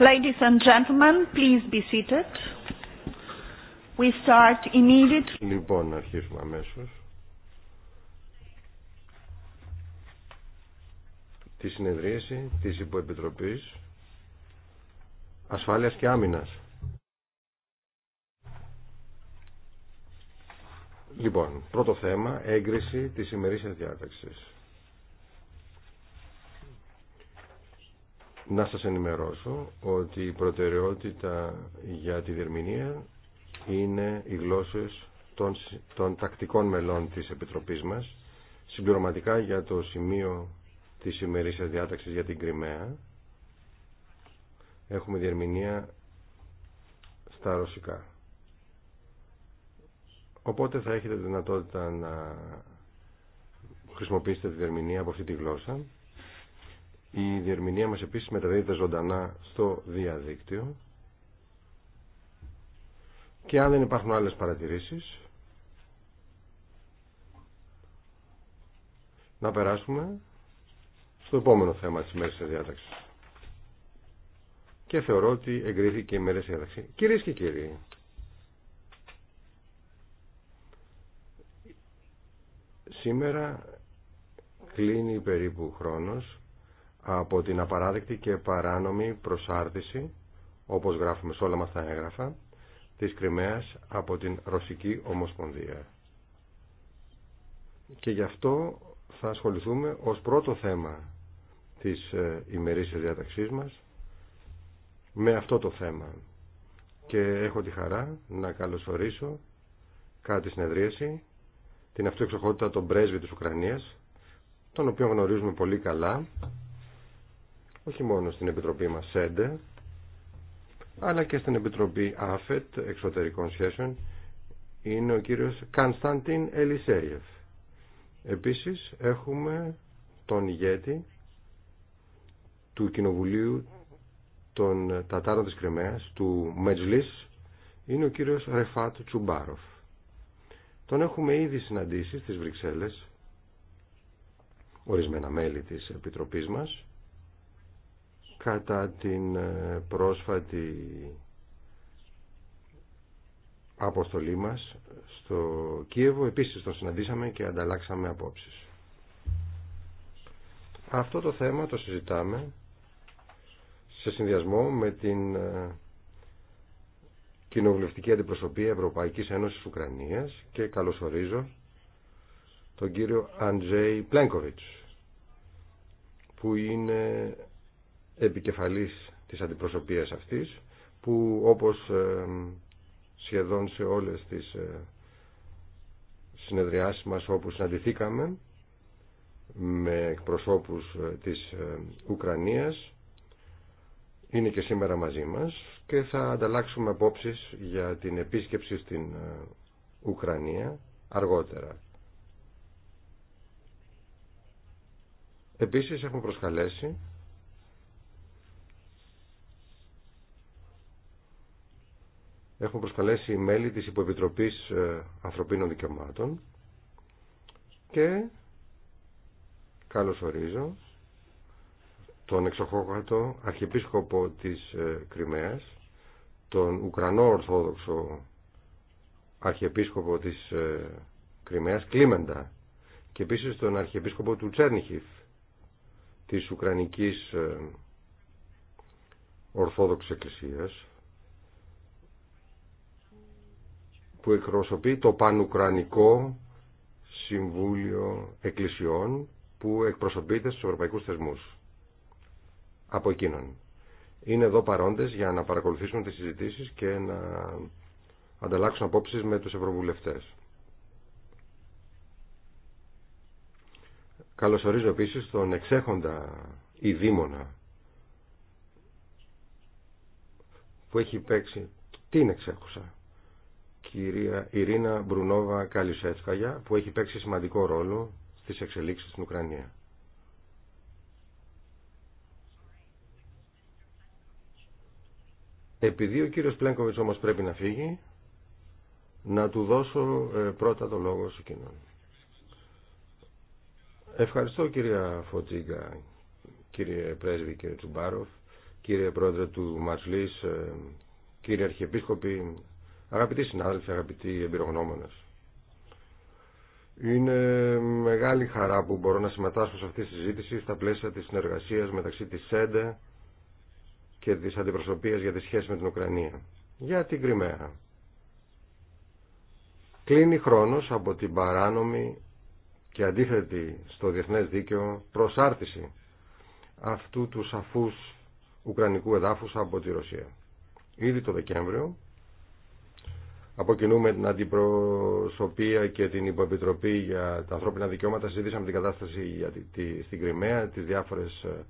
Ladies and gentlemen, please be seated. We start immediately. Λοιπόν, αρχίσουμε αμέσως. Τη συνεδρίαση της Υποεπιτροπής Ασφάλειας και Άμυνας. Λοιπόν, πρώτο θέμα, έγκριση της ημερήσιας διάταξης. Να σας ενημερώσω ότι η προτεραιότητα για τη διερμηνία είναι οι γλώσσες των, των τακτικών μελών της Επιτροπής μας, συμπληρωματικά για το σημείο της ημερήσιας διάταξης για την Κρυμαία. Έχουμε διερμηνία στα ρωσικά. Οπότε θα έχετε δυνατότητα να χρησιμοποιήσετε τη διερμηνία από αυτή τη γλώσσα. Η διερμηνία μας επίσης μεταδίδεται ζωντανά στο διαδίκτυο. Και αν δεν υπάρχουν άλλες παρατηρήσεις, να περάσουμε στο επόμενο θέμα της μέρης της Και θεωρώ ότι εγκρίθηκε η Μέρες διάταξη. Κυρίες και κύριοι, Σήμερα κλείνει περίπου χρόνος από την απαράδεκτη και παράνομη προσάρτηση, όπως γράφουμε σε όλα μας τα έγγραφα, της Κρυμαίας από την Ρωσική Ομοσπονδία. Και γι' αυτό θα ασχοληθούμε ως πρώτο θέμα της ε, ημερήσιας διαταξής μας με αυτό το θέμα. Και έχω τη χαρά να καλωσορίσω κάτι συνεδρίαση την αυτοεξοχότητα των πρέσβη της Ουκρανίας, τον οποίο γνωρίζουμε πολύ καλά, όχι μόνο στην Επιτροπή μας ΣΕΝΤΕ, αλλά και στην Επιτροπή ΑΦΕΤ εξωτερικών σχέσεων, είναι ο κύριος Κανσταντίν Ελισέριεφ. Επίσης έχουμε τον ηγέτη του Κοινοβουλίου των Τατάρων της Κρυμαίας, του Μετζλής, είναι ο κύριος Ρεφάτ Τσουμπάροφ. Τον έχουμε ήδη συναντήσει στις Βρυξέλλες, ορισμένα μέλη της Επιτροπής μας, κατά την ε, πρόσφατη αποστολή μας στο Κίεβο. Επίσης τον συναντήσαμε και ανταλλάξαμε απόψεις. Αυτό το θέμα το συζητάμε σε συνδυασμό με την ε, κοινοβουλευτική αντιπροσωπεία Ευρωπαϊκής Ένωσης Ουκρανίας και καλωσορίζω τον κύριο Αντζέι Πλένκοβιτς που είναι επικεφαλής της αντιπροσωπείας αυτής που όπως ε, σχεδόν σε όλες τις ε, συνεδριάσεις μας όπου συναντηθήκαμε με εκπροσώπους ε, της Ουκρανίας είναι και σήμερα μαζί μας και θα ανταλλάξουμε απόψεις για την επίσκεψη στην ε, Ουκρανία αργότερα. Επίσης έχουμε προσκαλέσει έχουμε προσκαλέσει μέλη της Υποεπιτροπής ε, Ανθρωπίνων Δικαιωμάτων και ορίζω τον εξοχόγατο αρχιεπίσκοπο της ε, Κρυμαίας, τον Ουκρανό Ορθόδοξο αρχιεπίσκοπο της ε, Κρυμαίας, Κλίμεντα, και επίσης τον αρχιεπίσκοπο του Τσέρνιχιφ, της Ουκρανικής ε, Ορθόδοξης Εκκλησίας, που εκπροσωπεί το Πανουκρανικό Συμβούλιο Εκκλησιών, που εκπροσωπείται στους Ευρωπαϊκούς Θεσμούς από εκείνον. Είναι εδώ παρόντες για να παρακολουθήσουν τις συζητήσεις και να ανταλλάξουν απόψεις με τους ευρωβουλευτές. Καλωσορίζω επίσης τον εξέχοντα δήμονα που έχει παίξει την εξέχουσα κυρία Ιρίνα Μπρουνόβα Καλισέτσκαγιά, που έχει παίξει σημαντικό ρόλο στις εξελίξεις στην Ουκρανία. Επειδή ο κύριος Πλένκοβιτς όμως πρέπει να φύγει, να του δώσω ε, πρώτα το λόγο σε εκείνον. Ευχαριστώ κυρία Φωτζίγκα, κύριε Πρέσβη, κύριε Τσουμπάροφ, κύριε Πρόεδρε του Ματσλής, ε, κύριε Αρχιεπίσκοπη, αγαπητοί συνάδελφοι, αγαπητοί εμπειρογνώμονες. Είναι μεγάλη χαρά που μπορώ να συμμετάσχω σε αυτή τη συζήτηση στα πλαίσια της συνεργασίας μεταξύ της ΣΕΝΤΕ και της αντιπροσωπείας για τη σχέση με την Ουκρανία. Για την Κρυμαία. Κλείνει χρόνος από την παράνομη και αντίθετη στο διεθνές δίκαιο προσάρτηση αυτού του σαφούς ουκρανικού εδάφους από τη Ρωσία. Ήδη το Δεκέμβριο αποκινούμε την αντιπροσωπεία και την υποεπιτροπή για τα ανθρώπινα δικαιώματα συζητήσαμε την κατάσταση στην Κρυμαία, τις διάφορες ε,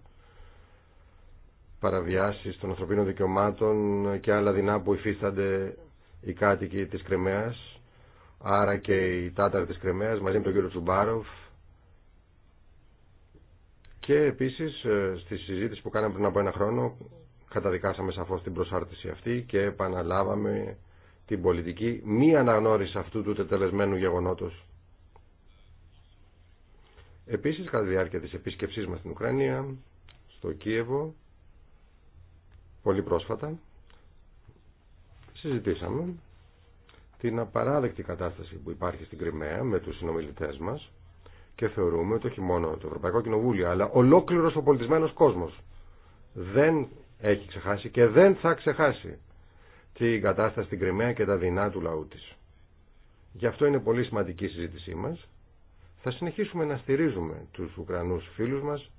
παραβιάσεις των ανθρωπίνων δικαιωμάτων και άλλα δεινά που υφίστανται οι κάτοικοι της Κρεμαίας, άρα και οι τάταρ της Κρεμαίας, μαζί με τον κύριο Τσουμπάροφ. Και επίσης ε, στη συζήτηση που κάναμε πριν από ένα χρόνο καταδικάσαμε σαφώς την προσάρτηση αυτή και επαναλάβαμε την πολιτική μη αναγνώριση αυτού του τετελεσμένου γεγονότος. Επίσης, κατά τη διάρκεια της επίσκεψής μας στην Ουκρανία, στο Κίεβο, πολύ πρόσφατα συζητήσαμε την απαράδεκτη κατάσταση που υπάρχει στην Κρυμαία με τους συνομιλητές μας και θεωρούμε ότι όχι μόνο το Ευρωπαϊκό Κοινοβούλιο αλλά ολόκληρος ο πολιτισμένος κόσμος δεν έχει ξεχάσει και δεν θα ξεχάσει την κατάσταση στην Κρυμαία και τα δεινά του λαού της. Γι' αυτό είναι πολύ σημαντική η συζήτησή μας. Θα συνεχίσουμε να στηρίζουμε τους Ουκρανούς φίλους μας,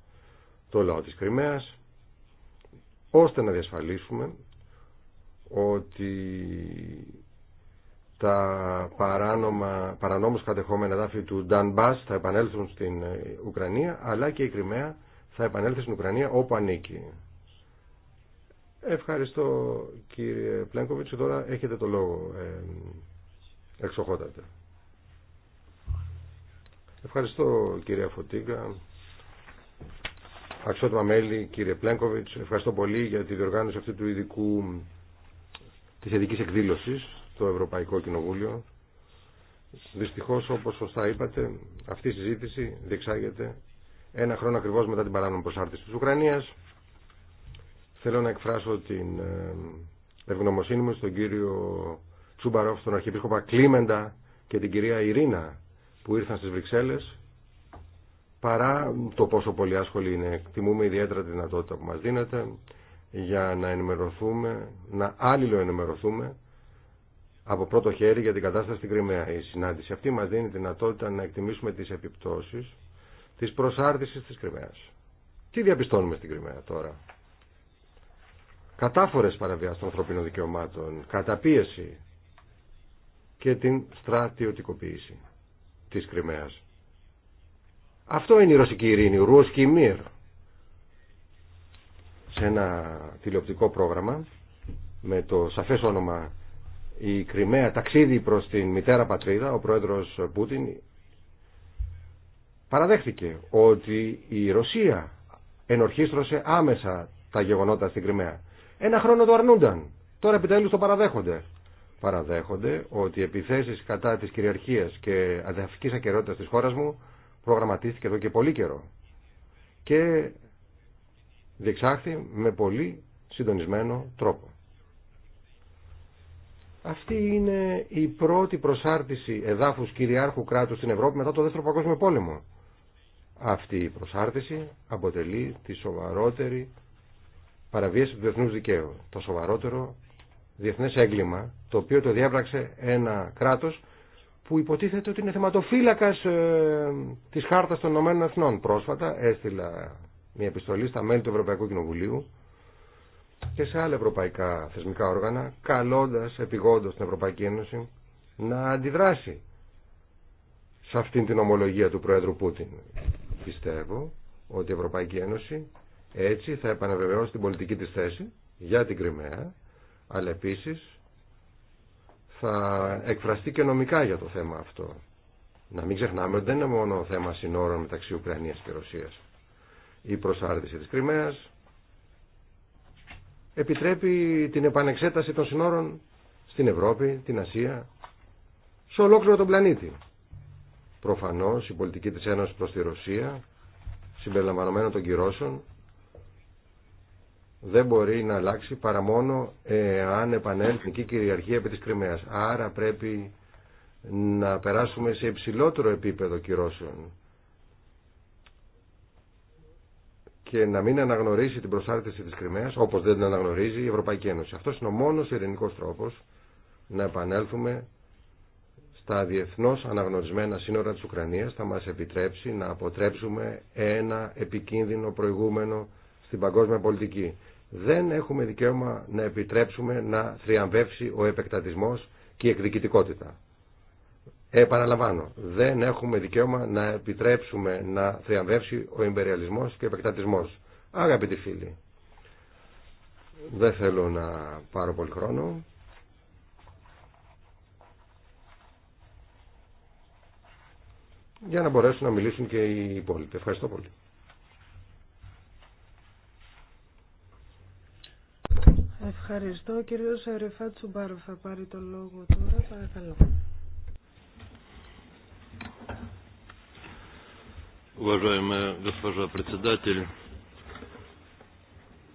το λαό της Κρυμαίας, ώστε να διασφαλίσουμε ότι τα παράνομα, παρανόμως κατεχόμενα δάφη του Ντανμπάς θα επανέλθουν στην ε, Ουκρανία αλλά και η Κρυμαία θα επανέλθει στην Ουκρανία όπου ανήκει. Ευχαριστώ κύριε Πλένκοβιτς και τώρα έχετε το λόγο ε, εξοχότατε. Ευχαριστώ κύριε Φωτίγκα αξιότιμα μέλη, κύριε Πλέγκοβιτ, ευχαριστώ πολύ για τη διοργάνωση αυτή του ειδικού, της ειδικής εκδήλωσης στο Ευρωπαϊκό Κοινοβούλιο. Δυστυχώς, όπως σωστά είπατε, αυτή η συζήτηση διεξάγεται ένα χρόνο ακριβώ μετά την παράνομη προσάρτηση της Ουκρανίας. Θέλω να εκφράσω την ε, ευγνωμοσύνη μου στον κύριο Τσούμπαροφ, τον Αρχιεπίσκοπα Κλίμεντα και την κυρία Ειρήνα που ήρθαν στι Βρυξέλλε παρά το πόσο πολύ άσχολοι είναι. Εκτιμούμε ιδιαίτερα τη δυνατότητα που μας δίνεται για να ενημερωθούμε, να άλληλο ενημερωθούμε από πρώτο χέρι για την κατάσταση στην Κρυμαία. Η συνάντηση αυτή μας δίνει τη δυνατότητα να εκτιμήσουμε τις επιπτώσεις της προσάρτησης της Κρυμαίας. Τι διαπιστώνουμε στην Κρυμαία τώρα. Κατάφορες παραβιάσεις των ανθρωπίνων δικαιωμάτων, καταπίεση και την στρατιωτικοποίηση της Κρυμαίας. Αυτό είναι η ρωσική ειρήνη, Ρούσκι Μύρ. Σε ένα τηλεοπτικό πρόγραμμα με το σαφές όνομα η Κρυμαία ταξίδι προς την μητέρα πατρίδα, ο πρόεδρος Πούτιν παραδέχθηκε ότι η Ρωσία ενορχίστρωσε άμεσα τα γεγονότα στην Κρυμαία. Ένα χρόνο το αρνούνταν. Τώρα επιτέλους το παραδέχονται. Παραδέχονται ότι επιθέσεις κατά της κυριαρχίας και αδεαφικής ακαιρότητας της χώρας μου προγραμματίστηκε εδώ και πολύ καιρό και διεξάχθη με πολύ συντονισμένο τρόπο. Αυτή είναι η πρώτη προσάρτηση εδάφους κυριάρχου κράτους στην Ευρώπη μετά το Δεύτερο Παγκόσμιο Πόλεμο. Αυτή η προσάρτηση αποτελεί τη σοβαρότερη παραβίαση του διεθνούς δικαίου, το σοβαρότερο διεθνές έγκλημα, το οποίο το διέπραξε ένα κράτος που υποτίθεται ότι είναι θεματοφύλακας ε, της Χάρτας των Ηνωμένων Εθνών. Πρόσφατα έστειλα μια επιστολή στα μέλη του Ευρωπαϊκού Κοινοβουλίου και σε άλλα ευρωπαϊκά θεσμικά όργανα, καλώντας επιγόντως την Ευρωπαϊκή Ένωση να αντιδράσει σε αυτήν την ομολογία του Πρόεδρου Πούτιν. Πιστεύω ότι η Ευρωπαϊκή Ένωση έτσι θα επαναβεβαιώσει την πολιτική της θέση για την Κρυμαία, αλλά επίσης θα εκφραστεί και νομικά για το θέμα αυτό. Να μην ξεχνάμε ότι δεν είναι μόνο θέμα συνόρων μεταξύ Ουκρανίας και Ρωσίας. Η προσάρτηση της Κρυμαίας επιτρέπει την επανεξέταση των συνόρων στην Ευρώπη, την Ασία, σε ολόκληρο τον πλανήτη. Προφανώς η πολιτική της Ένωσης προς τη Ρωσία, συμπεριλαμβανομένων των κυρώσεων, δεν μπορεί να αλλάξει παρά μόνο αν επανέλθει η κυριαρχία επί της Κρυμαίας. Άρα πρέπει να περάσουμε σε υψηλότερο επίπεδο κυρώσεων και να μην αναγνωρίσει την προσάρτηση της Κρυμαίας όπως δεν την αναγνωρίζει η Ευρωπαϊκή Ένωση. Αυτός είναι ο μόνος ειρηνικός τρόπος να επανέλθουμε στα διεθνώς αναγνωρισμένα σύνορα της Ουκρανίας θα μας επιτρέψει να αποτρέψουμε ένα επικίνδυνο προηγούμενο στην παγκόσμια πολιτική δεν έχουμε δικαίωμα να επιτρέψουμε να θριαμβεύσει ο επεκτατισμός και η εκδικητικότητα. Επαναλαμβάνω, δεν έχουμε δικαίωμα να επιτρέψουμε να θριαμβεύσει ο εμπεριαλισμός και ο επεκτατισμός. Αγαπητοί φίλοι, δεν θέλω να πάρω πολύ χρόνο. για να μπορέσουν να μιλήσουν και οι υπόλοιποι. Ευχαριστώ πολύ. Ευχαριστώ. Ο κύριος Ρεφά Τσουμπάρου θα πάρει το λόγο τώρα. Παρακαλώ. Уважаемая госпожа председатель,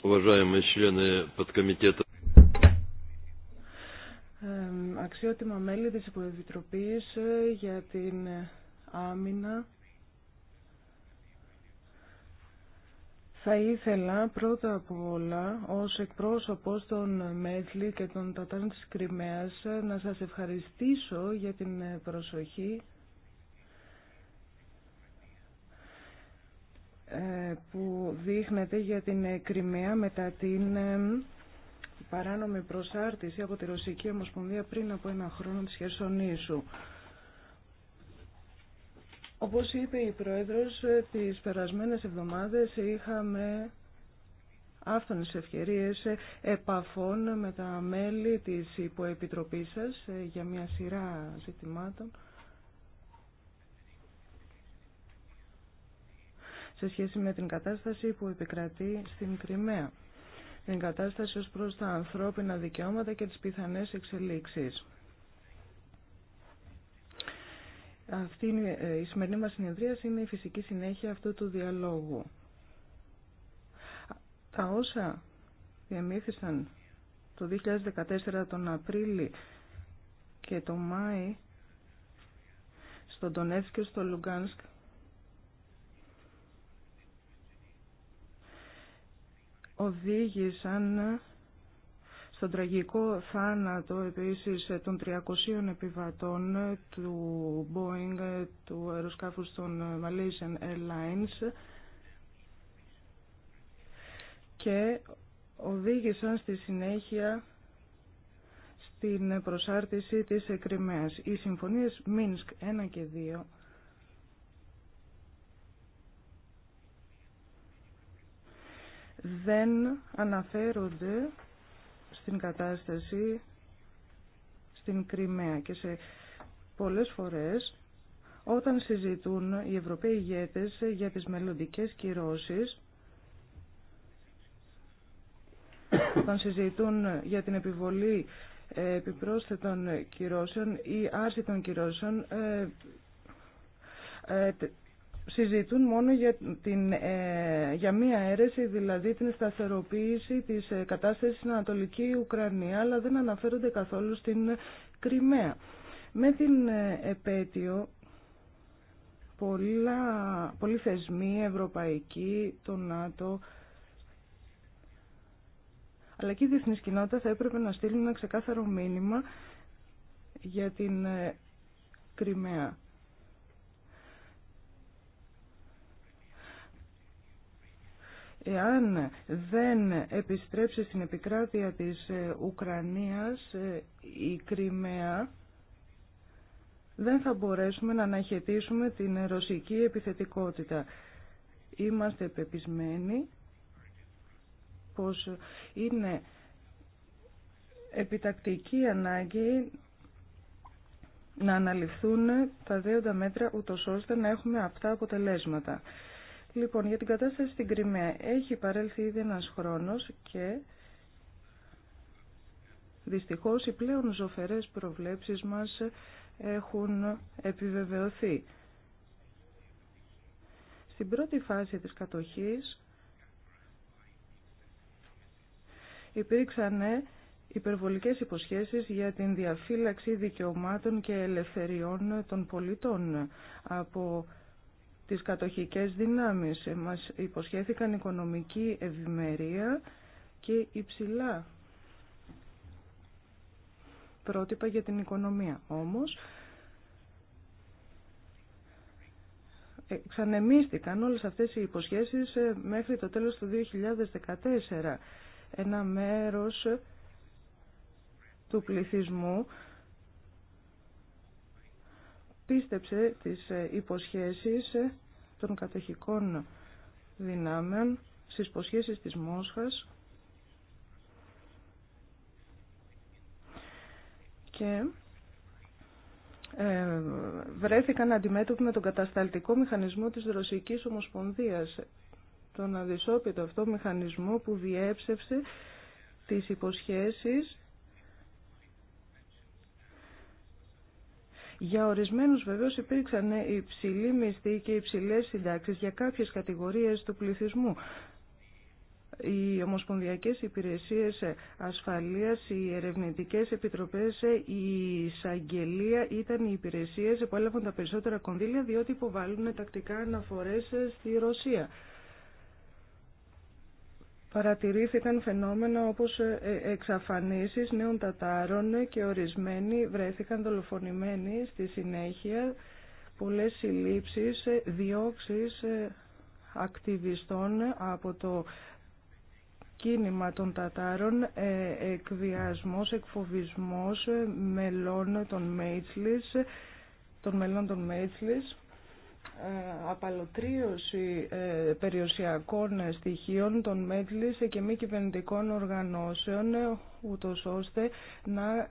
уважаемые члены Αξιότιμα μέλη της Υποεπιτροπής ε, για την ε, άμυνα Θα ήθελα πρώτα απ' όλα ως εκπρόσωπος των Μέτλη και των Τατάρων της Κρυμαίας να σας ευχαριστήσω για την προσοχή ε, που δείχνεται για την Κρυμαία μετά την ε, παράνομη προσάρτηση από τη Ρωσική Ομοσπονδία πριν από ένα χρόνο της Χερσονήσου. Όπως είπε η Πρόεδρος, τις περασμένες εβδομάδες είχαμε άφθονες ευκαιρίες επαφών με τα μέλη της υποεπιτροπής σας για μια σειρά ζητημάτων. σε σχέση με την κατάσταση που επικρατεί στην Κρυμαία, την κατάσταση ως προς τα ανθρώπινα δικαιώματα και τις πιθανές εξελίξεις. Αυτή ε, η σημερινή μας συνεδρία είναι η φυσική συνέχεια αυτού του διαλόγου. Τα όσα διαμήθησαν το 2014 τον Απρίλη και τον Μάη στον Τονέτσκ και στο Λουγκάνσκ οδήγησαν στον τραγικό θάνατο επίσης των 300 επιβατών του Boeing, του αεροσκάφους των Malaysian Airlines και οδήγησαν στη συνέχεια στην προσάρτηση της Κρυμαίας. Οι συμφωνίες Μίνσκ 1 και 2 δεν αναφέρονται την κατάσταση στην Κρυμαία και σε πολλές φορές όταν συζητούν οι Ευρωπαίοι ηγέτες για τις μελλοντικές κυρώσεις όταν συζητούν για την επιβολή επιπρόσθετων κυρώσεων ή άρση των κυρώσεων ε, ε, συζητούν μόνο για, την, ε, για μία αίρεση, δηλαδή την σταθεροποίηση της ε, κατάστασης στην Ανατολική Ουκρανία, αλλά δεν αναφέρονται καθόλου στην Κρυμαία. Με την ε, επέτειο, πολλά, πολλοί θεσμοί, ευρωπαϊκοί, το ΝΑΤΟ, αλλά και η διεθνή κοινότητα θα έπρεπε να στείλουν ένα ξεκάθαρο μήνυμα για την Κρυμαία. Εάν δεν επιστρέψει στην επικράτεια της ε, Ουκρανίας ε, η Κρυμαία, δεν θα μπορέσουμε να αναχαιτήσουμε την ρωσική επιθετικότητα. Είμαστε πεπισμένοι πως είναι επιτακτική ανάγκη να αναλυθούν τα δέοντα μέτρα ούτως ώστε να έχουμε αυτά αποτελέσματα. Λοιπόν, για την κατάσταση στην Κρυμαία έχει παρέλθει ήδη ένας χρόνος και δυστυχώς οι πλέον ζωφερές προβλέψεις μας έχουν επιβεβαιωθεί. Στην πρώτη φάση της κατοχής υπήρξαν υπερβολικές υποσχέσεις για την διαφύλαξη δικαιωμάτων και ελευθεριών των πολιτών από τις κατοχικές δυνάμεις. Μας υποσχέθηκαν οικονομική ευημερία και υψηλά πρότυπα για την οικονομία. Όμως, ε, ξανεμίστηκαν όλες αυτές οι υποσχέσεις ε, μέχρι το τέλος του 2014. Ένα μέρος του πληθυσμού πίστεψε τις ε, υποσχέσεις ε, των κατοχικών δυνάμεων στις υποσχέσεις της Μόσχας και ε, βρέθηκαν αντιμέτωποι με τον κατασταλτικό μηχανισμό της Ρωσικής Ομοσπονδίας τον αδυσόπιτο αυτό μηχανισμό που διέψευσε τις υποσχέσεις Για ορισμένους βεβαίως υπήρξαν ναι, υψηλοί μισθοί και υψηλές συντάξεις για κάποιες κατηγορίες του πληθυσμού. Οι ομοσπονδιακές υπηρεσίες ασφαλείας, οι ερευνητικές επιτροπές, η εισαγγελία ήταν οι υπηρεσίες που έλαβαν τα περισσότερα κονδύλια διότι υποβάλλουν τακτικά αναφορές στη Ρωσία παρατηρήθηκαν φαινόμενα όπως ε, ε, εξαφανίσεις νέων τατάρων και ορισμένοι βρέθηκαν δολοφονημένοι στη συνέχεια πολλές συλλήψεις, ε, διώξεις ακτιβιστών από το κίνημα των Τατάρων, εκβιασμός, εκφοβισμός μελών των Μέιτσλης, των μελών των Μέιτσλης απαλωτρίωση ε, περιοσιακών στοιχείων των μέτλης και μη κυβερνητικών οργανώσεων ούτως ώστε να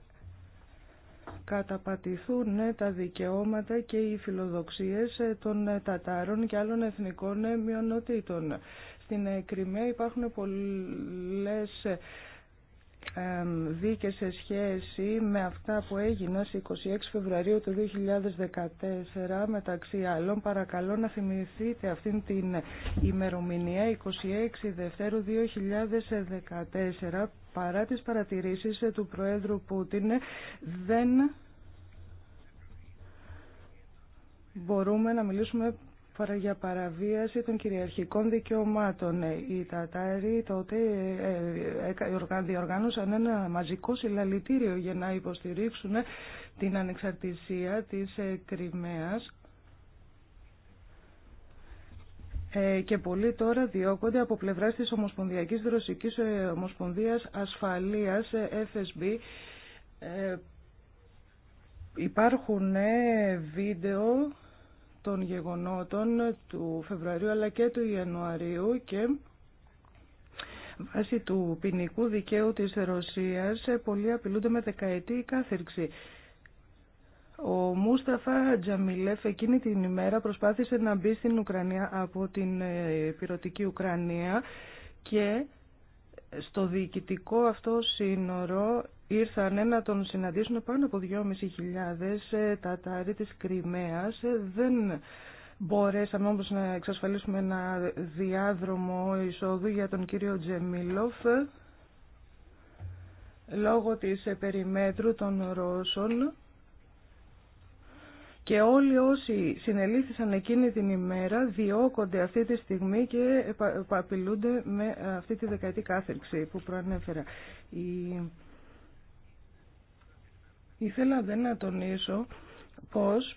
καταπατηθούν τα δικαιώματα και οι φιλοδοξίες των Τατάρων και άλλων εθνικών μειονοτήτων. Στην Κρυμαία υπάρχουν πολλές Δίκε σε σχέση με αυτά που έγιναν στις 26 Φεβρουαρίου του 2014 μεταξύ άλλων. Παρακαλώ να θυμηθείτε αυτήν την ημερομηνία 26 Δευτέρου 2014 παρά τις παρατηρήσεις του Προέδρου Πούτιν δεν μπορούμε να μιλήσουμε παρα, για παραβίαση των κυριαρχικών δικαιωμάτων. Οι ε, Τατάροι τότε ε, ε, διοργάνωσαν ένα μαζικό συλλαλητήριο για να υποστηρίξουν την ανεξαρτησία της Κρυμαίας και πολλοί τώρα διώκονται από πλευράς της Ομοσπονδιακής ε, Ομοσπονδίας Ασφαλείας FSB υπάρχουν βίντεο των γεγονότων του Φεβρουαρίου αλλά και του Ιανουαρίου και βάσει του ποινικού δικαίου της Ρωσίας πολλοί απειλούνται με δεκαετή κάθερξη. Ο Μούσταφα Τζαμιλέφ εκείνη την ημέρα προσπάθησε να μπει στην Ουκρανία από την ε, πυρωτική Ουκρανία και στο διοικητικό αυτό σύνορο ήρθαν να τον συναντήσουν πάνω από 2.500 ε, τατάροι της Κρυμαίας. Ε, δεν μπορέσαμε όμως να εξασφαλίσουμε ένα διάδρομο εισόδου για τον κύριο Τζεμίλοφ ε, λόγω της περιμέτρου των Ρώσων και όλοι όσοι συνελήφθησαν εκείνη την ημέρα διώκονται αυτή τη στιγμή και απειλούνται με αυτή τη δεκαετή κάθεξη που προανέφερα. Ήθελα δεν να τονίσω πως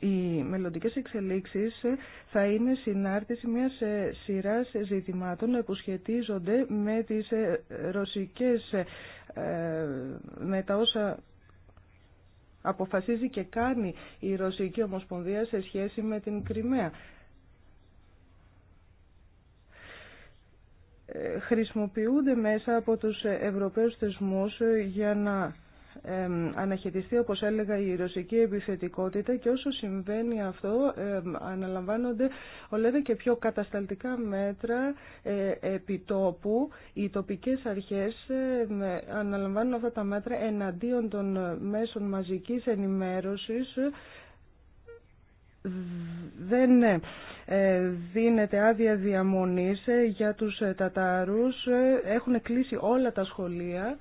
οι μελλοντικέ εξελίξεις θα είναι συνάρτηση μιας ε, σειράς ζητημάτων που σχετίζονται με τις ε, ρωσικές, ε, με τα όσα αποφασίζει και κάνει η Ρωσική Ομοσπονδία σε σχέση με την Κρυμαία. Ε, χρησιμοποιούνται μέσα από τους ευρωπαίους θεσμούς ε, για να αναχαιτιστεί, όπως έλεγα, η ρωσική επιθετικότητα και όσο συμβαίνει αυτό αναλαμβάνονται ολέδα και πιο κατασταλτικά μέτρα ε, επιτόπου. Οι τοπικές αρχές αναλαμβάνουν αυτά τα μέτρα εναντίον των μέσων μαζικής ενημέρωσης δεν ε, δίνεται άδεια διαμονής ε, για τους ε, Τατάρους. Έχουν κλείσει όλα τα σχολεία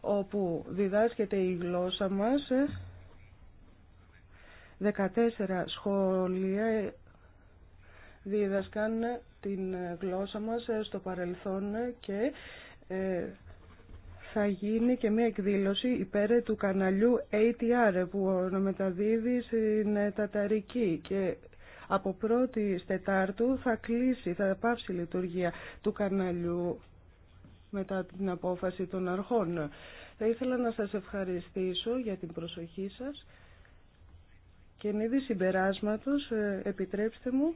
όπου διδάσκεται η γλώσσα μας. 14 σχολεία διδασκάν την γλώσσα μας στο παρελθόν και θα γίνει και μια εκδήλωση υπέρ του καναλιού ATR που μεταδίδει στην Ταταρική και από πρώτη Τετάρτου θα κλείσει, θα πάψει η λειτουργία του καναλιού μετά την απόφαση των αρχών. Θα ήθελα να σας ευχαριστήσω για την προσοχή σας και εν είδη συμπεράσματος ε, επιτρέψτε μου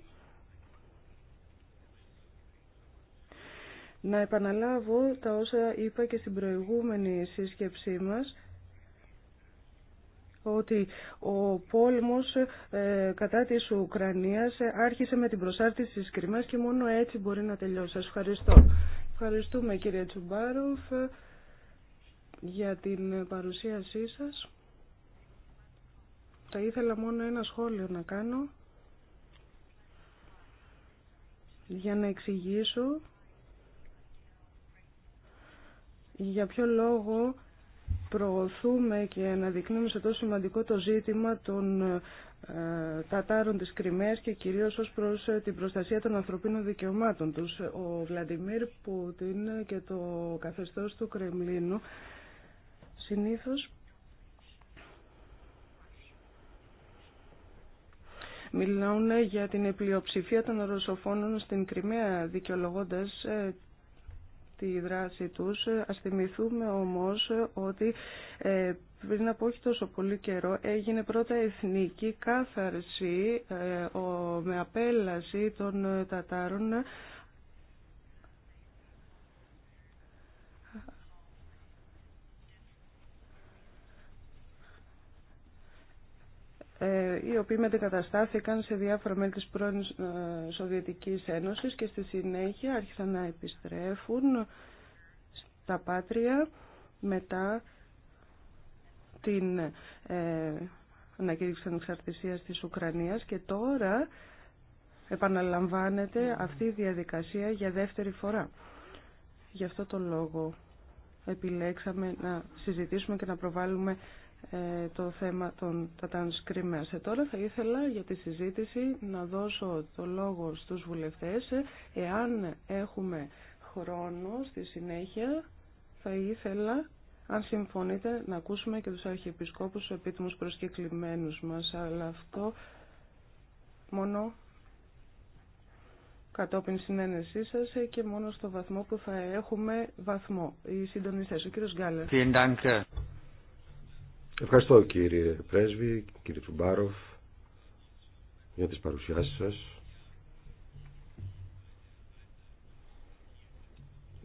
Να επαναλάβω τα όσα είπα και στην προηγούμενη σύσκεψή μας ότι ο πόλεμος ε, κατά της Ουκρανίας άρχισε με την προσάρτηση της Κρυμαίας και μόνο έτσι μπορεί να τελειώσει. Σας ευχαριστώ. Ευχαριστούμε κύριε Τσουμπάροφ για την παρουσίασή σας. Θα ήθελα μόνο ένα σχόλιο να κάνω για να εξηγήσω για ποιο λόγο προωθούμε και αναδεικνύουμε σε τόσο σημαντικό το ζήτημα των ε, Τατάρων της Κρυμαίας και κυρίως ως προς ε, την προστασία των ανθρωπίνων δικαιωμάτων τους. Ο Βλαντιμίρ Πουτίν και το καθεστώς του Κρεμλίνου συνήθως μιλάουν για την πλειοψηφία των ρωσοφόνων στην Κρυμαία δικαιολογώντας ε, τη δράση τους. Ας θυμηθούμε όμως ότι ε, πριν από όχι τόσο πολύ καιρό έγινε πρώτα εθνική κάθαρση ε, με απέλαση των ε, Τατάρων Ε, οι οποίοι μετεκαταστάθηκαν σε διάφορα μέλη της πρώην ε, Σοβιετικής Ένωσης και στη συνέχεια άρχισαν να επιστρέφουν στα πάτρια μετά την ε, ανακήρυξη ανεξαρτησίας της Ουκρανίας και τώρα επαναλαμβάνεται αυτή η διαδικασία για δεύτερη φορά. Γι' αυτό το λόγο επιλέξαμε να συζητήσουμε και να προβάλλουμε ε, το θέμα των Τατάνους Κρυμαίας. τώρα θα ήθελα για τη συζήτηση να δώσω το λόγο στους βουλευτές. Ε, εάν έχουμε χρόνο στη συνέχεια θα ήθελα, αν συμφωνείτε, να ακούσουμε και τους αρχιεπισκόπους τους επίτιμους προσκεκλημένους μας. Αλλά αυτό μόνο κατόπιν συνένεσή σα και μόνο στο βαθμό που θα έχουμε βαθμό. Οι συντονιστές, ο κύριος Γκάλερ. Ευχαριστώ κύριε Πρέσβη, κύριε Τσουμπάροφ για τις παρουσιάσεις σας.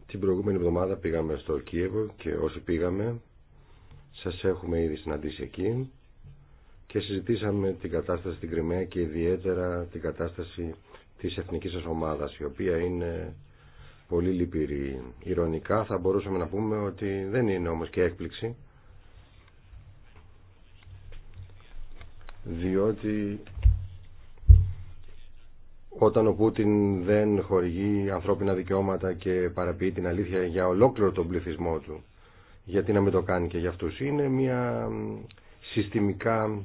Την προηγούμενη εβδομάδα πήγαμε στο Κίεβο και όσοι πήγαμε σας έχουμε ήδη συναντήσει εκεί και συζητήσαμε την κατάσταση στην Κρυμαία και ιδιαίτερα την κατάσταση της εθνικής σας ομάδας η οποία είναι πολύ λυπηρή. Ηρωνικά θα μπορούσαμε να πούμε ότι δεν είναι όμως και έκπληξη διότι όταν ο Πούτιν δεν χορηγεί ανθρώπινα δικαιώματα και παραποιεί την αλήθεια για ολόκληρο τον πληθυσμό του, γιατί να μην το κάνει και για αυτούς, είναι μια συστημικά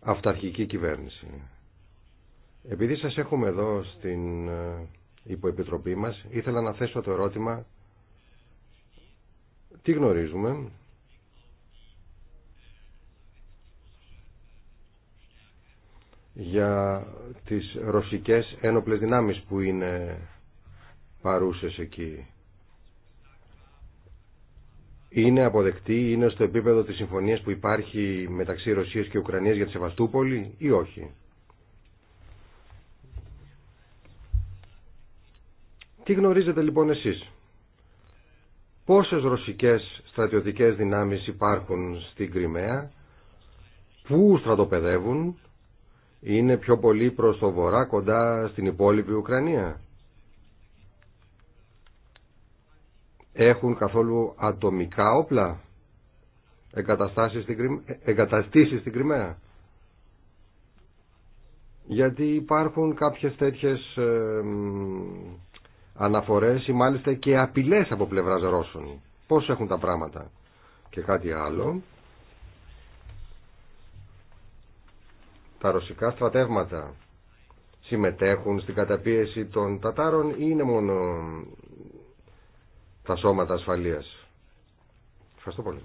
αυταρχική κυβέρνηση. Επειδή σας έχουμε εδώ στην ε, υποεπιτροπή μας, ήθελα να θέσω το ερώτημα τι γνωρίζουμε για τις ρωσικές ένοπλες δυνάμεις που είναι παρούσες εκεί. Είναι αποδεκτή, είναι στο επίπεδο της συμφωνίας που υπάρχει μεταξύ Ρωσίας και Ουκρανίας για τη Σεβαστούπολη ή όχι. Τι γνωρίζετε λοιπόν εσείς. Πόσες ρωσικές στρατιωτικές δυνάμεις υπάρχουν στην Κρυμαία, πού στρατοπεδεύουν είναι πιο πολύ προς το βορρά κοντά στην υπόλοιπη Ουκρανία. Έχουν καθόλου ατομικά όπλα ε, εγκαταστήσεις στην Κρυμαία. Γιατί υπάρχουν κάποιες τέτοιες αναφορές ή μάλιστα και απειλές από πλευράς Ρώσων. Πώς έχουν τα πράγματα. Και κάτι άλλο τα ρωσικά στρατεύματα συμμετέχουν στην καταπίεση των Τατάρων ή είναι μόνο τα σώματα ασφαλείας. Ευχαριστώ πολύ.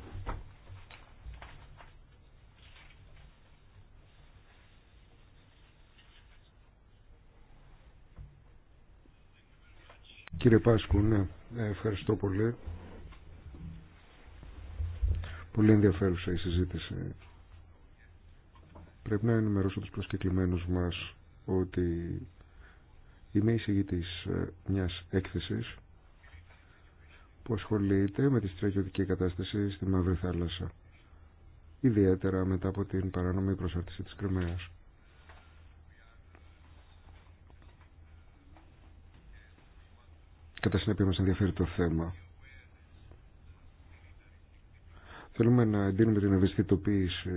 Κύριε Πάσκου, ναι, ευχαριστώ πολύ. Πολύ ενδιαφέρουσα η ειναι μονο τα σωματα ασφαλειας ευχαριστω πολυ κυριε πασκου ευχαριστω πολυ πολυ ενδιαφερουσα η συζητηση Πρέπει να ενημερώσω τους προσκεκλημένους μας ότι είμαι εισηγητής ε, μιας έκθεσης που ασχολείται με τη στρατιωτική κατάσταση στη Μαύρη Θάλασσα, ιδιαίτερα μετά από την παράνομη προσάρτηση της Κρυμαίας. Κατά συνέπεια μας ενδιαφέρει το θέμα. Θέλουμε να εντείνουμε την ευαισθητοποίηση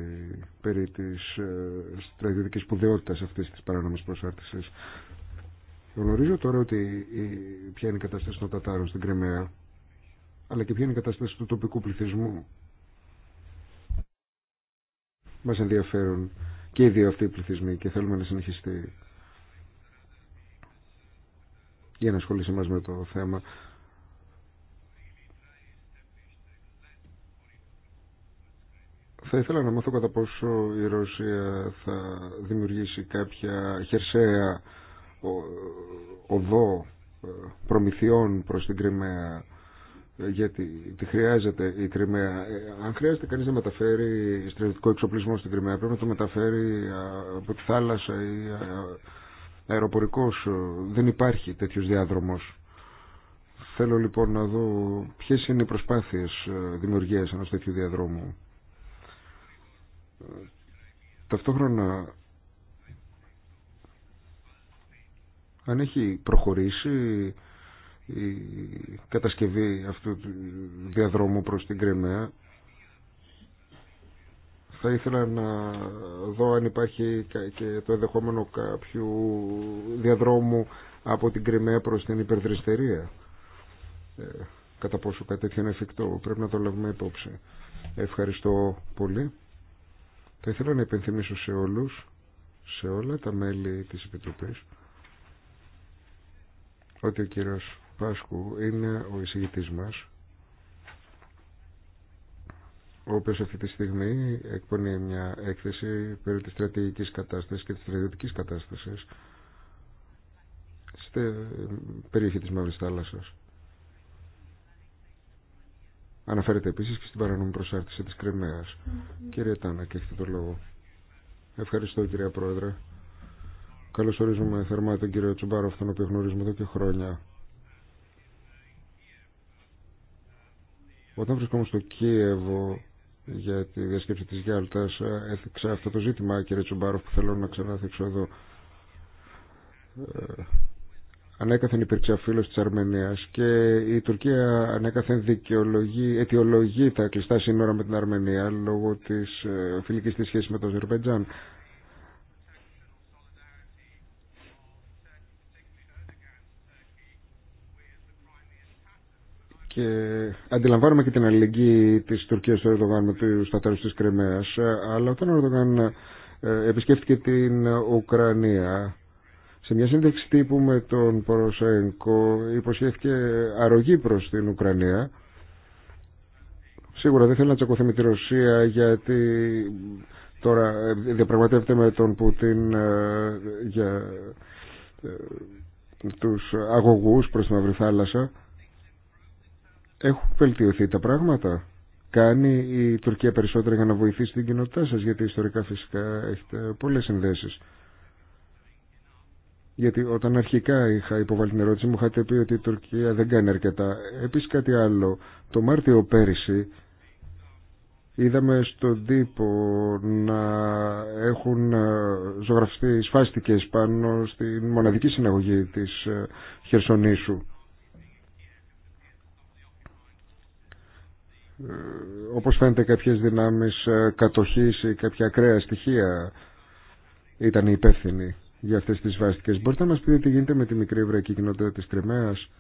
περί της ε, στρατιωτική σπουδαιότητα αυτή τη παράνομη προσάρτηση. Γνωρίζω τώρα ότι ποια είναι η κατάσταση των Τατάρων στην Κρυμαία, αλλά και ποια είναι η κατάσταση του τοπικού πληθυσμού. Μα ενδιαφέρουν και οι δύο αυτοί οι πληθυσμοί και θέλουμε να συνεχιστεί Για να ενασχόλησή μας με το θέμα. Θα ήθελα να μάθω κατά πόσο η Ρωσία θα δημιουργήσει κάποια χερσαία οδό ε, προμηθειών προς την Κρυμαία ε, γιατί τη χρειάζεται η Κρυμαία. Ε, αν χρειάζεται κανείς να μεταφέρει στρατιωτικό εξοπλισμό στην Κρυμαία πρέπει να το μεταφέρει από τη θάλασσα ή αεροπορικός. Δεν υπάρχει τέτοιος διάδρομος. Θέλω λοιπόν να δω ποιες είναι οι προσπάθειες δημιουργίας ενός τέτοιου διαδρόμου Ταυτόχρονα, αν έχει προχωρήσει η κατασκευή αυτού του διαδρόμου προς την Κρεμαία, θα ήθελα να δω αν υπάρχει και το ενδεχόμενο κάποιου διαδρόμου από την Κρυμαία προς την υπερδριστερία. Ε, κατά πόσο κάτι τέτοιο είναι εφικτό. Πρέπει να το λάβουμε υπόψη. Ευχαριστώ πολύ. Θα ήθελα να υπενθυμίσω σε όλους, σε όλα τα μέλη της Επιτροπής, ότι ο κύριος Πάσκου είναι ο εισηγητής μας, ο οποίος αυτή τη στιγμή εκπονεί μια έκθεση περί της στρατηγικής κατάστασης και της στρατηγικής κατάστασης στην περιοχή της Μαύρης Θάλασσας. Αναφέρεται επίση και στην παρανομή προσάρτηση τη κρυμαια Mm -hmm. Κύριε Τάνα, και έχετε το λόγο. Ευχαριστώ κυρία Πρόεδρε. Καλώς ορίζουμε θερμά τον κύριο Τσουμπάροφ, τον οποίο γνωρίζουμε εδώ και χρόνια. Όταν βρισκόμαστε στο Κίεβο για τη διασκέψη της Γιάλτας, έθιξα αυτό το ζήτημα, κύριε Τσουμπάροφ, που θέλω να ξαναθίξω εδώ. Ε, ανέκαθεν υπήρξε φίλο της Αρμενίας και η Τουρκία ανέκαθεν δικαιολογεί, αιτιολογεί τα κλειστά σύνορα με την Αρμενία λόγω της ε, φιλικής της σχέσης με το Αζερβαϊτζάν. Και αντιλαμβάνομαι και την αλληλεγγύη της Τουρκίας στο Ερδογάν με τους της Κρυμαία, ε, αλλά όταν ο Ερδογάν ε, επισκέφτηκε την Ουκρανία σε μια σύνδεξη τύπου με τον Ποροσέγκο υποσχέθηκε αρρωγή προς την Ουκρανία. Σίγουρα δεν θέλει να τσακωθεί με τη Ρωσία γιατί τώρα ε, διαπραγματεύεται με τον Πούτιν ε, για ε, τους αγωγούς προς τη Μαύρη Θάλασσα. Έχουν βελτιωθεί τα πράγματα. Κάνει η Τουρκία περισσότερα για να βοηθήσει την κοινότητά σας γιατί ιστορικά φυσικά έχετε πολλές συνδέσεις. Γιατί όταν αρχικά είχα υποβάλει την ερώτηση μου είχατε πει ότι η Τουρκία δεν κάνει αρκετά. Επίσης κάτι άλλο. Το Μάρτιο πέρυσι είδαμε στον τύπο να έχουν ε, ζωγραφιστεί σφάστηκες πάνω στη μοναδική συναγωγή της ε, Χερσονήσου. Ε, όπως φαίνεται κάποιες δυνάμεις κατοχής ή κάποια ακραία στοιχεία ήταν υπεύθυνοι για αυτές τις βαστικές. Μπορείτε να μας πείτε τι γίνεται με τη μικρή εβραϊκή κοινότητα της Κρυμαίας,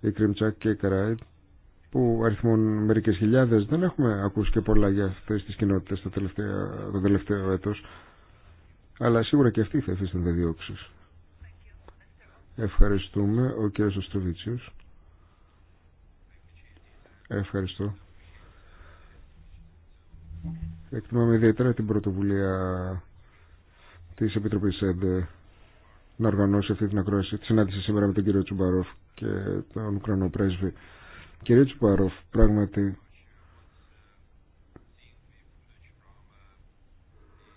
η Κρυμτσάκ και η Καράιτ, που αριθμούν μερικές χιλιάδες. Δεν έχουμε ακούσει και πολλά για αυτές τις κοινότητες το τελευταίο, το τελευταίο έτος. Αλλά σίγουρα και αυτοί θα υφίστανται διώξεις. Ευχαριστούμε. Ο κ. Οστροβίτσιος. Ευχαριστώ. Εκτιμάμε ιδιαίτερα την πρωτοβουλία Τη επιτροπή ΕΔΕ να οργανώσει αυτή την ακρόαση, τη συνάντηση σήμερα με τον κύριο Τσουμπαρόφ και τον Ουκρανό πρέσβη. Κύριε Τσουμπαρόφ, πράγματι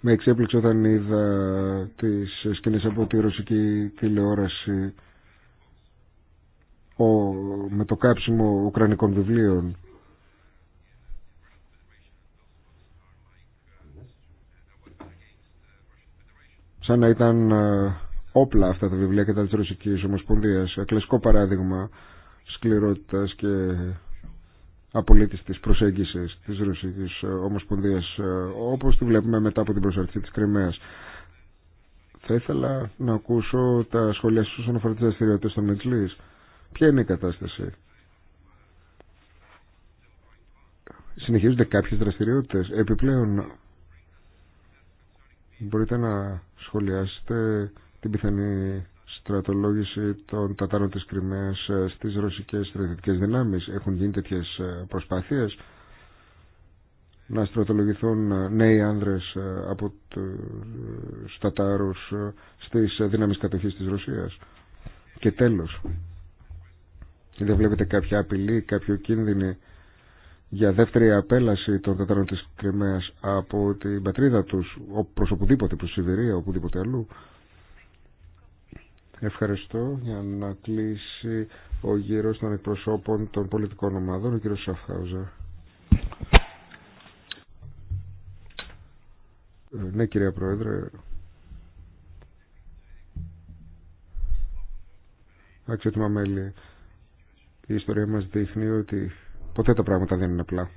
με εξέπληξε όταν είδα τι σκηνέ από τη ρωσική τηλεόραση ο, με το κάψιμο ουκρανικών βιβλίων σαν να ήταν ε, όπλα αυτά τα βιβλία κατά της Ρωσικής Ομοσπονδίας. Κλασικό παράδειγμα σκληρότητας και απολύτης της προσέγγισης της Ρωσικής ε, Ομοσπονδίας ε, όπως τη βλέπουμε μετά από την προσαρτησία της Κρυμαίας. Θα ήθελα να ακούσω τα σχόλια σας όσον αφορά τις δραστηριότητες των Μετλής. Ποια είναι η κατάσταση. Συνεχίζονται κάποιες δραστηριότητες. Επιπλέον μπορείτε να σχολιάσετε την πιθανή στρατολόγηση των Τατάρων της Κρυμαίας ε, στις ρωσικές στρατιωτικές δυνάμεις. Έχουν γίνει τέτοιες ε, προσπάθειες να στρατολογηθούν ε, νέοι άνδρες από τους Τατάρους στις δύναμεις κατοχής της Ρωσίας. Και τέλος, δεν βλέπετε κάποια απειλή, κάποιο κίνδυνο για δεύτερη απέλαση των τετάρων της Κρυμαίας από την πατρίδα τους προς οπουδήποτε, προς Σιβηρία, οπουδήποτε αλλού. Ευχαριστώ για να κλείσει ο γύρος των εκπροσώπων των πολιτικών ομάδων, ο κύριος Σαφχάουζα. Ε, ναι κυρία Πρόεδρε. Αξιότιμα μέλη. Η ιστορία μας δείχνει ότι Ποτέ τα πράγματα δεν είναι απλά.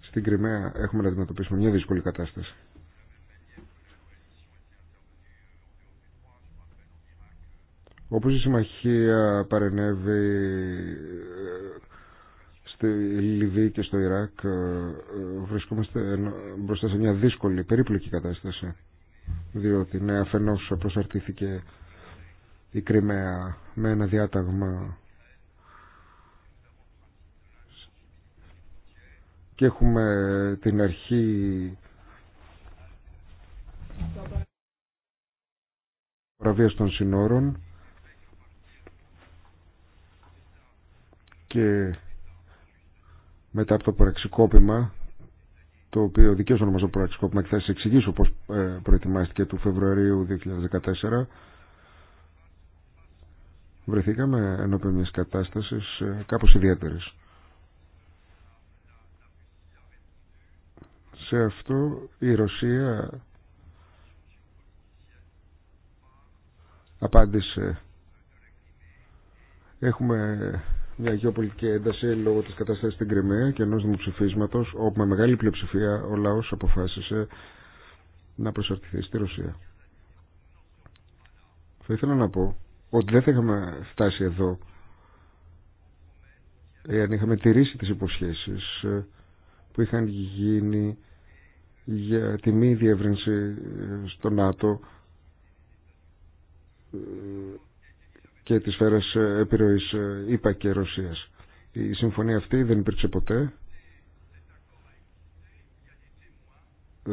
Στην Κρυμαία έχουμε να αντιμετωπίσουμε μια δύσκολη κατάσταση. Όπως η συμμαχία παρενέβη ε, στη Λιβύη και στο Ιράκ, ε, βρισκόμαστε μπροστά σε μια δύσκολη, περίπλοκη κατάσταση. Διότι, ναι, αφενός προσαρτήθηκε η Κρυμαία με ένα διάταγμα και έχουμε την αρχή βραβείας των συνόρων και μετά από το πραξικόπημα το οποίο δικαίως ονομάζω πραξικόπημα και θα σας εξηγήσω πώς ε, προετοιμάστηκε του Φεβρουαρίου 2014 βρεθήκαμε ενώπιον μια κατάσταση ε, κάπω ιδιαίτερη. Σε αυτό η Ρωσία απάντησε έχουμε μια γεωπολιτική ένταση λόγω της κατάστασης στην Κρυμαία και ενός δημοψηφίσματος όπου με μεγάλη πλειοψηφία ο λαός αποφάσισε να προσαρτηθεί στη Ρωσία. Θα ήθελα να πω ότι δεν θα είχαμε φτάσει εδώ εάν είχαμε τηρήσει τις υποσχέσεις ε, που είχαν γίνει για τη μη διεύρυνση ε, στο ΝΑΤΟ ε, και τη σφαίρας επιρροής ΙΠΑ και Ρωσίας. Η συμφωνία αυτή δεν υπήρξε ποτέ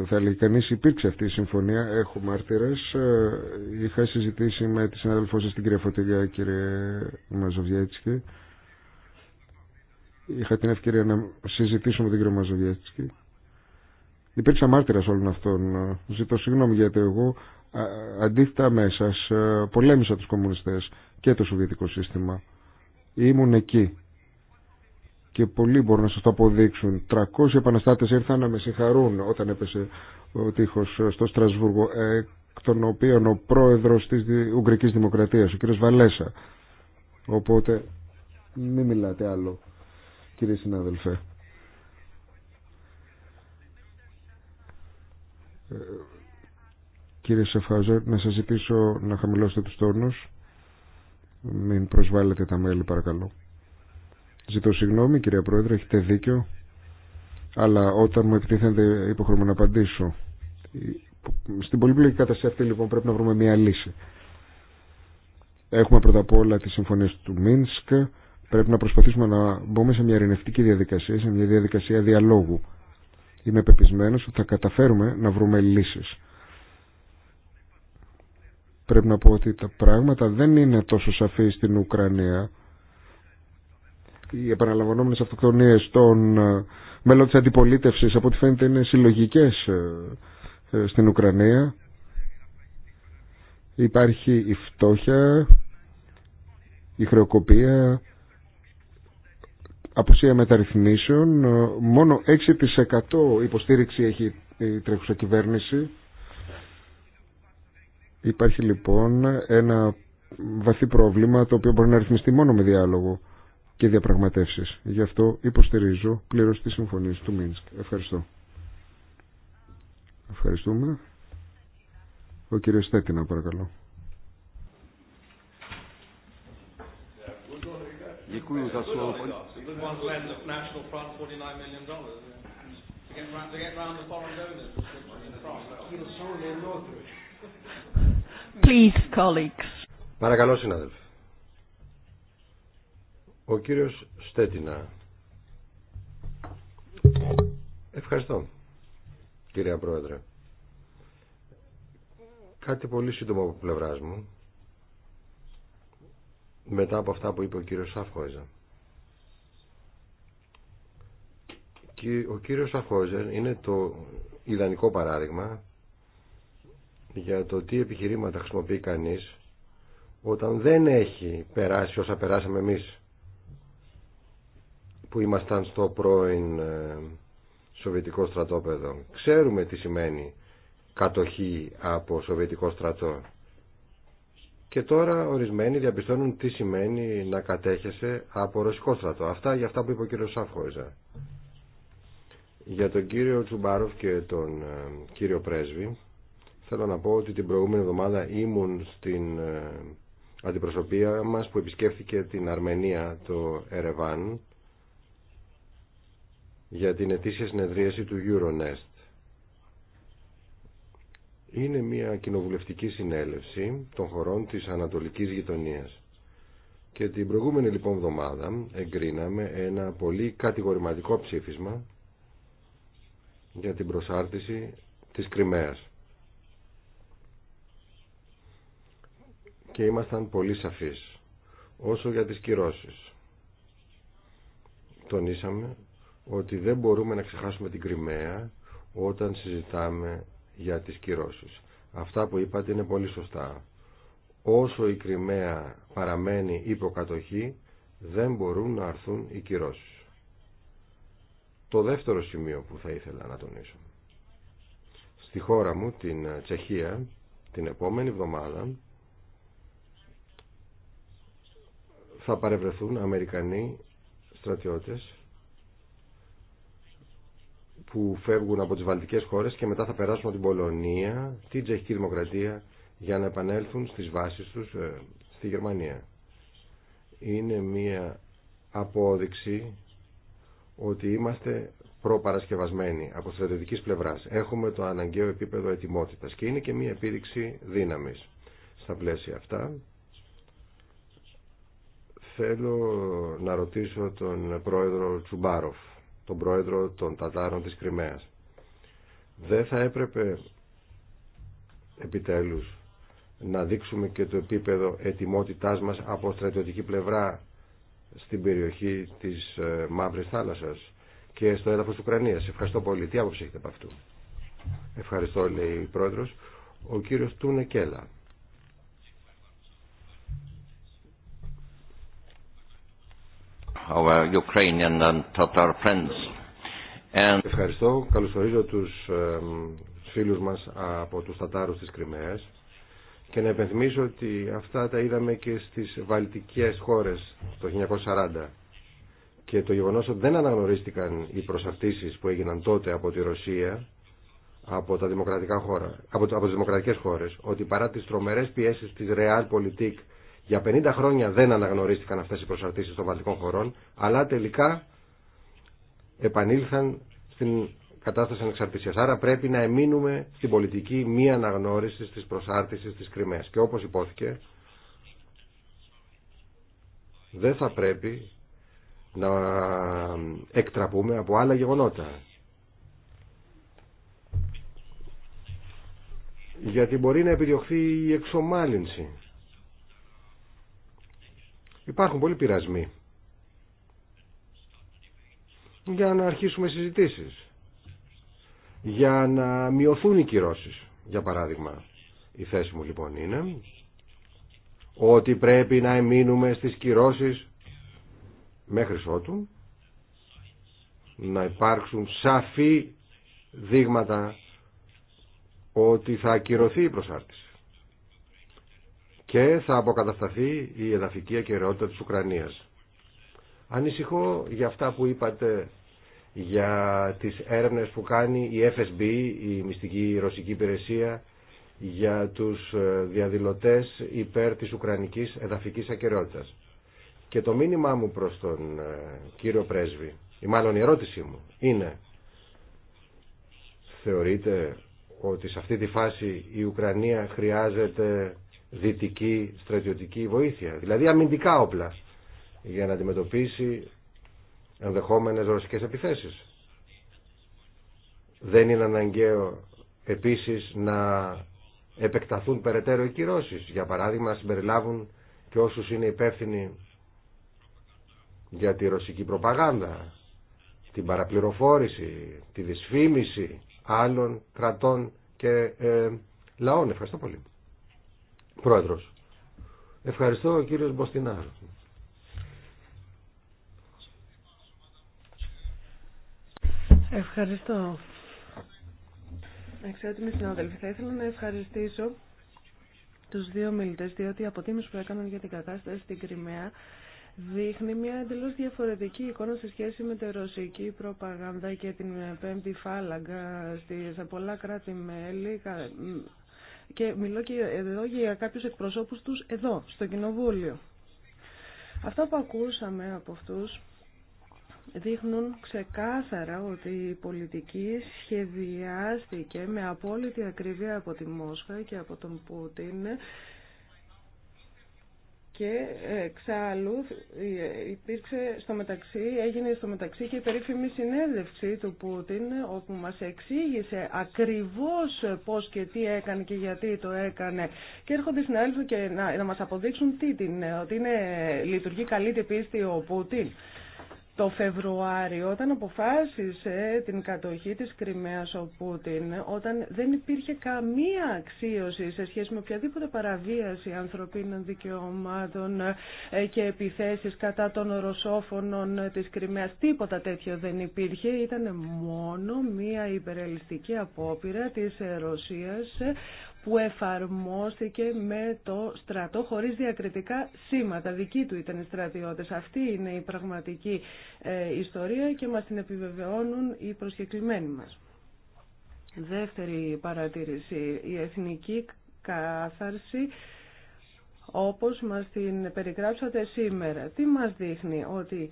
θα λέει Κανεί υπήρξε αυτή η συμφωνία έχω μάρτυρε. Ε, είχα συζητήσει με τη συνάδελφό σα την κυρία και κύριε Μαζοβιέτσικη είχα την ευκαιρία να συζητήσω με την κυρία Μαζοβιέτσικη υπήρξα μάρτυρα όλων αυτών ζητώ συγγνώμη γιατί εγώ αντίθετα μέσα σε ε, πολέμησα τους κομμουνιστές και το σοβιετικό σύστημα ήμουν εκεί και πολλοί μπορούν να σα το αποδείξουν. 300 επαναστάτες ήρθαν να με συγχαρούν όταν έπεσε ο τείχο στο Στρασβούργο, εκ των οποίων ο πρόεδρος της Ουγγρική Δημοκρατίας, ο κ. Βαλέσα. Οπότε μην μιλάτε άλλο, κύριε συνάδελφε. Ε, κύριε Σεφάζερ, να σας ζητήσω να χαμηλώσετε τους τόνους. Μην προσβάλλετε τα μέλη, παρακαλώ. Ζητώ συγγνώμη κυρία Πρόεδρε, έχετε δίκιο, αλλά όταν μου επιτίθενται υποχρεωμένο να απαντήσω. Στην πολύπλοκη κατάσταση αυτή λοιπόν πρέπει να βρούμε μια λύση. Έχουμε πρώτα απ' όλα τι συμφωνίε του Μίνσκ, πρέπει να προσπαθήσουμε να μπούμε σε μια ειρηνευτική διαδικασία, σε μια διαδικασία διαλόγου. Είμαι πεπισμένο ότι θα καταφέρουμε να βρούμε λύσει. Πρέπει να πω ότι τα πράγματα δεν είναι τόσο σαφή στην Ουκρανία οι επαναλαμβανόμενε αυτοκτονίες των ε, μέλων της αντιπολίτευσης από ό,τι φαίνεται είναι συλλογικέ ε, ε, στην Ουκρανία. Υπάρχει η φτώχεια, η χρεοκοπία, απουσία μεταρρυθμίσεων. Μόνο 6% υποστήριξη έχει η τρέχουσα κυβέρνηση. Υπάρχει λοιπόν ένα βαθύ πρόβλημα το οποίο μπορεί να ρυθμιστεί μόνο με διάλογο και διαπραγματεύσεις. Γι' αυτό υποστηρίζω πλήρως τις συμφωνίες του Μίνσκ. Ευχαριστώ. Ευχαριστούμε. Ο κύριος Στέτινα παρακαλώ. Please, colleagues. Παρακαλώ, συνάδελφοι. Ο κύριος Στέτινα. Ευχαριστώ, κυρία Πρόεδρε. Κάτι πολύ σύντομο από πλευρά μου, μετά από αυτά που είπε ο κύριος Σαφχόιζα. Ο κύριος Σαφχόιζερ είναι το ιδανικό παράδειγμα για το τι επιχειρήματα χρησιμοποιεί κανείς όταν δεν έχει περάσει όσα περάσαμε εμείς που ήμασταν στο πρώην ε, Σοβιετικό στρατόπεδο. Ξέρουμε τι σημαίνει κατοχή από Σοβιετικό στρατό. Και τώρα ορισμένοι διαπιστώνουν τι σημαίνει να κατέχεσαι από Ρωσικό στρατό. Αυτά για αυτά που είπε ο κύριος Σαφχόιζα. Για τον κύριο Τσουμπάροφ και τον ε, κύριο Πρέσβη θέλω να πω ότι την προηγούμενη εβδομάδα ήμουν στην ε, αντιπροσωπεία μας που επισκέφθηκε την Αρμενία το Ερεβάν για την ετήσια συνεδρίαση του Euronest. Είναι μια κοινοβουλευτική συνέλευση των χωρών της Ανατολικής Γειτονίας. Και την προηγούμενη λοιπόν εβδομάδα εγκρίναμε ένα πολύ κατηγορηματικό ψήφισμα για την προσάρτηση της Κρυμαίας. Και ήμασταν πολύ σαφείς. Όσο για τις κυρώσεις. Τονίσαμε ότι δεν μπορούμε να ξεχάσουμε την Κρυμαία όταν συζητάμε για τις κυρώσεις. Αυτά που είπατε είναι πολύ σωστά. Όσο η Κρυμαία παραμένει υποκατοχή, δεν μπορούν να αρθούν οι κυρώσεις. Το δεύτερο σημείο που θα ήθελα να τονίσω. Στη χώρα μου, την Τσεχία, την επόμενη εβδομάδα θα παρευρεθούν Αμερικανοί στρατιώτες που φεύγουν από τις βαλτικέ χώρες και μετά θα περάσουν από την Πολωνία, την Τσεχική Δημοκρατία για να επανέλθουν στις βάσεις τους ε, στη Γερμανία. Είναι μία απόδειξη ότι είμαστε προπαρασκευασμένοι από στρατιωτική πλευρά. Έχουμε το αναγκαίο επίπεδο ετοιμότητας και είναι και μία επίδειξη δύναμης στα πλαίσια αυτά. Θέλω να ρωτήσω τον πρόεδρο Τσουμπάροφ τον πρόεδρο των Τατάρων της Κρυμαίας. Δεν θα έπρεπε επιτέλους να δείξουμε και το επίπεδο ετοιμότητάς μας από στρατιωτική πλευρά στην περιοχή της ε, Μαύρης Θάλασσας και στο έδαφος της Ουκρανίας. Ευχαριστώ πολύ. Τι άποψη έχετε από αυτού. Ευχαριστώ λέει η Πρόεδρος. Ο κύριος Τούνε Κέλλα. our Ukrainian and Tatar friends. And... Ευχαριστώ. Καλωσορίζω τους φίλους μας από τους Τατάρους της Κρυμαίας και να επενθυμίσω ότι αυτά τα είδαμε και στις βαλτικές χώρες το 1940 και το γεγονός ότι δεν αναγνωρίστηκαν οι προσαρτήσεις που έγιναν τότε από τη Ρωσία από, τα δημοκρατικά χώρα, από, τις δημοκρατικές χώρες ότι παρά τις τρομερές πιέσεις της Real Politik για 50 χρόνια δεν αναγνωρίστηκαν αυτές οι προσαρτήσεις των βαλτικών χωρών, αλλά τελικά επανήλθαν στην κατάσταση ανεξαρτησίας. Άρα πρέπει να εμείνουμε στην πολιτική μη αναγνώριση της προσάρτησης της Κρυμαίας. Και όπως υπόθηκε, δεν θα πρέπει να εκτραπούμε από άλλα γεγονότα. Γιατί μπορεί να επιδιωχθεί η εξομάλυνση Υπάρχουν πολλοί πειρασμοί για να αρχίσουμε συζητήσεις, για να μειωθούν οι κυρώσεις, για παράδειγμα. Η θέση μου λοιπόν είναι ότι πρέπει να εμείνουμε στις κυρώσεις μέχρι ότου να υπάρξουν σαφή δείγματα ότι θα ακυρωθεί η προσάρτηση και θα αποκατασταθεί η εδαφική ακεραιότητα της Ουκρανίας. Ανησυχώ για αυτά που είπατε για τις έρευνες που κάνει η FSB, η μυστική ρωσική υπηρεσία, για τους ε, διαδηλωτές υπέρ της Ουκρανικής εδαφικής ακεραιότητας. Και το μήνυμά μου προς τον ε, κύριο Πρέσβη, ή μάλλον η ερώτησή μου, είναι θεωρείτε ότι σε αυτή τη φάση η Ουκρανία χρειάζεται δυτική στρατιωτική βοήθεια, δηλαδή αμυντικά όπλα για να αντιμετωπίσει ενδεχόμενες ρωσικές επιθέσεις. Δεν είναι αναγκαίο επίσης να επεκταθούν περαιτέρω οι κυρώσεις. Για παράδειγμα, συμπεριλάβουν και όσους είναι υπεύθυνοι για τη ρωσική προπαγάνδα, την παραπληροφόρηση, τη δυσφήμιση άλλων κρατών και ε, λαών. Ευχαριστώ πολύ. Πρόεδρος. Ευχαριστώ ο κύριος Μποστινάρ. Ευχαριστώ. Εξαιρετικοί συνάδελφοι, θα ήθελα να ευχαριστήσω τους δύο μιλητές, διότι η αποτίμηση που έκαναν για την κατάσταση στην Κρυμαία δείχνει μια εντελώς διαφορετική εικόνα σε σχέση με τη ρωσική προπαγάνδα και την πέμπτη φάλαγγα σε πολλά κράτη-μέλη και μιλώ και εδώ για κάποιους εκπροσώπους τους εδώ, στο Κοινοβούλιο. Αυτά που ακούσαμε από αυτούς δείχνουν ξεκάθαρα ότι η πολιτική σχεδιάστηκε με απόλυτη ακρίβεια από τη Μόσχα και από τον Πούτιν και ε, εξάλλου ε, υπήρξε στο μεταξύ, έγινε στο μεταξύ και η περίφημη συνέλευση του Πούτιν όπου μας εξήγησε ακριβώς πώς και τι έκανε και γιατί το έκανε και έρχονται στην και να, να μας αποδείξουν τι την, ότι είναι, λειτουργεί καλή την πίστη ο Πούτιν το Φεβρουάριο όταν αποφάσισε την κατοχή της Κρυμαίας ο Πούτιν, όταν δεν υπήρχε καμία αξίωση σε σχέση με οποιαδήποτε παραβίαση ανθρωπίνων δικαιωμάτων ε, και επιθέσεις κατά των ρωσόφωνων της Κρυμαίας, τίποτα τέτοιο δεν υπήρχε, ήταν μόνο μία υπερελιστική απόπειρα της Ρωσίας που εφαρμόστηκε με το στρατό χωρίς διακριτικά σήματα. δική του ήταν οι στρατιώτες. Αυτή είναι η πραγματική ε, ιστορία και μας την επιβεβαιώνουν οι προσκεκλημένοι μας. Δεύτερη παρατήρηση, η εθνική καθαρση όπως μας την περιγράψατε σήμερα. Τι μας δείχνει ότι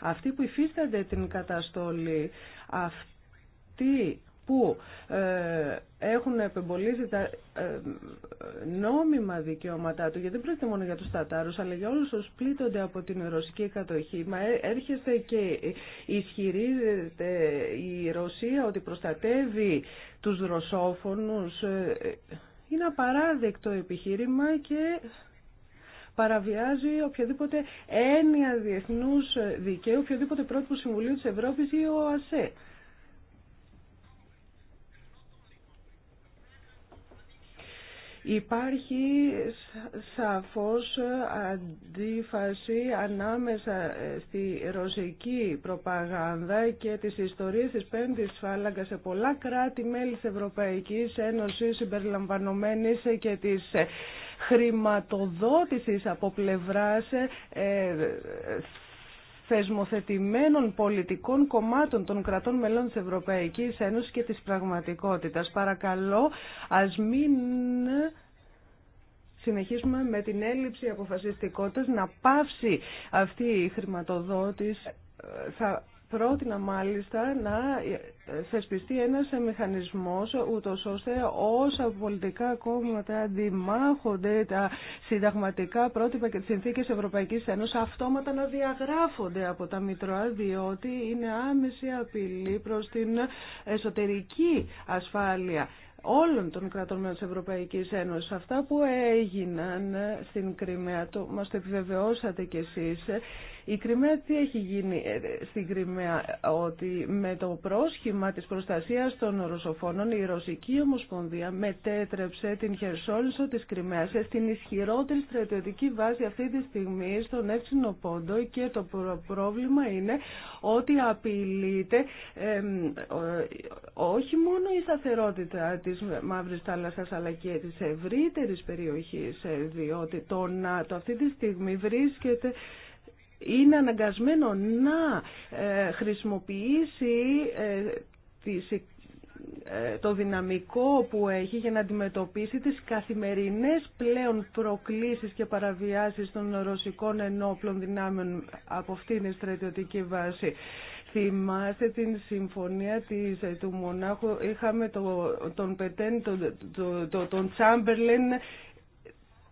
αυτοί που υφίστανται την καταστολή, αυτοί που ε, έχουν επεμπολίσει τα ε, νόμιμα δικαιώματά του, γιατί δεν πρόκειται μόνο για τους Τατάρους, αλλά για όλους όσους πλήττονται από την ρωσική κατοχή. Μα ε, έρχεστε και ισχυρίζεται η Ρωσία ότι προστατεύει τους ρωσόφωνους. Είναι απαράδεκτο επιχείρημα και παραβιάζει οποιαδήποτε έννοια διεθνούς δικαίου, οποιοδήποτε πρότυπο Συμβουλίου της Ευρώπης ή ο ΑΣΕ. Υπάρχει σαφώς αντίφαση ανάμεσα στη ρωσική προπαγάνδα και τις ιστορίες της πέμπτης φάλαγγας σε πολλά κράτη-μέλη της Ευρωπαϊκής Ένωσης συμπεριλαμβανομένης και της χρηματοδότησης από πλευράς ε, θεσμοθετημένων πολιτικών κομμάτων των κρατών μελών της Ευρωπαϊκής Ένωσης και της πραγματικότητας. Παρακαλώ, ας μην συνεχίσουμε με την έλλειψη αποφασιστικότητας να πάυσει αυτή η χρηματοδότηση. Ε, θα Πρότεινα μάλιστα να θεσπιστεί ένας μηχανισμός ούτως ώστε όσα πολιτικά κόμματα αντιμάχονται τα συνταγματικά πρότυπα και τις συνθήκες Ευρωπαϊκής Ένωσης αυτόματα να διαγράφονται από τα Μητρώα διότι είναι άμεση απειλή προς την εσωτερική ασφάλεια όλων των κρατών με της Ευρωπαϊκής Ένωσης. Αυτά που έγιναν στην Κρυμαία, το, μας το επιβεβαιώσατε κι εσείς, η Κρυμαία τι έχει γίνει ε, στην Κρυμαία, ότι με το πρόσχημα της προστασίας των ρωσοφόνων η Ρωσική Ομοσπονδία μετέτρεψε την Χερσόνησο της Κρυμαίας στην ισχυρότερη στρατιωτική βάση αυτή τη στιγμή στον έξινο Πόντο και το πρόβλημα είναι ότι απειλείται όχι μόνο η σταθερότητα της Μαύρης Τάλασσας αλλά και της ευρύτερης περιοχής ε, διότι το ΝΑΤΟ αυτή τη στιγμή βρίσκεται είναι αναγκασμένο να ε, χρησιμοποιήσει ε, το δυναμικό που έχει για να αντιμετωπίσει τις καθημερινές πλέον προκλήσεις και παραβιάσεις των ρωσικών ενόπλων δυνάμεων από αυτήν την στρατιωτική βάση θυμάστε την συμφωνία της, ε, του Μονάχου, είχαμε το, τον Πετέν, το, τον Τσάμπερλεν,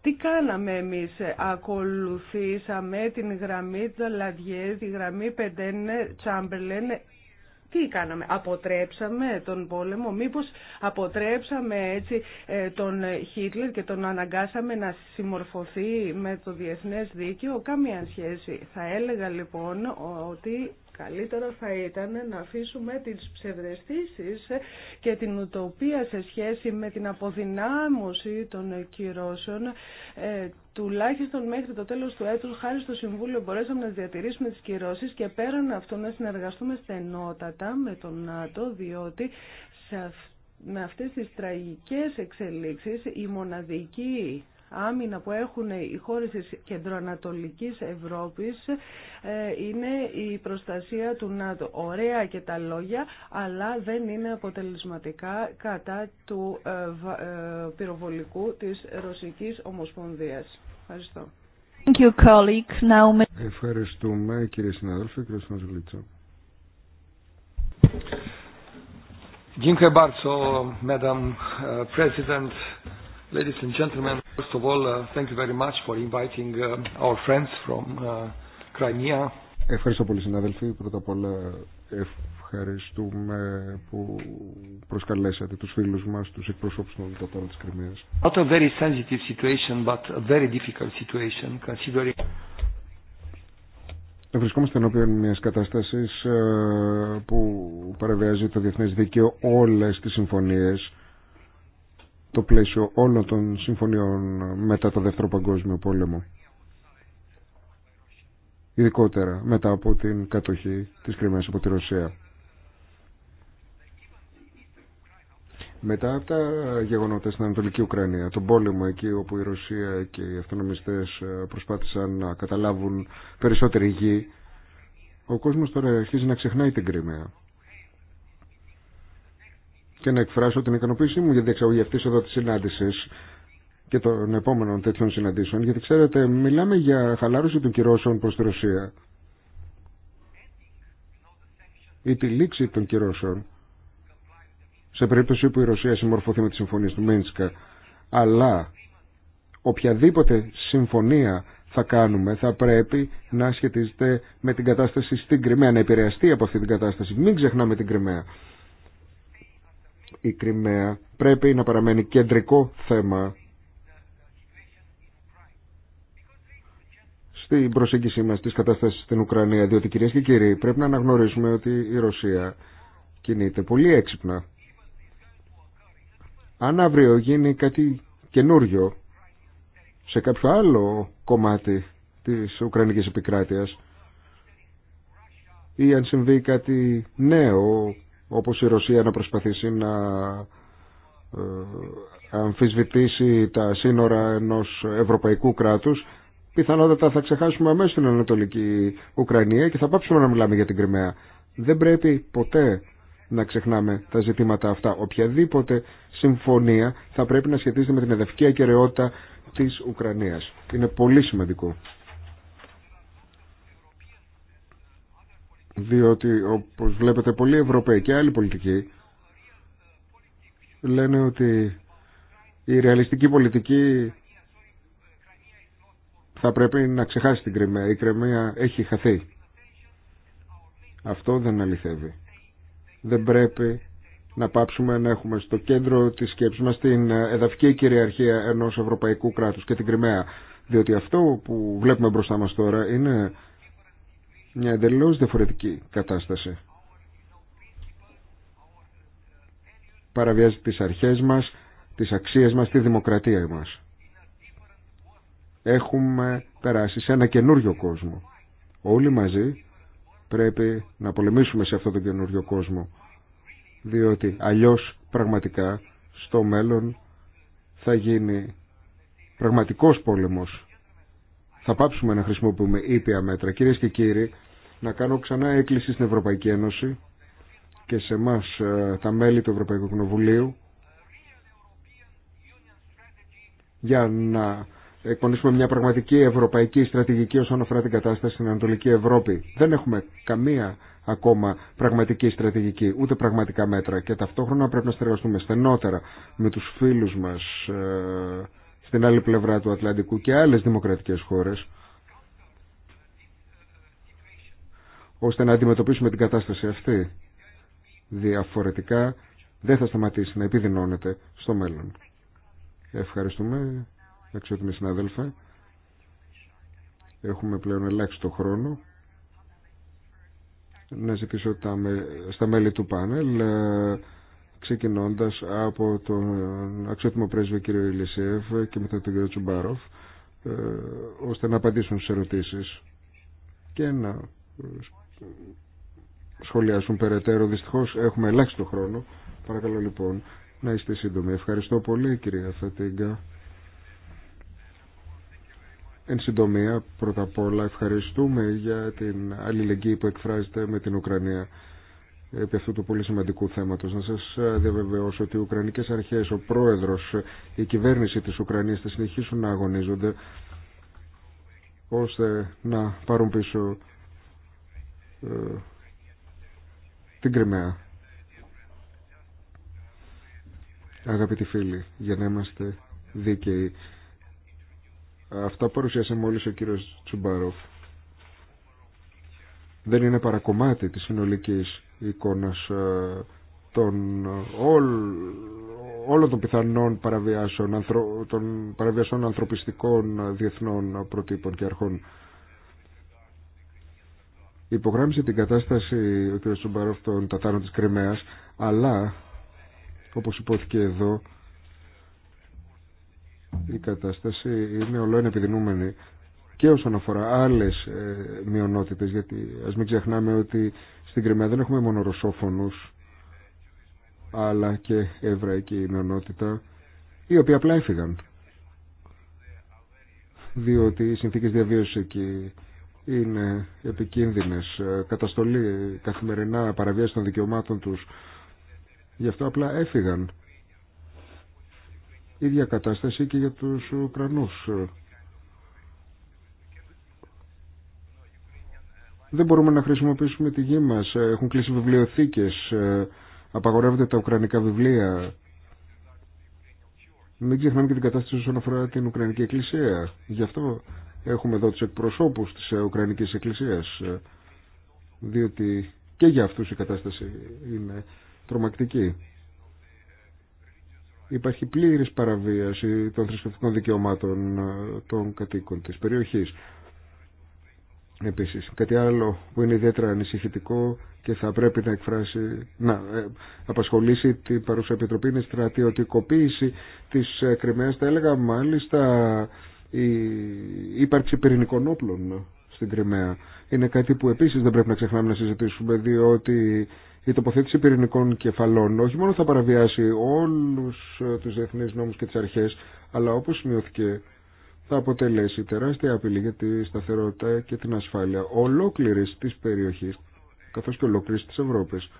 τι κάναμε εμείς, ε, ακολουθήσαμε την γραμμή Τζαλαδιέ, τη γραμμή Πεντέν Τσάμπερλεν, τι κάναμε, αποτρέψαμε τον πόλεμο, μήπως αποτρέψαμε έτσι ε, τον Χίτλερ και τον αναγκάσαμε να συμμορφωθεί με το διεθνές δίκαιο, καμία σχέση. Θα έλεγα λοιπόν ότι Καλύτερο θα ήταν να αφήσουμε τις ψευδεστήσεις και την ουτοπία σε σχέση με την αποδυνάμωση των κυρώσεων ε, τουλάχιστον μέχρι το τέλος του έτους, χάρη στο Συμβούλιο, μπορέσαμε να διατηρήσουμε τις κυρώσεις και πέραν αυτό να συνεργαστούμε στενότατα με τον ΝΑΤΟ, διότι σε με αυτές τις τραγικές εξελίξεις η μοναδική άμυνα που έχουν οι χώρες της κεντροανατολικής Ευρώπης ε, είναι η προστασία του ΝΑΤΟ. Ωραία και τα λόγια, αλλά δεν είναι αποτελεσματικά κατά του ε, ε, πυροβολικού της Ρωσικής Ομοσπονδίας. Ευχαριστώ. Thank you, colleague. Now... Ευχαριστούμε κύριε συναδέλφε, κύριε Σμαζουλίτσο. Dziękuję bardzo, Madam e, President. Ladies and gentlemen, first of all, uh, thank you very much for inviting uh, our friends from uh, Crimea. Ευχαριστώ πολύ συνάδελφοι. Πρώτα απ' όλα ευχαριστούμε που προσκαλέσατε τους φίλους μας, τους εκπροσώπους των Λιτατών της Κρυμίας. Not a very sensitive situation, but a very difficult situation, considering... Βρισκόμαστε ενώπιον μια κατάσταση ε, που παραβιάζει το διεθνέ δίκαιο όλε τι συμφωνίε το πλαίσιο όλων των συμφωνιών μετά το Δεύτερο Παγκόσμιο Πόλεμο. Ειδικότερα μετά από την κατοχή της Κρυμαίας από τη Ρωσία. Μετά από τα γεγονότα στην Ανατολική Ουκρανία, τον πόλεμο εκεί όπου η Ρωσία και οι αυτονομιστές ε, προσπάθησαν να καταλάβουν περισσότερη γη, ο κόσμος τώρα αρχίζει να ξεχνάει την Κρυμαία και να εκφράσω την ικανοποίησή μου για την εξαγωγή αυτή εδώ τη συνάντηση και των επόμενων τέτοιων συναντήσεων. Γιατί ξέρετε, μιλάμε για χαλάρωση των κυρώσεων προ τη Ρωσία ή τη λήξη των κυρώσεων σε περίπτωση που η Ρωσία συμμορφωθεί με τη συμφωνία του Μίνσκα. Αλλά οποιαδήποτε συμφωνία θα κάνουμε θα πρέπει να σχετίζεται με την κατάσταση στην Κρυμαία, να επηρεαστεί από αυτή την κατάσταση. Μην ξεχνάμε την Κρυμαία η Κρυμαία πρέπει να παραμένει κεντρικό θέμα στην προσέγγιση μας της κατάστασης στην Ουκρανία διότι κυρίες και κύριοι πρέπει να αναγνωρίσουμε ότι η Ρωσία κινείται πολύ έξυπνα αν αύριο γίνει κάτι καινούριο σε κάποιο άλλο κομμάτι της Ουκρανικής επικράτειας ή αν συμβεί κάτι νέο όπως η Ρωσία να προσπαθήσει να ε, αμφισβητήσει τα σύνορα ενός ευρωπαϊκού κράτους πιθανότατα θα ξεχάσουμε αμέσως την Ανατολική Ουκρανία και θα πάψουμε να μιλάμε για την Κρυμαία. Δεν πρέπει ποτέ να ξεχνάμε τα ζητήματα αυτά. Οποιαδήποτε συμφωνία θα πρέπει να σχετίζεται με την εδαφική ακεραιότητα της Ουκρανίας. Είναι πολύ σημαντικό. Διότι όπως βλέπετε πολλοί Ευρωπαίοι και άλλοι πολιτικοί λένε ότι η ρεαλιστική πολιτική θα πρέπει να ξεχάσει την Κρυμαία. Η Κρυμαία έχει χαθεί. Αυτό δεν αληθεύει. Δεν πρέπει να πάψουμε να έχουμε στο κέντρο της σκέψης μας την εδαφική κυριαρχία ενός ευρωπαϊκού κράτους και την Κρυμαία. Διότι αυτό που βλέπουμε μπροστά μας τώρα είναι μια εντελώ διαφορετική κατάσταση. Παραβιάζει τις αρχές μας, τις αξίες μας, τη δημοκρατία μας. Έχουμε περάσει σε ένα καινούριο κόσμο. Όλοι μαζί πρέπει να πολεμήσουμε σε αυτό τον καινούριο κόσμο. Διότι αλλιώς πραγματικά στο μέλλον θα γίνει πραγματικός πόλεμος. Θα πάψουμε να χρησιμοποιούμε ήπια μέτρα. Κυρίες και κύριοι, να κάνω ξανά έκκληση στην Ευρωπαϊκή Ένωση και σε εμά ε, τα μέλη του Ευρωπαϊκού Κοινοβουλίου για να εκπονήσουμε μια πραγματική ευρωπαϊκή στρατηγική όσον αφορά την κατάσταση στην Ανατολική Ευρώπη. Δεν έχουμε καμία ακόμα πραγματική στρατηγική, ούτε πραγματικά μέτρα και ταυτόχρονα πρέπει να συνεργαστούμε στενότερα με τους φίλους μας ε, στην άλλη πλευρά του Ατλαντικού και άλλες δημοκρατικές χώρες ώστε να αντιμετωπίσουμε την κατάσταση αυτή. Διαφορετικά δεν θα σταματήσει να επιδεινώνεται στο μέλλον. Ευχαριστούμε, αξιότιμοι συνάδελφα. Έχουμε πλέον ελάχιστο χρόνο. Να ζητήσω στα μέλη του πάνελ, ε, ξεκινώντας από τον αξιότιμο πρέσβη κύριο Ηλισίευ και μετά τον κύριο Τσουμπάροφ, ε, ώστε να απαντήσουν στις ερωτήσεις και να σχολιάσουν περαιτέρω. Δυστυχώς έχουμε ελάχιστο χρόνο. Παρακαλώ λοιπόν να είστε σύντομοι. Ευχαριστώ πολύ κυρία Φατίγκα. Εν συντομία, πρώτα απ' όλα ευχαριστούμε για την αλληλεγγύη που εκφράζεται με την Ουκρανία επί αυτού του πολύ σημαντικού θέματος. Να σας διαβεβαιώσω ότι οι Ουκρανικές αρχές, ο πρόεδρος, η κυβέρνηση της Ουκρανίας θα συνεχίσουν να αγωνίζονται ώστε να πάρουν πίσω ε, την Κρυμαία. Αγαπητοί φίλοι, για να είμαστε δίκαιοι, αυτά παρουσίασε μόλις ο κύριος Τσουμπάροφ. Δεν είναι παρακομμάτι της συνολικής εικόνας ε, των όλων των πιθανών παραβιάσεων, των παραβιάσεων ανθρωπιστικών διεθνών προτύπων και αρχών υπογράμμισε την κατάσταση ο κ. Σουμπαρόφ των Τατάρων της Κρυμαίας αλλά όπως υπόθηκε εδώ η κατάσταση είναι ολόενα επιδεινούμενη και όσον αφορά άλλες ε, μειονότητες γιατί ας μην ξεχνάμε ότι στην Κρυμαία δεν έχουμε μόνο ρωσόφωνους αλλά και εβραϊκή μειονότητα οι οποίοι απλά έφυγαν διότι οι συνθήκες διαβίωσης εκεί είναι επικίνδυνες, ε, καταστολή καθημερινά, παραβίαση των δικαιωμάτων τους. Γι' αυτό απλά έφυγαν. Ίδια κατάσταση και για τους Ουκρανούς. Δεν μπορούμε να χρησιμοποιήσουμε τη γη μας. Έχουν κλείσει βιβλιοθήκες, ε, απαγορεύονται τα ουκρανικά βιβλία. Μην ξεχνάμε και την κατάσταση όσον αφορά την Ουκρανική Εκκλησία. Γι' αυτό έχουμε εδώ τους εκπροσώπους της ε, Ουκρανικής Εκκλησίας ε, διότι και για αυτούς η κατάσταση είναι τρομακτική. Υπάρχει πλήρης παραβίαση των θρησκευτικών δικαιωμάτων ε, των κατοίκων της περιοχής. Επίσης, κάτι άλλο που είναι ιδιαίτερα ανησυχητικό και θα πρέπει να εκφράσει, να απασχολήσει την παρούσα επιτροπή είναι στρατιωτικοποίηση της Κρυμαίας. Θα έλεγα μάλιστα η ύπαρξη πυρηνικών όπλων στην Κρυμαία. Είναι κάτι που επίσης δεν πρέπει να ξεχνάμε να συζητήσουμε, διότι η τοποθέτηση πυρηνικών κεφαλών όχι μόνο θα παραβιάσει όλους ε, τους διεθνείς νόμους και τις αρχές, αλλά όπως σημειώθηκε θα αποτελέσει τεράστια απειλή για τη σταθερότητα και την ασφάλεια ολόκληρης της περιοχής, καθώς και ολόκληρης της Ευρώπης.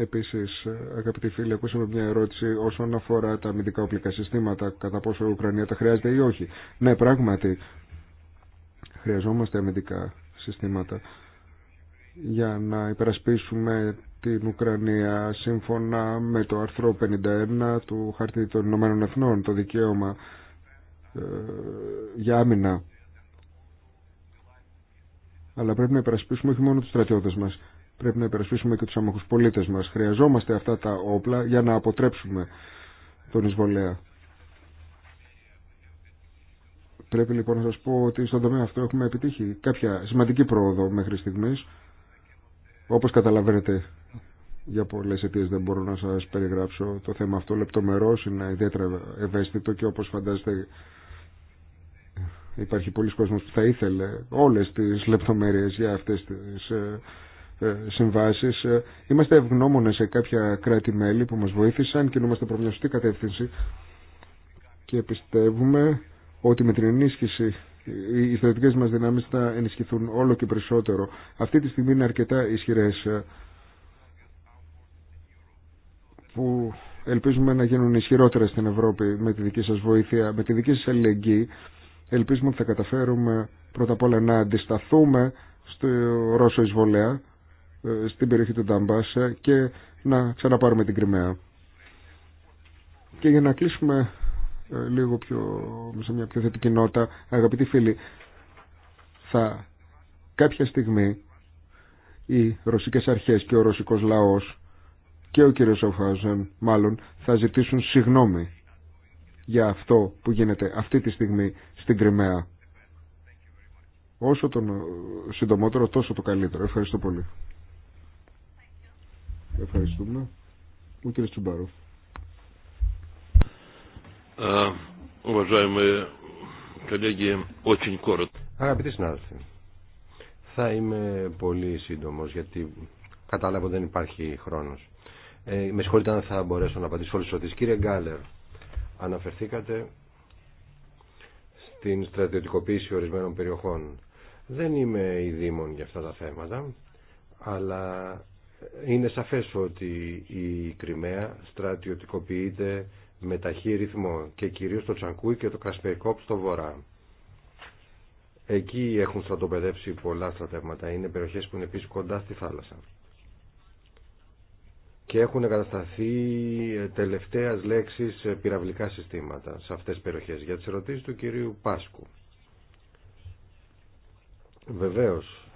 Επίσης, αγαπητοί φίλοι, ακούσαμε μια ερώτηση όσον αφορά τα αμυντικά οπλικά συστήματα, κατά πόσο η Ουκρανία τα χρειάζεται ή όχι. Ναι, πράγματι, χρειαζόμαστε αμυντικά συστήματα για να υπερασπίσουμε την Ουκρανία σύμφωνα με το άρθρο 51 του Χαρτί των Ηνωμένων Εθνών, το δικαίωμα ε, για άμυνα. Αλλά πρέπει να υπερασπίσουμε όχι μόνο τους στρατιώτες μας, Πρέπει να υπερασπίσουμε και τους αμαχούς πολίτες μας. Χρειαζόμαστε αυτά τα όπλα για να αποτρέψουμε τον εισβολέα. Πρέπει λοιπόν να σας πω ότι στον τομέα αυτό έχουμε επιτύχει κάποια σημαντική πρόοδο μέχρι στιγμής. Όπως καταλαβαίνετε για πολλές αιτίε δεν μπορώ να σας περιγράψω το θέμα αυτό λεπτομερώς, είναι ιδιαίτερα ευαίσθητο και όπως φαντάζεστε υπάρχει πολλοί κόσμος που θα ήθελε όλες τις λεπτομέρειες για αυτές τις ε, ε, συμβάσεις. Ε, είμαστε ευγνώμονες σε κάποια κράτη-μέλη που μας βοήθησαν και είμαστε προς μια σωστή κατεύθυνση και πιστεύουμε ότι με την ενίσχυση οι στρατιωτικές μας δυνάμεις θα ενισχυθούν όλο και περισσότερο. Αυτή τη στιγμή είναι αρκετά ισχυρές ε, που ελπίζουμε να γίνουν ισχυρότερα στην Ευρώπη με τη δική σας βοήθεια, με τη δική σας αλληλεγγύη. Ελπίζουμε ότι θα καταφέρουμε πρώτα απ' όλα να αντισταθούμε στο Ρώσο εισβολέα στην περιοχή του Νταμπάσα και να ξαναπάρουμε την Κρυμαία. Και για να κλείσουμε ε, λίγο πιο, σε μια πιο θετική νότα, αγαπητοί φίλοι, θα κάποια στιγμή οι ρωσικές αρχές και ο ρωσικός λαός και ο κύριος Αφάζεν μάλλον θα ζητήσουν συγνώμη για αυτό που γίνεται αυτή τη στιγμή στην Κρυμαία. Όσο τον ε, συντομότερο τόσο το καλύτερο. Ευχαριστώ πολύ. Ευχαριστούμε. Ο κ. Τσουμπάροφ. Ε, Αγαπητοί συνάδελφοι, θα είμαι πολύ σύντομο γιατί κατάλαβα ότι δεν υπάρχει χρόνο. Ε, με συγχωρείτε αν θα μπορέσω να απαντήσω όλε τι ερωτήσει. Κύριε Γκάλερ, αναφερθήκατε στην στρατιωτικοποίηση ορισμένων περιοχών. Δεν είμαι η για αυτά τα θέματα, αλλά είναι σαφές ότι η Κρυμαία στρατιωτικοποιείται με ταχύ ρυθμό και κυρίως το Τσανκούι και το Κασπερικό στο βορρά. Εκεί έχουν στρατοπεδέψει πολλά στρατεύματα. Είναι περιοχές που είναι επίση κοντά στη θάλασσα. Και έχουν εγκατασταθεί ε, τελευταίας λέξεις ε, πυραυλικά συστήματα σε αυτές τις περιοχές. Για τις ερωτήσεις του κυρίου Πάσκου. Βεβαίως,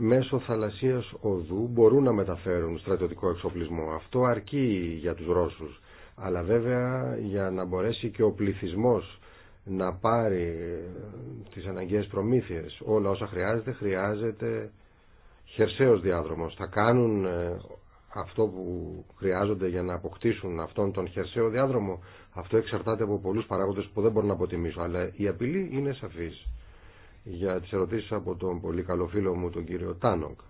μέσω θαλασσίας οδού μπορούν να μεταφέρουν στρατιωτικό εξοπλισμό. Αυτό αρκεί για τους Ρώσους. Αλλά βέβαια για να μπορέσει και ο πληθυσμός να πάρει ε, τις αναγκαίες προμήθειες, όλα όσα χρειάζεται, χρειάζεται χερσαίος διάδρομος. Θα κάνουν ε, αυτό που χρειάζονται για να αποκτήσουν αυτόν τον χερσαίο διάδρομο. Αυτό εξαρτάται από πολλούς παράγοντες που δεν μπορώ να αποτιμήσω, αλλά η απειλή είναι σαφής για τις ερωτήσεις από τον πολύ καλό φίλο μου τον κύριο Τάνοκ.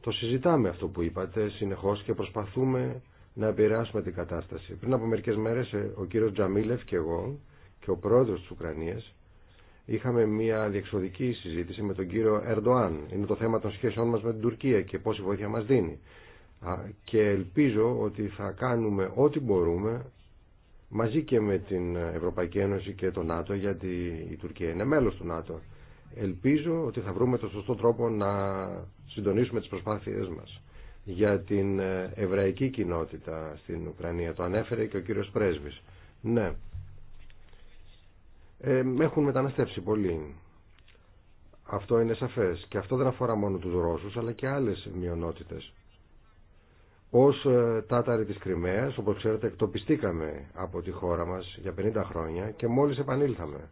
Το συζητάμε αυτό που είπατε συνεχώς και προσπαθούμε να επηρεάσουμε την κατάσταση. Πριν από μερικές μέρες ε, ο κύριος Τζαμίλεφ και εγώ και ο πρόεδρος της Ουκρανίας είχαμε μια διεξοδική συζήτηση με τον κύριο Ερντοάν. Είναι το θέμα των σχέσεών μας με την Τουρκία και πόση βοήθεια μας δίνει. Και ελπίζω ότι θα κάνουμε ό,τι μπορούμε μαζί και με την Ευρωπαϊκή Ένωση και το ΝΑΤΟ γιατί η Τουρκία είναι μέλος του ΝΑΤΟ. Ελπίζω ότι θα βρούμε το σωστό τρόπο να συντονίσουμε τις προσπάθειές μας για την ε, εβραϊκή κοινότητα στην Ουκρανία. Το ανέφερε και ο κύριος Πρέσβης. Ναι. Ε, έχουν μεταναστεύσει πολύ. Αυτό είναι σαφές. Και αυτό δεν αφορά μόνο τους Ρώσους αλλά και άλλες μειονότητες. Ως ε, τάταροι της Κρυμαίας, όπως ξέρετε, εκτοπιστήκαμε από τη χώρα μας για 50 χρόνια και μόλις επανήλθαμε.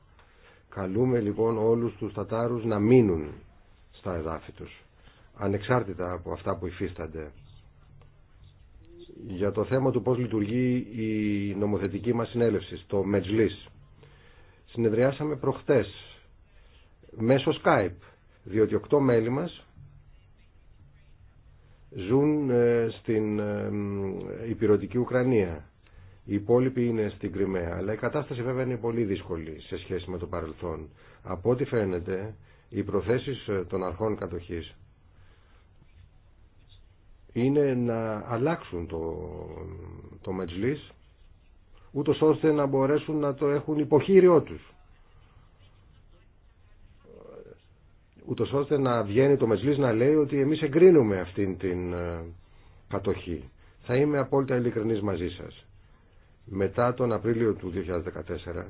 Καλούμε λοιπόν όλους τους τατάρους να μείνουν στα εδάφη τους, ανεξάρτητα από αυτά που υφίστανται. Για το θέμα του πώς λειτουργεί η νομοθετική μας συνέλευση, το Μετζλής. Συνεδριάσαμε προχτές, μέσω Skype, διότι οκτώ μέλη μας ζουν ε, στην ε, υπηρετική Ουκρανία. Οι υπόλοιποι είναι στην Κρυμαία. Αλλά η κατάσταση βέβαια είναι πολύ δύσκολη σε σχέση με το παρελθόν. Από ό,τι φαίνεται, οι προθέσεις ε, των αρχών κατοχής είναι να αλλάξουν το, το Μετζλής ούτως ώστε να μπορέσουν να το έχουν υποχείριό τους. ούτω ώστε να βγαίνει το Μεσλή να λέει ότι εμείς εγκρίνουμε αυτήν την ε, κατοχή. Θα είμαι απόλυτα ειλικρινής μαζί σας. Μετά τον Απρίλιο του 2014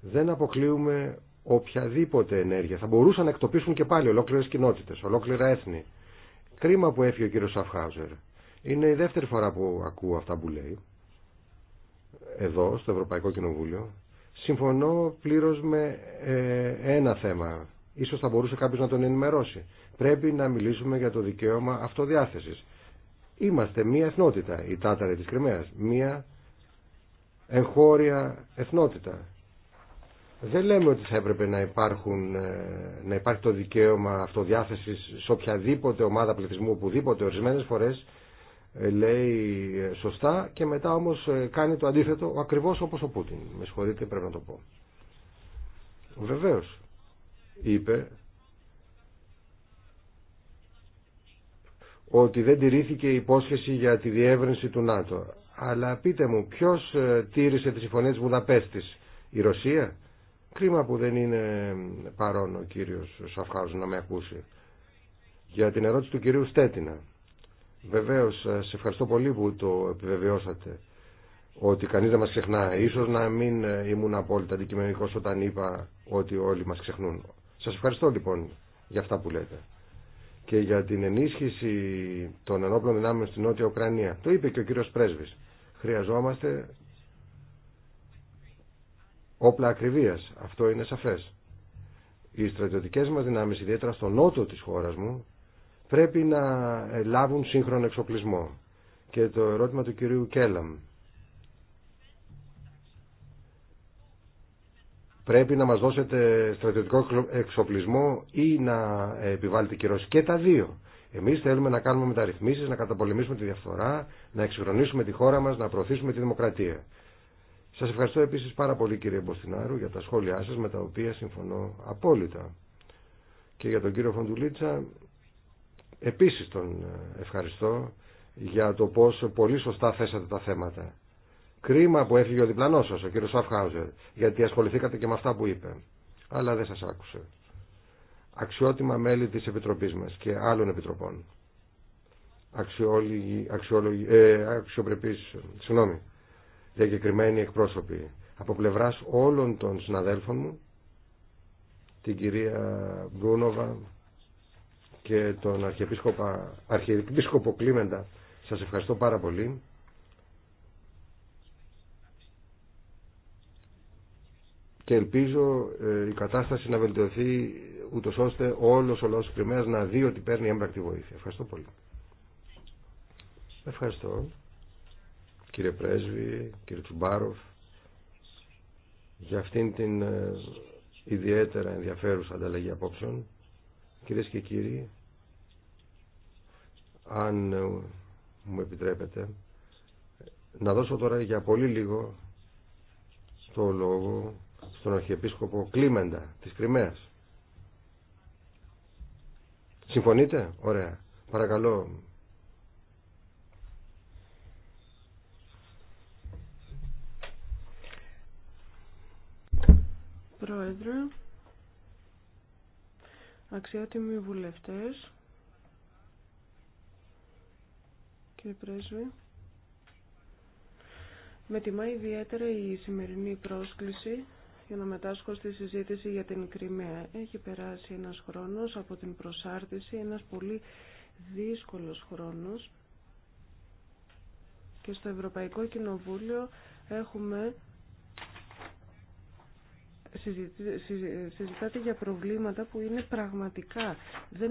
δεν αποκλείουμε οποιαδήποτε ενέργεια. Θα μπορούσαν να εκτοπίσουν και πάλι ολόκληρες κοινότητε, ολόκληρα έθνη. Κρίμα που έφυγε ο κύριο Σαφχάουζερ. Είναι η δεύτερη φορά που ακούω αυτά που λέει. Εδώ, στο Ευρωπαϊκό Κοινοβούλιο. Συμφωνώ πλήρω με ε, ένα θέμα Ίσως θα μπορούσε κάποιος να τον ενημερώσει. Πρέπει να μιλήσουμε για το δικαίωμα αυτοδιάθεσης. Είμαστε μία εθνότητα, η Τάταρη της Κρυμαίας. Μία εγχώρια εθνότητα. Δεν λέμε ότι θα έπρεπε να, υπάρχουν, ε, να υπάρχει το δικαίωμα αυτοδιάθεσης σε οποιαδήποτε ομάδα πληθυσμού, οπουδήποτε, ορισμένες φορές ε, λέει ε, σωστά και μετά όμως κάνει το αντίθετο ακριβώς όπως ο Πούτιν. Με συγχωρείτε πρέπει να το πω. Βεβαίω είπε ότι δεν τηρήθηκε η υπόσχεση για τη διεύρυνση του ΝΑΤΟ. Αλλά πείτε μου, ποιος ε, τήρησε τη συμφωνία της Βουδαπέστης, η Ρωσία. Κρίμα που δεν είναι παρόν ο κύριος Σαφχάουζ να με ακούσει. Για την ερώτηση του κυρίου Στέτινα. Βεβαίως, ε, σε ευχαριστώ πολύ που το επιβεβαιώσατε ότι κανείς δεν μας ξεχνά. Ίσως να μην ε, ήμουν απόλυτα αντικειμενικός όταν είπα ότι όλοι μας ξεχνούν. Σας ευχαριστώ λοιπόν για αυτά που λέτε και για την ενίσχυση των ενόπλων δυνάμεων στην Νότια Ουκρανία. Το είπε και ο κύριος Πρέσβης. Χρειαζόμαστε όπλα ακριβίας. Αυτό είναι σαφές. Οι στρατιωτικές μας δυνάμεις, ιδιαίτερα στο νότο της χώρας μου, πρέπει να λάβουν σύγχρονο εξοπλισμό. Και το ερώτημα του κυρίου Κέλαμ. πρέπει να μας δώσετε στρατιωτικό εξοπλισμό ή να επιβάλλετε κυρώσει και τα δύο. Εμείς θέλουμε να κάνουμε μεταρρυθμίσεις, να καταπολεμήσουμε τη διαφθορά, να εξυγχρονίσουμε τη χώρα μας, να προωθήσουμε τη δημοκρατία. Σας ευχαριστώ επίσης πάρα πολύ κύριε Μποστινάρου για τα σχόλιά σας με τα οποία συμφωνώ απόλυτα. Και για τον κύριο Φοντουλίτσα επίσης τον ευχαριστώ για το πώς πολύ σωστά θέσατε τα θέματα. Κρίμα που έφυγε ο διπλανός σας, ο κύριος Σαφχάουζερ, γιατί ασχοληθήκατε και με αυτά που είπε. Αλλά δεν σας άκουσε. Αξιότιμα μέλη της Επιτροπής μας και άλλων Επιτροπών. ε, αξιοπρεπείς, συγγνώμη, διακεκριμένοι εκπρόσωποι από πλευράς όλων των συναδέλφων μου, την κυρία Μπρούνοβα και τον Αρχιεπίσκοπο Κλίμεντα. Σας ευχαριστώ πάρα πολύ και ελπίζω ε, η κατάσταση να βελτιωθεί ούτως ώστε όλος ο λαός της Κρυμαίας να δει ότι παίρνει έμπρακτη βοήθεια. Ευχαριστώ πολύ. Ευχαριστώ κύριε Πρέσβη, κύριε Τσουμπάροφ για αυτήν την ε, ιδιαίτερα ενδιαφέρουσα ανταλλαγή απόψεων. Κυρίες και κύριοι, αν ε, μου επιτρέπετε, να δώσω τώρα για πολύ λίγο το λόγο στον Αρχιεπίσκοπο Κλίμεντα της Κρυμαίας. Συμφωνείτε? Ωραία. Παρακαλώ. Πρόεδρε, αξιότιμοι βουλευτές, και Πρέσβη, με τιμά ιδιαίτερα η σημερινή πρόσκληση για να μετάσχω στη συζήτηση για την Κρυμαία. Έχει περάσει ένας χρόνος από την προσάρτηση, ένας πολύ δύσκολος χρόνος και στο Ευρωπαϊκό Κοινοβούλιο έχουμε συζητάτε για προβλήματα που είναι πραγματικά. Δεν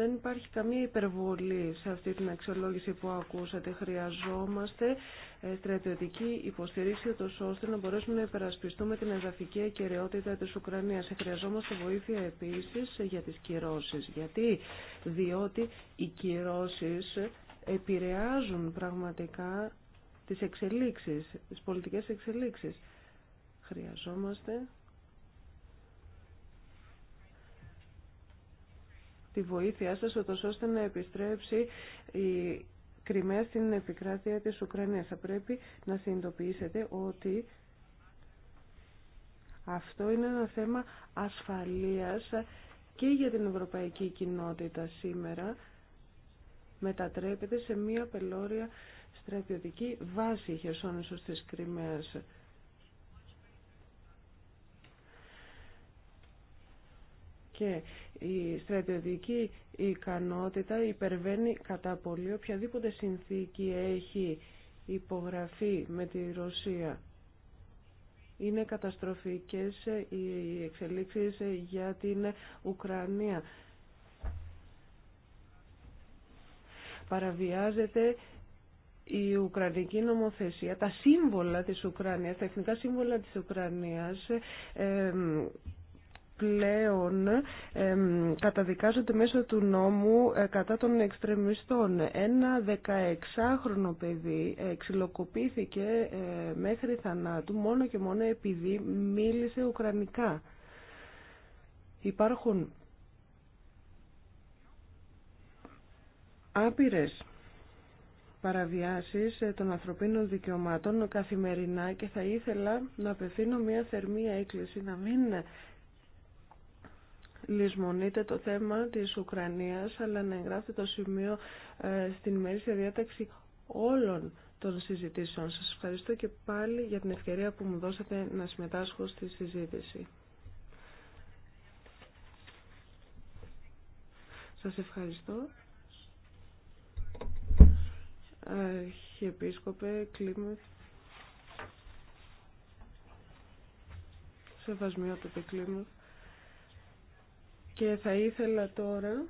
δεν υπάρχει καμία υπερβολή σε αυτή την αξιολόγηση που ακούσατε. Χρειαζόμαστε ε, στρατιωτική υποστηρίξη ώστε να μπορέσουμε να υπερασπιστούμε την εδαφική ακαιρεότητα της Ουκρανίας. Χρειαζόμαστε βοήθεια επίσης για τις κυρώσεις. Γιατί? Διότι οι κυρώσεις επηρεάζουν πραγματικά τις εξελίξεις, τις πολιτικές εξελίξεις. Χρειαζόμαστε τη βοήθειά σας ώστε να επιστρέψει η Κρυμαία στην επικράτεια της Ουκρανίας. Θα πρέπει να συνειδητοποιήσετε ότι αυτό είναι ένα θέμα ασφαλείας και για την ευρωπαϊκή κοινότητα σήμερα μετατρέπεται σε μία πελώρια στρατιωτική βάση η χερσόνησος της Κρυμαίας. Και η στρατιωτική ικανότητα υπερβαίνει κατά πολύ οποιαδήποτε συνθήκη έχει υπογραφεί με τη Ρωσία. Είναι καταστροφικές οι εξελίξεις για την Ουκρανία. Παραβιάζεται η Ουκρανική νομοθεσία, τα σύμβολα της Ουκρανίας, τα εθνικά σύμβολα της Ουκρανίας πλέον καταδικάζονται μέσω του νόμου ε, κατά των εξτρεμιστών. Ένα 16χρονο παιδί ξυλοκοπήθηκε ε, μέχρι θανάτου μόνο και μόνο επειδή μίλησε ουκρανικά. Υπάρχουν άπειρες παραβιάσεις ε, των ανθρωπίνων δικαιωμάτων καθημερινά και θα ήθελα να απευθύνω μια θερμή έκκληση να μην Λυσμονείτε το θέμα της Ουκρανίας, αλλά να εγγράφετε το σημείο ε, στην μερήση διάταξη όλων των συζητήσεων. Σας ευχαριστώ και πάλι για την ευκαιρία που μου δώσατε να συμμετάσχω στη συζήτηση. Σας ευχαριστώ. Αρχιεπίσκοπε Κλίμεθ. το Κλίμεθ. Και θα ήθελα τώρα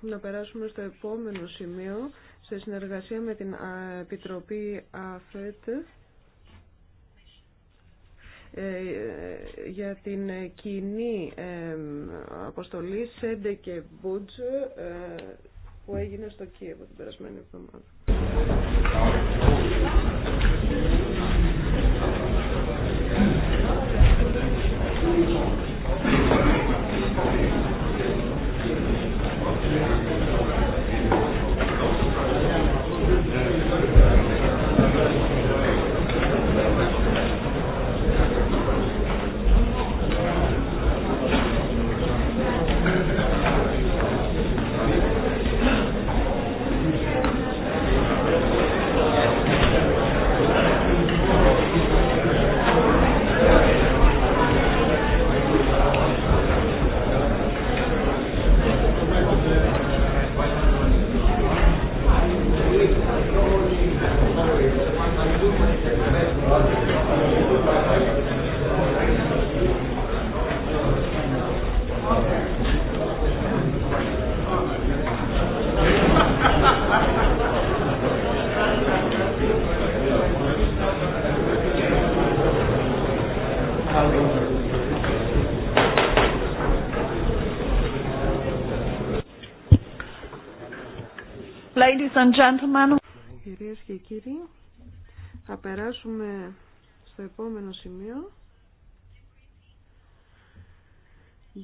να περάσουμε στο επόμενο σημείο σε συνεργασία με την Επιτροπή ΑΦΕΤ ε, για την κοινή αποστολή Σέντε και ε, που έγινε στο Κίεβο την περασμένη εβδομάδα. Κυρίες και κύριοι, θα περάσουμε στο επόμενο σημείο.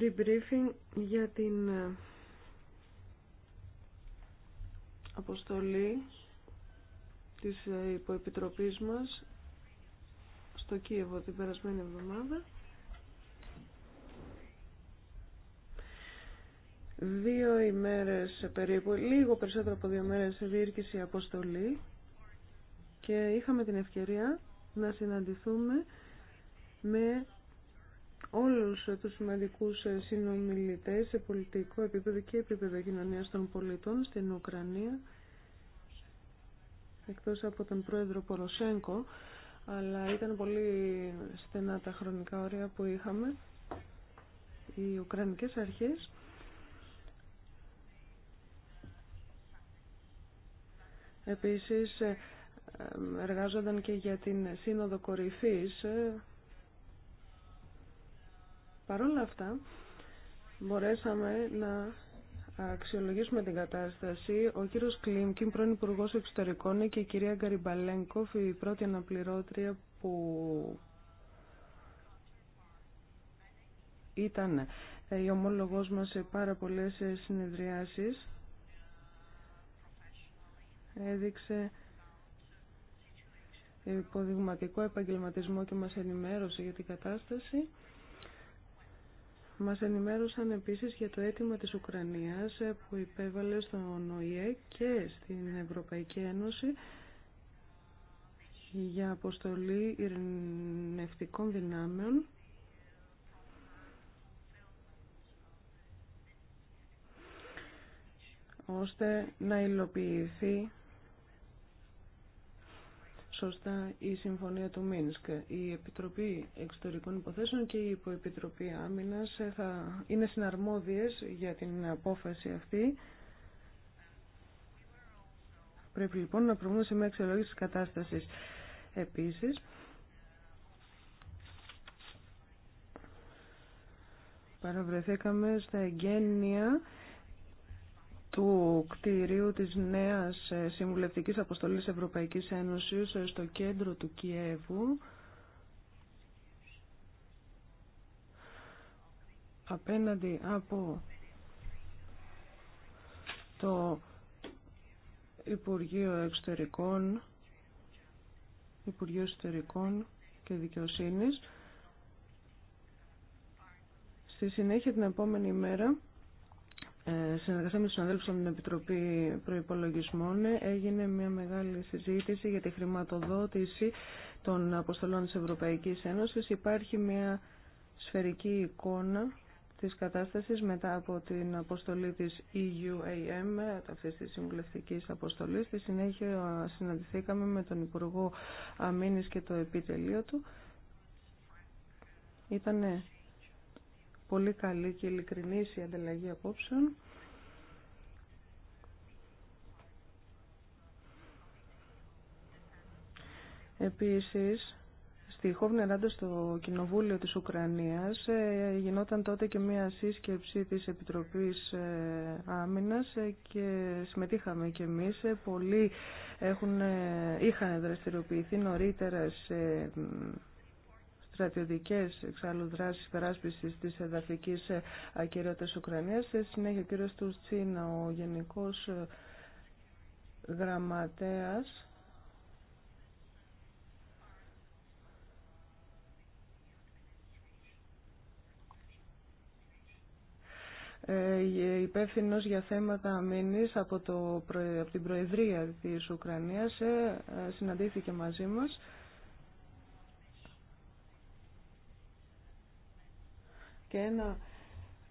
Debriefing για την ε, αποστολή της ε, υποεπιτροπής μας στο Κίεβο την περασμένη εβδομάδα. δύο ημέρες περίπου, λίγο περισσότερο από δύο δύο διήρκησε η αποστολή και είχαμε την ευκαιρία να συναντηθούμε με όλους τους σημαντικούς συνομιλητές σε πολιτικό επίπεδο και επίπεδο κοινωνίας των πολιτών στην Ουκρανία εκτός από τον πρόεδρο Ποροσέγκο αλλά ήταν πολύ στενά τα χρονικά όρια που είχαμε οι Ουκρανικές αρχές Επίσης, ε, εργάζονταν και για την Σύνοδο Κορυφής. Ε, παρόλα αυτά, μπορέσαμε να αξιολογήσουμε την κατάσταση. Ο κύριος Κλίμκιν, πρώην Υπουργός Εξωτερικών, και η κυρία Γκαριμπαλέγκοφ, η πρώτη αναπληρώτρια που ήταν ε, η ομόλογός μας σε πάρα πολλές συνεδριάσεις έδειξε υποδειγματικό επαγγελματισμό και μας ενημέρωσε για την κατάσταση. Μας ενημέρωσαν επίσης για το αίτημα της Ουκρανίας που υπέβαλε στον ΟΗΕ και στην Ευρωπαϊκή Ένωση για αποστολή ειρηνευτικών δυνάμεων ώστε να υλοποιηθεί σωστά η Συμφωνία του Μίνσκ. Η Επιτροπή Εξωτερικών Υποθέσεων και η Υποεπιτροπή Άμυνας ε, θα είναι συναρμόδιες για την απόφαση αυτή. Πρέπει λοιπόν να προβούμε σε μια αξιολόγηση τη κατάστασης. Επίσης, παραβρεθήκαμε στα εγγένεια του κτηρίου της νέας ε, Συμβουλευτικής Αποστολής Ευρωπαϊκής Ένωσης ε, στο κέντρο του Κιέβου απέναντι από το Υπουργείο Εξωτερικών Υπουργείο Εξωτερικών και Δικαιοσύνης στη συνέχεια την επόμενη μέρα συνεργασία με του συναδέλφου από την Επιτροπή Προπολογισμών έγινε μια μεγάλη συζήτηση για τη χρηματοδότηση των αποστολών της Ευρωπαϊκής Ένωσης. Υπάρχει μια σφαιρική εικόνα της κατάστασης μετά από την αποστολή της EUAM, αυτής της συμβουλευτικής αποστολής. Στη συνέχεια συναντηθήκαμε με τον Υπουργό Αμήνης και το επιτελείο του. Ήτανε πολύ καλή και ειλικρινή η ανταλλαγή απόψεων. Επίσης, στη Χόβνεράντα στο Κοινοβούλιο της Ουκρανίας ε, γινόταν τότε και μια σύσκεψη της Επιτροπής ε, Άμυνας ε, και συμμετείχαμε και εμείς. Πολλοί έχουν, είχαν δραστηριοποιηθεί νωρίτερα σε στρατιωτικές εξάλλου δράσεις περάσπιση της εδαφικής ε, ακυρότητας Ουκρανίας. Σε συνέχεια ο κύριος Τουρτσίνα, ο Γενικός ε, Γραμματέας ε, υπεύθυνο για θέματα αμήνη από, από την Προεδρία της Ουκρανίας συναντήθηκε μαζί μας. και ένα,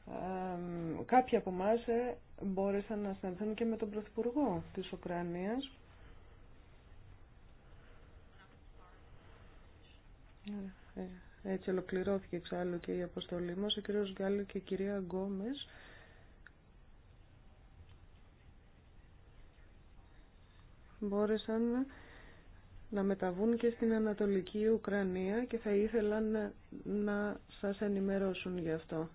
ε, κάποιοι από εμά ε, μπόρεσαν να συναντηθούν και με τον Πρωθυπουργό της Ουκρανίας. Έτσι ολοκληρώθηκε εξάλλου και η αποστολή μας. Ο κύριος Γκάλλου και η κυρία Γκόμες μπόρεσαν να μεταβούν και στην Ανατολική Ουκρανία και θα ήθελαν να σας ενημερώσουν γι' αυτό.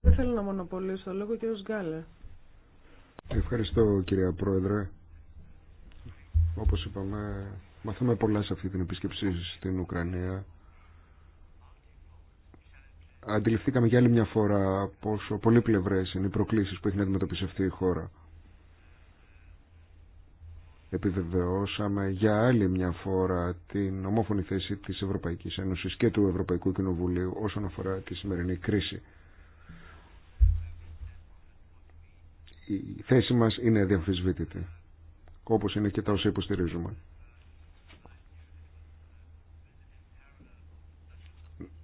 Δεν θέλω να μονοπολίσω το λόγο, κύριο Γκάλε. Ευχαριστώ, κυρία Πρόεδρε. Όπως είπαμε, μαθαίνουμε πολλά σε αυτή την επίσκεψη στην Ουκρανία αντιληφθήκαμε για άλλη μια φορά πόσο πλευρέ είναι οι προκλήσεις που έχει να αντιμετωπίσει αυτή η χώρα. Επιβεβαιώσαμε για άλλη μια φορά την ομόφωνη θέση της Ευρωπαϊκής Ένωσης και του Ευρωπαϊκού Κοινοβουλίου όσον αφορά τη σημερινή κρίση. Η θέση μας είναι αδιαμφισβήτητη, όπως είναι και τα όσα υποστηρίζουμε.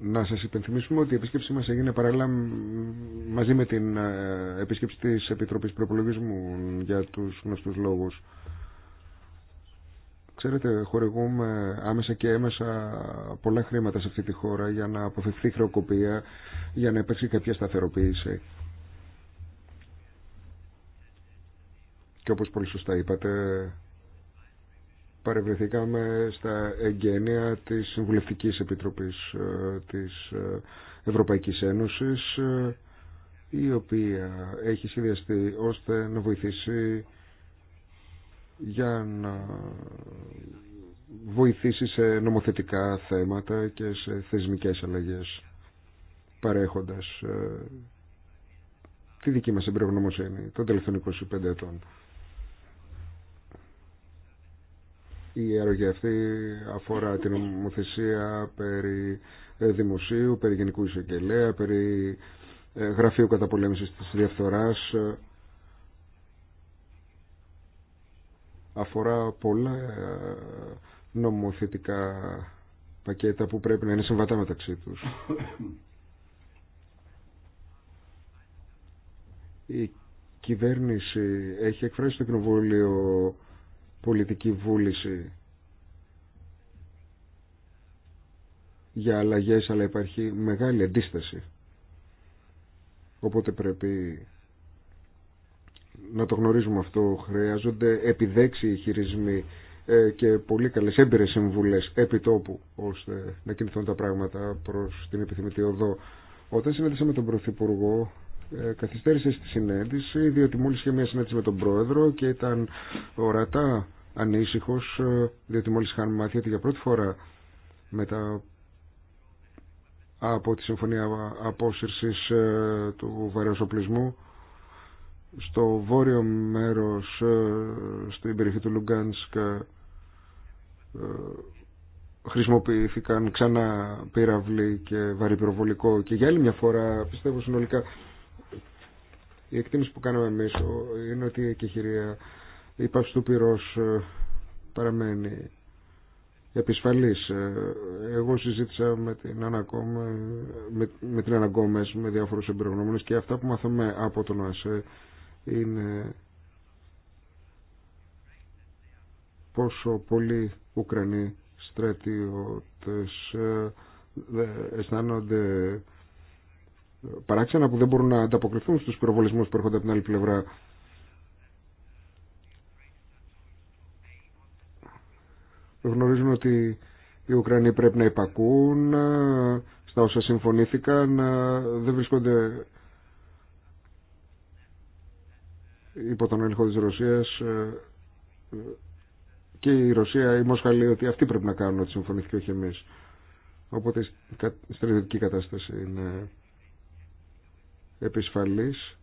Να σας υπενθυμίσουμε ότι η επίσκεψή μας έγινε παράλληλα μαζί με την ε, επίσκεψη της Επιτροπής Προπολογισμού για τους γνωστούς λόγους. Ξέρετε, χορηγούμε άμεσα και έμεσα πολλά χρήματα σε αυτή τη χώρα για να αποφευθεί χρεοκοπία, για να υπάρξει κάποια σταθεροποίηση. Και όπως πολύ σωστά είπατε, παρευρεθήκαμε στα εγγένεια της Συμβουλευτικής Επιτροπής ε, της ε, Ευρωπαϊκής Ένωσης ε, η οποία έχει σχεδιαστεί ώστε να βοηθήσει για να βοηθήσει σε νομοθετικά θέματα και σε θεσμικές αλλαγές παρέχοντας τη δική μας εμπειρογνωμοσύνη των τελευταίων 25 ετών. Η αρρωγή αυτή αφορά την νομοθεσία περί ε, δημοσίου, περί γενικού εισαγγελέα, περί ε, γραφείου καταπολέμησης της διαφθοράς. Αφορά πολλά ε, νομοθετικά πακέτα που πρέπει να είναι συμβατά μεταξύ τους. Η κυβέρνηση έχει εκφράσει στο κοινοβούλιο πολιτική βούληση για αλλαγές αλλά υπάρχει μεγάλη αντίσταση οπότε πρέπει να το γνωρίζουμε αυτό χρειάζονται επιδέξει χειρισμοί ε, και πολύ καλές έμπειρες συμβουλές επί τόπου ώστε να κινηθούν τα πράγματα προς την επιθυμητή οδό όταν συνέντησα με τον Πρωθυπουργό ε, καθυστέρησε στη συνέντηση διότι μόλις είχε μια συνέντηση με τον πρόεδρο και ήταν ορατά ανήσυχο, ε, διότι μόλις είχαν μάθει ότι για πρώτη φορά μετά από τη συμφωνία απόσυρσης ε, του βαρέως οπλισμού στο βόρειο μέρος στην περιοχή του Λουγκάνσκ χρησιμοποιήθηκαν ξανά πύραυλοι και βαρύ πυροβολικό και για άλλη μια φορά πιστεύω συνολικά η εκτίμηση που κάναμε εμείς είναι ότι η εκεχηρία παύση του πυρός ε, παραμένει επισφαλής. Ε, εγώ συζήτησα με την Ανακόμε, με, με, την με διάφορους εμπειρογνώμονες και αυτά που μάθαμε από τον ΟΑΣΕ είναι πόσο πολλοί Ουκρανοί στρατιώτες ε, αισθάνονται παράξενα που δεν μπορούν να ανταποκριθούν στους πυροβολισμού που έρχονται από την άλλη πλευρά. Γνωρίζουμε ότι οι Ουκρανοί πρέπει να υπακούν ε, στα όσα συμφωνήθηκαν, ε, δεν βρίσκονται υπό τον έλεγχο της Ρωσίας ε, και η Ρωσία, η Μόσχα λέει ότι αυτοί πρέπει να κάνουν ό,τι συμφωνήθηκε όχι εμείς. Οπότε η στρατιωτική κατάσταση είναι επισφαλής,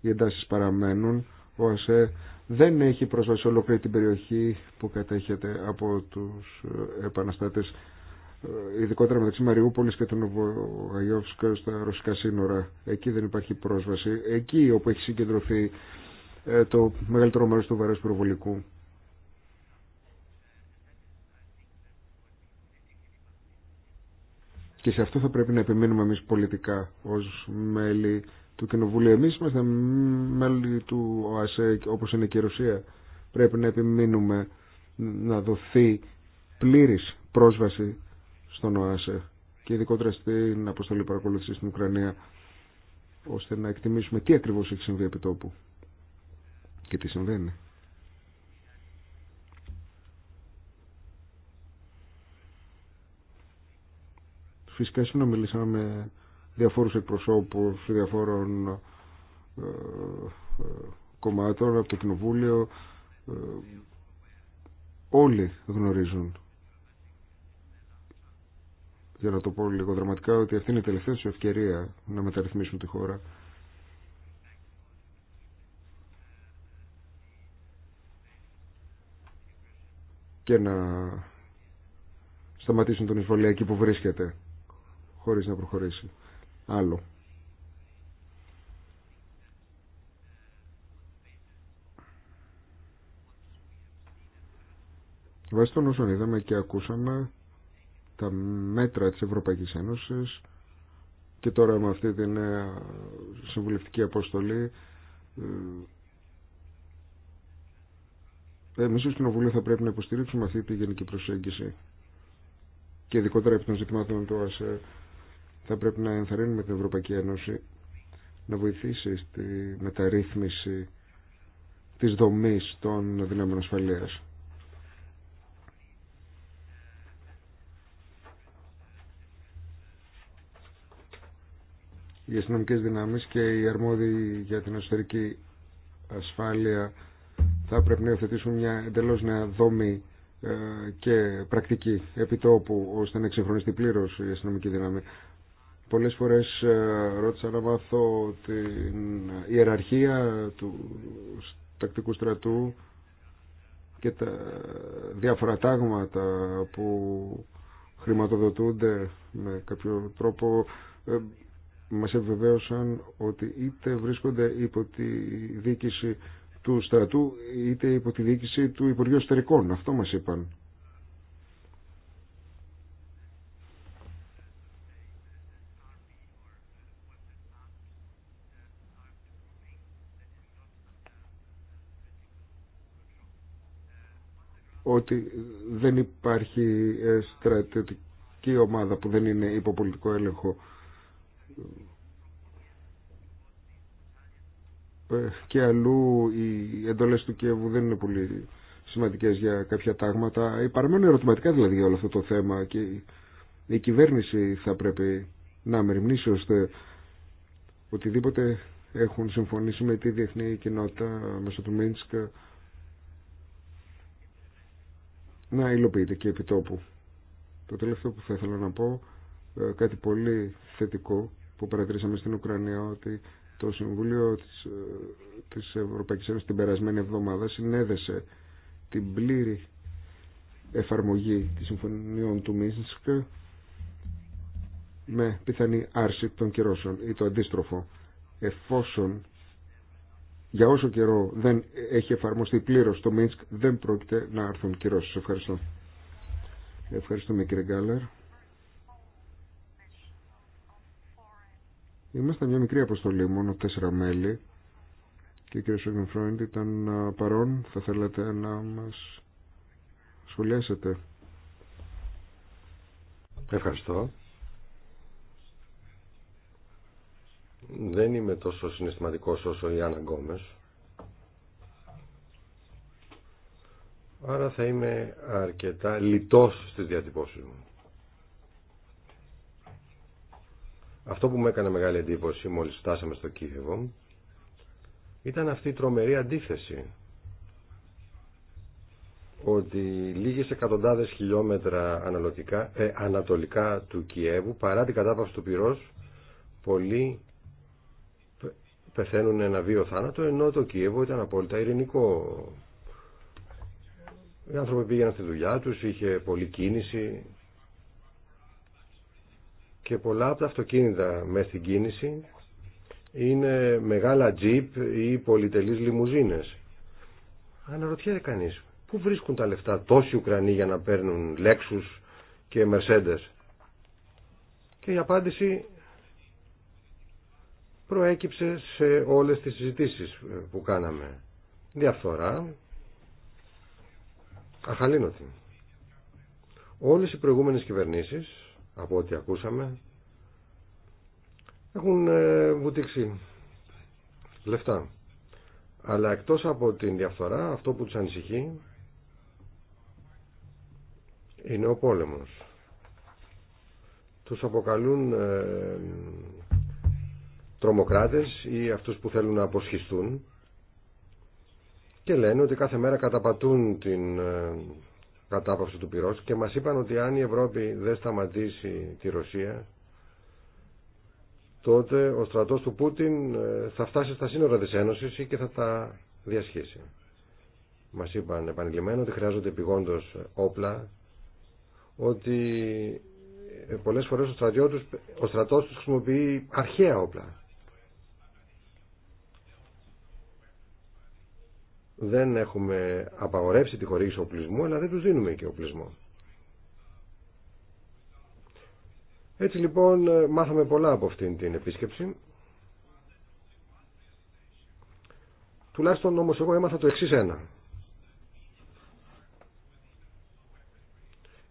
οι εντάσει παραμένουν, ο ΑΣΕ δεν έχει πρόσβαση σε ολόκληρη την περιοχή που κατέχεται από τους ε, επαναστάτες, ε, ειδικότερα μεταξύ Μαριούπολης και τον Νοβοαγιόφσκ στα ρωσικά σύνορα. Εκεί δεν υπάρχει πρόσβαση. Εκεί όπου έχει συγκεντρωθεί ε, το μεγαλύτερο μέρος του βαρέως προβολικού. Και σε αυτό θα πρέπει να επιμείνουμε εμείς πολιτικά ως μέλη του Κοινοβουλίου. Εμείς είμαστε μέλη του ΟΑΣΕ όπως είναι και η Ρωσία. Πρέπει να επιμείνουμε να δοθεί πλήρης πρόσβαση στον ΟΑΣΕ και ειδικότερα στην αποστολή παρακολούθηση στην Ουκρανία ώστε να εκτιμήσουμε τι ακριβώς έχει συμβεί επί τόπου και τι συμβαίνει. Φυσικά συνομιλήσαμε με διαφόρους εκπροσώπους διαφόρων ε, ε κομμάτων από το Κοινοβούλιο. Ε, όλοι γνωρίζουν, για να το πω λίγο δραματικά, ότι αυτή είναι η τελευταία σου ευκαιρία να μεταρρυθμίσουν τη χώρα. και να σταματήσουν τον εισβολία εκεί που βρίσκεται χωρίς να προχωρήσει άλλο. Βάσει των όσων είδαμε και ακούσαμε τα μέτρα της Ευρωπαϊκής Ένωσης και τώρα με αυτή την ε, συμβουλευτική αποστολή ε, εμείς ως Κοινοβούλιο θα πρέπει να υποστηρίξουμε αυτή τη γενική προσέγγιση και ειδικότερα επί των ζητημάτων του ΑΣΕ θα πρέπει να ενθαρρύνουμε την Ευρωπαϊκή Ένωση να βοηθήσει στη μεταρρύθμιση της δομής των δυνάμεων ασφαλείας. Οι αστυνομικέ δυνάμεις και οι αρμόδιοι για την εσωτερική ασφάλεια θα πρέπει να υιοθετήσουν μια εντελώς νέα δόμη ε, και πρακτική επιτόπου ώστε να εξυγχρονιστεί πλήρω η αστυνομική δύναμη. Πολλές φορές ε, ρώτησα να μάθω την ιεραρχία του τακτικού στρατού και τα διάφορα τάγματα που χρηματοδοτούνται με κάποιο τρόπο ε, μας επιβεβαίωσαν ότι είτε βρίσκονται υπό τη διοίκηση του στρατού είτε υπό τη διοίκηση του Υπουργείου Εστερικών. Αυτό μας είπαν. ότι δεν υπάρχει ε, στρατιωτική ομάδα που δεν είναι υποπολιτικό έλεγχο ε, και αλλού οι εντολές του Κιέβου δεν είναι πολύ σημαντικές για κάποια τάγματα. Υπαρμένουν ε, ερωτηματικά δηλαδή για όλο αυτό το θέμα και η κυβέρνηση θα πρέπει να μεριμνήσει ώστε οτιδήποτε έχουν συμφωνήσει με τη διεθνή κοινότητα μέσω του Μίνσκ να υλοποιείται και επιτόπου. Το τελευταίο που θα ήθελα να πω, ε, κάτι πολύ θετικό που παρατηρήσαμε στην Ουκρανία, ότι το Συμβούλιο της, ε, της Ευρωπαϊκής Ένωσης την περασμένη εβδομάδα συνέδεσε την πλήρη εφαρμογή της συμφωνιών του Μίνσκ με πιθανή άρση των κυρώσεων ή το αντίστροφο εφόσον για όσο καιρό δεν έχει εφαρμοστεί πλήρω το Μίνσκ, δεν πρόκειται να έρθουν κυρώσει. Ευχαριστώ. Ευχαριστούμε κύριε Γκάλερ. Είμαστε μια μικρή αποστολή, μόνο τέσσερα μέλη. Και ο κύριο Φρόιντ ήταν παρόν. Θα θέλατε να μας σχολιάσετε. Ευχαριστώ. Δεν είμαι τόσο συναισθηματικός όσο η Άννα Γκόμες. Άρα θα είμαι αρκετά λιτός στις διατυπώσεις μου. Αυτό που μου έκανε μεγάλη εντύπωση μόλις φτάσαμε στο Κίεβο ήταν αυτή η τρομερή αντίθεση ότι λίγες εκατοντάδες χιλιόμετρα ε, ανατολικά του Κιέβου παρά την κατάπαυση του πυρός πολλοί πεθαίνουν ένα βίο θάνατο, ενώ το Κίεβο ήταν απόλυτα ειρηνικό. Οι άνθρωποι πήγαιναν στη δουλειά τους, είχε πολλή κίνηση και πολλά από τα αυτοκίνητα με στην κίνηση είναι μεγάλα τζιπ ή πολυτελείς λιμουζίνες. Αναρωτιέται κανείς, πού βρίσκουν τα λεφτά τόσοι Ουκρανοί για να παίρνουν Λέξους και Mercedes. Και η απάντηση προέκυψε σε όλες τις συζητήσεις ε, που κάναμε. Διαφθορά, αχαλήνοτη. Όλες οι προηγούμενες κυβερνήσεις, από ό,τι ακούσαμε, έχουν βουτήξει ε, λεφτά. Αλλά εκτός από την διαφθορά, αυτό που τους ανησυχεί είναι ο πόλεμος. Τους αποκαλούν ε, τρομοκράτες ή αυτούς που θέλουν να αποσχιστούν και λένε ότι κάθε μέρα καταπατούν την ε, κατάπαυση του πυρός και μας είπαν ότι αν η Ευρώπη δεν σταματήσει τη Ρωσία τότε ο στρατός του Πούτιν ε, θα φτάσει στα σύνορα της Ένωσης και θα τα διασχίσει. Μας είπαν επανειλημμένο ότι χρειάζονται επιγόντως όπλα, ότι ε, πολλές φορές ο, ο στρατός τους χρησιμοποιεί αρχαία όπλα. δεν έχουμε απαγορεύσει τη χορήγηση οπλισμού, αλλά δεν τους δίνουμε και οπλισμό. Έτσι λοιπόν ε, μάθαμε πολλά από αυτήν την επίσκεψη. Τουλάχιστον όμως εγώ έμαθα το εξής ένα.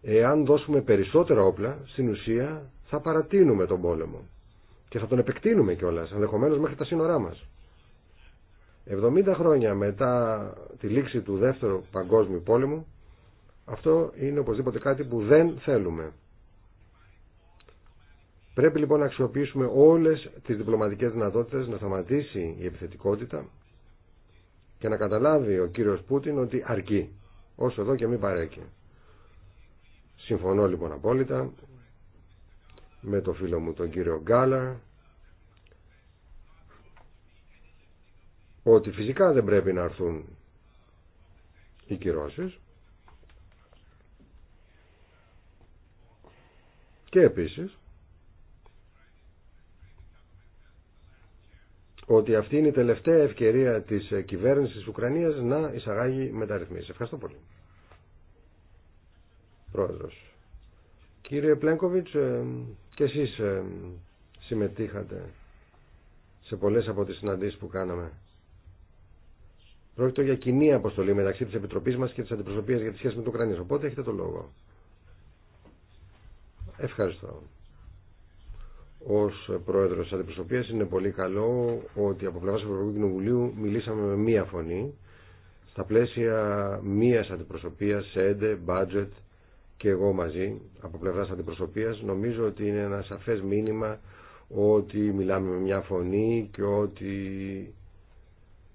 Εάν δώσουμε περισσότερα όπλα, στην ουσία θα παρατείνουμε τον πόλεμο και θα τον επεκτείνουμε κιόλας, Ενδεχομένω μέχρι τα σύνορά μας. 70 χρόνια μετά τη λήξη του δεύτερου παγκόσμιου πόλεμου αυτό είναι οπωσδήποτε κάτι που δεν θέλουμε. Πρέπει λοιπόν να αξιοποιήσουμε όλες τις διπλωματικές δυνατότητες να σταματήσει η επιθετικότητα και να καταλάβει ο κύριος Πούτιν ότι αρκεί, όσο εδώ και μην παρέκει. Συμφωνώ λοιπόν απόλυτα με το φίλο μου τον κύριο Γκάλαρ ότι φυσικά δεν πρέπει να έρθουν οι κυρώσεις και επίσης ότι αυτή είναι η τελευταία ευκαιρία της κυβέρνησης της Ουκρανίας να εισαγάγει μεταρρυθμίσεις. Ευχαριστώ πολύ. Πρόεδρος. Κύριε Πλένκοβιτς, ε, και εσείς ε, συμμετείχατε σε πολλές από τις συναντήσεις που κάναμε Πρόκειται για κοινή αποστολή μεταξύ τη Επιτροπή μα και τη Αντιπροσωπεία για τη σχέση με το Ουκρανία. Οπότε έχετε το λόγο. Ευχαριστώ. Ω πρόεδρο τη Αντιπροσωπεία είναι πολύ καλό ότι από πλευρά του Ευρωπαϊκού Κοινοβουλίου μιλήσαμε με μία φωνή στα πλαίσια μία αντιπροσωπεία, ΣΕΝΤΕ, budget και εγώ μαζί από πλευρά αντιπροσωπεία. Νομίζω ότι είναι ένα σαφέ μήνυμα ότι μιλάμε με μια φωνή και ότι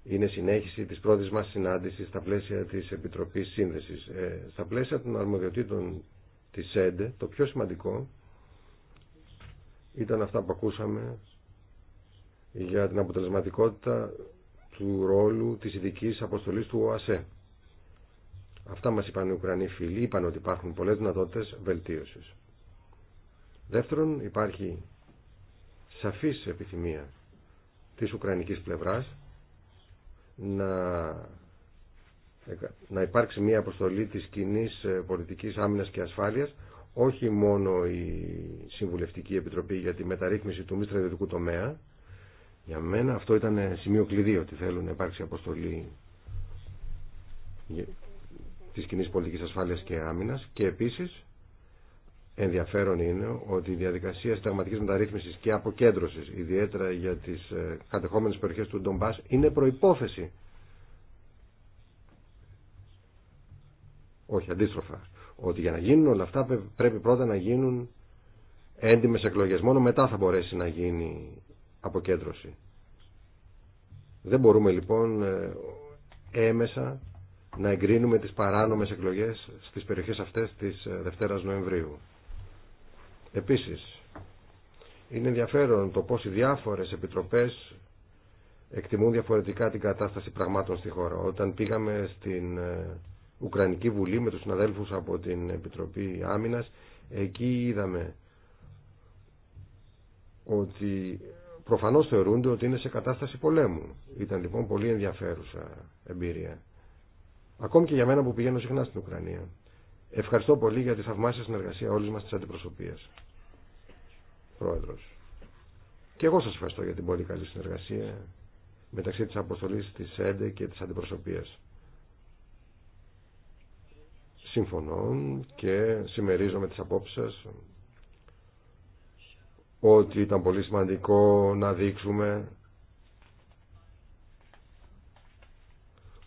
είναι συνέχιση της πρώτης μας συνάντησης στα πλαίσια της Επιτροπής Σύνδεσης. Ε, στα πλαίσια των αρμοδιοτήτων της ΕΝΤΕ, το πιο σημαντικό ήταν αυτά που ακούσαμε για την αποτελεσματικότητα του ρόλου της ειδική αποστολής του ΟΑΣΕ. Αυτά μας είπαν οι Ουκρανοί φίλοι, είπαν ότι υπάρχουν πολλές δυνατότητες βελτίωσης. Δεύτερον, υπάρχει σαφής επιθυμία της Ουκρανικής πλευράς να, να υπάρξει μια αποστολή της κοινή ε, πολιτικής άμυνας και ασφάλειας, όχι μόνο η Συμβουλευτική Επιτροπή για τη μεταρρύθμιση του μη στρατιωτικού τομέα. Για μένα αυτό ήταν σημείο κλειδί ότι θέλουν να υπάρξει αποστολή της κοινή πολιτικής ασφάλειας και άμυνας και επίσης ενδιαφέρον είναι ότι η διαδικασία σταγματικής μεταρρύθμισης και αποκέντρωσης, ιδιαίτερα για τις ε, κατεχόμενες περιοχές του Ντομπάς, είναι προϋπόθεση. Όχι, αντίστροφα. Ότι για να γίνουν όλα αυτά πρέπει πρώτα να γίνουν έντιμες εκλογές. Μόνο μετά θα μπορέσει να γίνει αποκέντρωση. Δεν μπορούμε λοιπόν ε, έμεσα να εγκρίνουμε τις παράνομες εκλογές στις περιοχές αυτές της ε, Δευτέρας Νοεμβρίου. Επίσης, είναι ενδιαφέρον το πώς οι διάφορες επιτροπές εκτιμούν διαφορετικά την κατάσταση πραγμάτων στη χώρα. Όταν πήγαμε στην ε, Ουκρανική Βουλή με τους συναδέλφους από την Επιτροπή Άμυνας, εκεί είδαμε ότι προφανώς θεωρούνται ότι είναι σε κατάσταση πολέμου. Ήταν λοιπόν πολύ ενδιαφέρουσα εμπειρία. Ακόμη και για μένα που πηγαίνω συχνά στην Ουκρανία. Ευχαριστώ πολύ για τη θαυμάσια συνεργασία όλης μας της αντιπροσωπείας. Και εγώ σας ευχαριστώ για την πολύ καλή συνεργασία μεταξύ της αποστολής της ΕΝΤΕ και της αντιπροσωπείας. Συμφωνώ και συμμερίζομαι τις απόψεις σας ότι ήταν πολύ σημαντικό να δείξουμε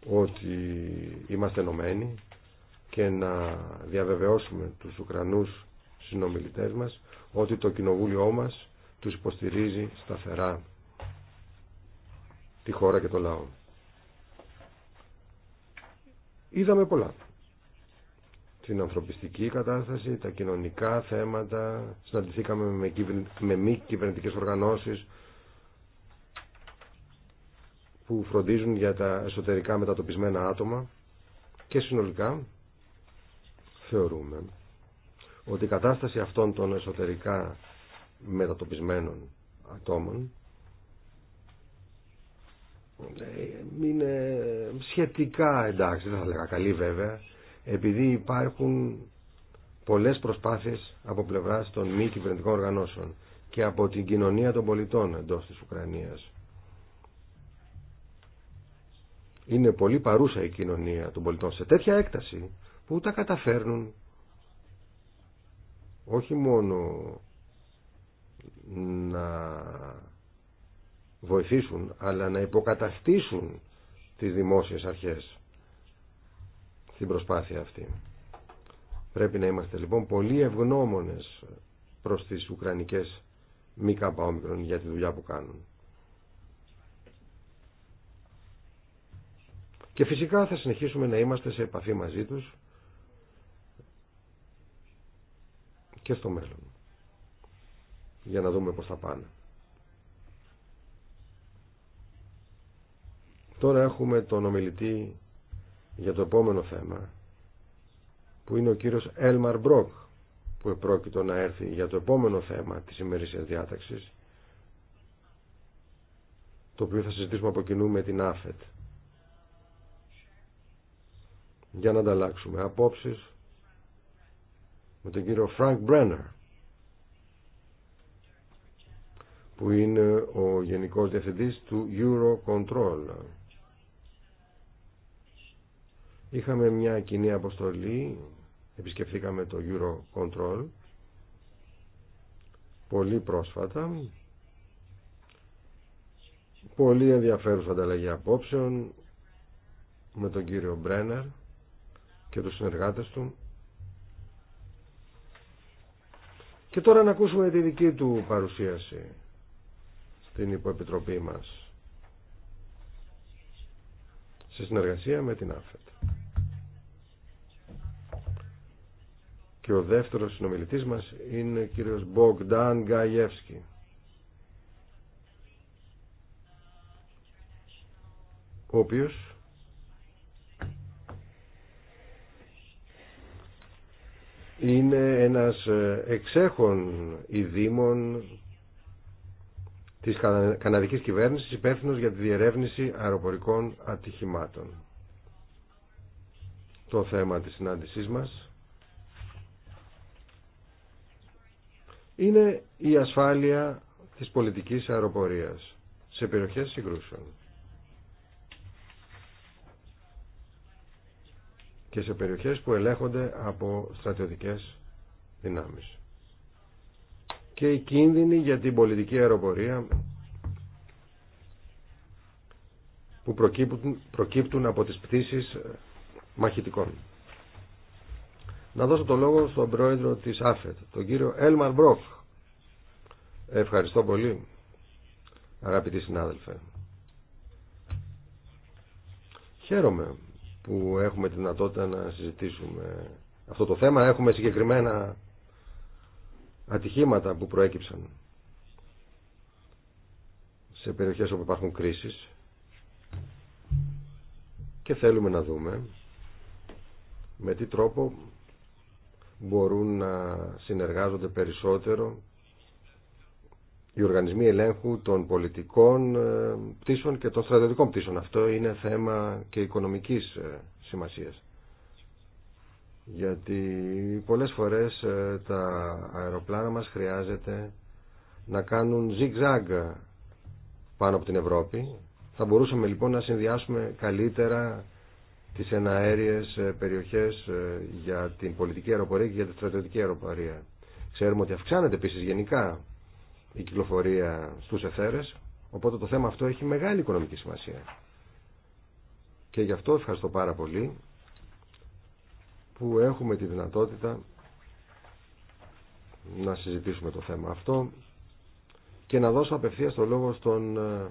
ότι είμαστε ενωμένοι και να διαβεβαιώσουμε τους Ουκρανούς συνομιλητές μας ότι το κοινοβούλιο μας τους υποστηρίζει σταθερά τη χώρα και το λαό. Είδαμε πολλά. Την ανθρωπιστική κατάσταση, τα κοινωνικά θέματα, συναντηθήκαμε με μη κυβερνητικέ οργανώσεις που φροντίζουν για τα εσωτερικά μετατοπισμένα άτομα και συνολικά θεωρούμε ότι η κατάσταση αυτών των εσωτερικά μετατοπισμένων ατόμων είναι σχετικά εντάξει, δεν θα λέγα καλή βέβαια, επειδή υπάρχουν πολλές προσπάθειες από πλευράς των μη κυβερνητικών οργανώσεων και από την κοινωνία των πολιτών εντός της Ουκρανίας. Είναι πολύ παρούσα η κοινωνία των πολιτών σε τέτοια έκταση που τα καταφέρνουν όχι μόνο να βοηθήσουν αλλά να υποκαταστήσουν τις δημόσιες αρχές στην προσπάθεια αυτή. Πρέπει να είμαστε λοιπόν πολύ ευγνώμονες προς τις Ουκρανικές μη για τη δουλειά που κάνουν. Και φυσικά θα συνεχίσουμε να είμαστε σε επαφή μαζί τους και στο μέλλον. Για να δούμε πώς θα πάνε. Τώρα έχουμε τον ομιλητή για το επόμενο θέμα που είναι ο κύριος Έλμαρ Μπρόκ που επρόκειτο να έρθει για το επόμενο θέμα της ημερήσιας διάταξης το οποίο θα συζητήσουμε από κοινού με την ΑΦΕΤ για να ανταλλάξουμε απόψεις με τον κύριο Φρανκ Μπρένερ που είναι ο Γενικός Διευθυντής του Eurocontrol. Είχαμε μια κοινή αποστολή, επισκεφθήκαμε το Eurocontrol πολύ πρόσφατα πολύ ενδιαφέρουσα ανταλλαγή απόψεων με τον κύριο Μπρένερ και τους συνεργάτες του Και τώρα να ακούσουμε τη δική του παρουσίαση στην υποεπιτροπή μας σε συνεργασία με την ΑΦΕΤ. Και ο δεύτερος συνομιλητής μας είναι ο κύριος Μπογκδάν Γκαϊεύσκι. ο οποίος είναι ένας ε, εξέχων ειδήμων της καναδικής κυβέρνησης υπεύθυνο για τη διερεύνηση αεροπορικών ατυχημάτων. Το θέμα της συνάντησής μας είναι η ασφάλεια της πολιτικής αεροπορίας σε περιοχές συγκρούσεων. και σε περιοχές που ελέγχονται από στρατιωτικές δυνάμεις. Και οι κίνδυνοι για την πολιτική αεροπορία που προκύπτουν, προκύπτουν από τις πτήσεις ε, μαχητικών. Να δώσω το λόγο στον πρόεδρο της ΑΦΕΤ, τον κύριο Έλμαρ Μπρόκ. Ευχαριστώ πολύ, αγαπητοί συνάδελφε. Χαίρομαι που έχουμε τη δυνατότητα να συζητήσουμε αυτό το θέμα. Έχουμε συγκεκριμένα ατυχήματα που προέκυψαν σε περιοχές όπου υπάρχουν κρίσεις και θέλουμε να δούμε με τι τρόπο μπορούν να συνεργάζονται περισσότερο οι οργανισμοί ελέγχου των πολιτικών ε, πτήσεων και των στρατιωτικών πτήσεων. Αυτό είναι θέμα και οικονομικής ε, σημασίας. Γιατί πολλές φορές ε, τα αεροπλάνα μας χρειάζεται να κάνουν zigzag πάνω από την Ευρώπη. Θα μπορούσαμε λοιπόν να συνδυάσουμε καλύτερα τις εναέριες περιοχές για την πολιτική αεροπορία και για τη στρατιωτική αεροπορία. Ξέρουμε ότι αυξάνεται επίση γενικά η κυκλοφορία στους εθέρες, οπότε το θέμα αυτό έχει μεγάλη οικονομική σημασία. Και γι' αυτό ευχαριστώ πάρα πολύ που έχουμε τη δυνατότητα να συζητήσουμε το θέμα αυτό και να δώσω απευθεία το λόγο στον ε,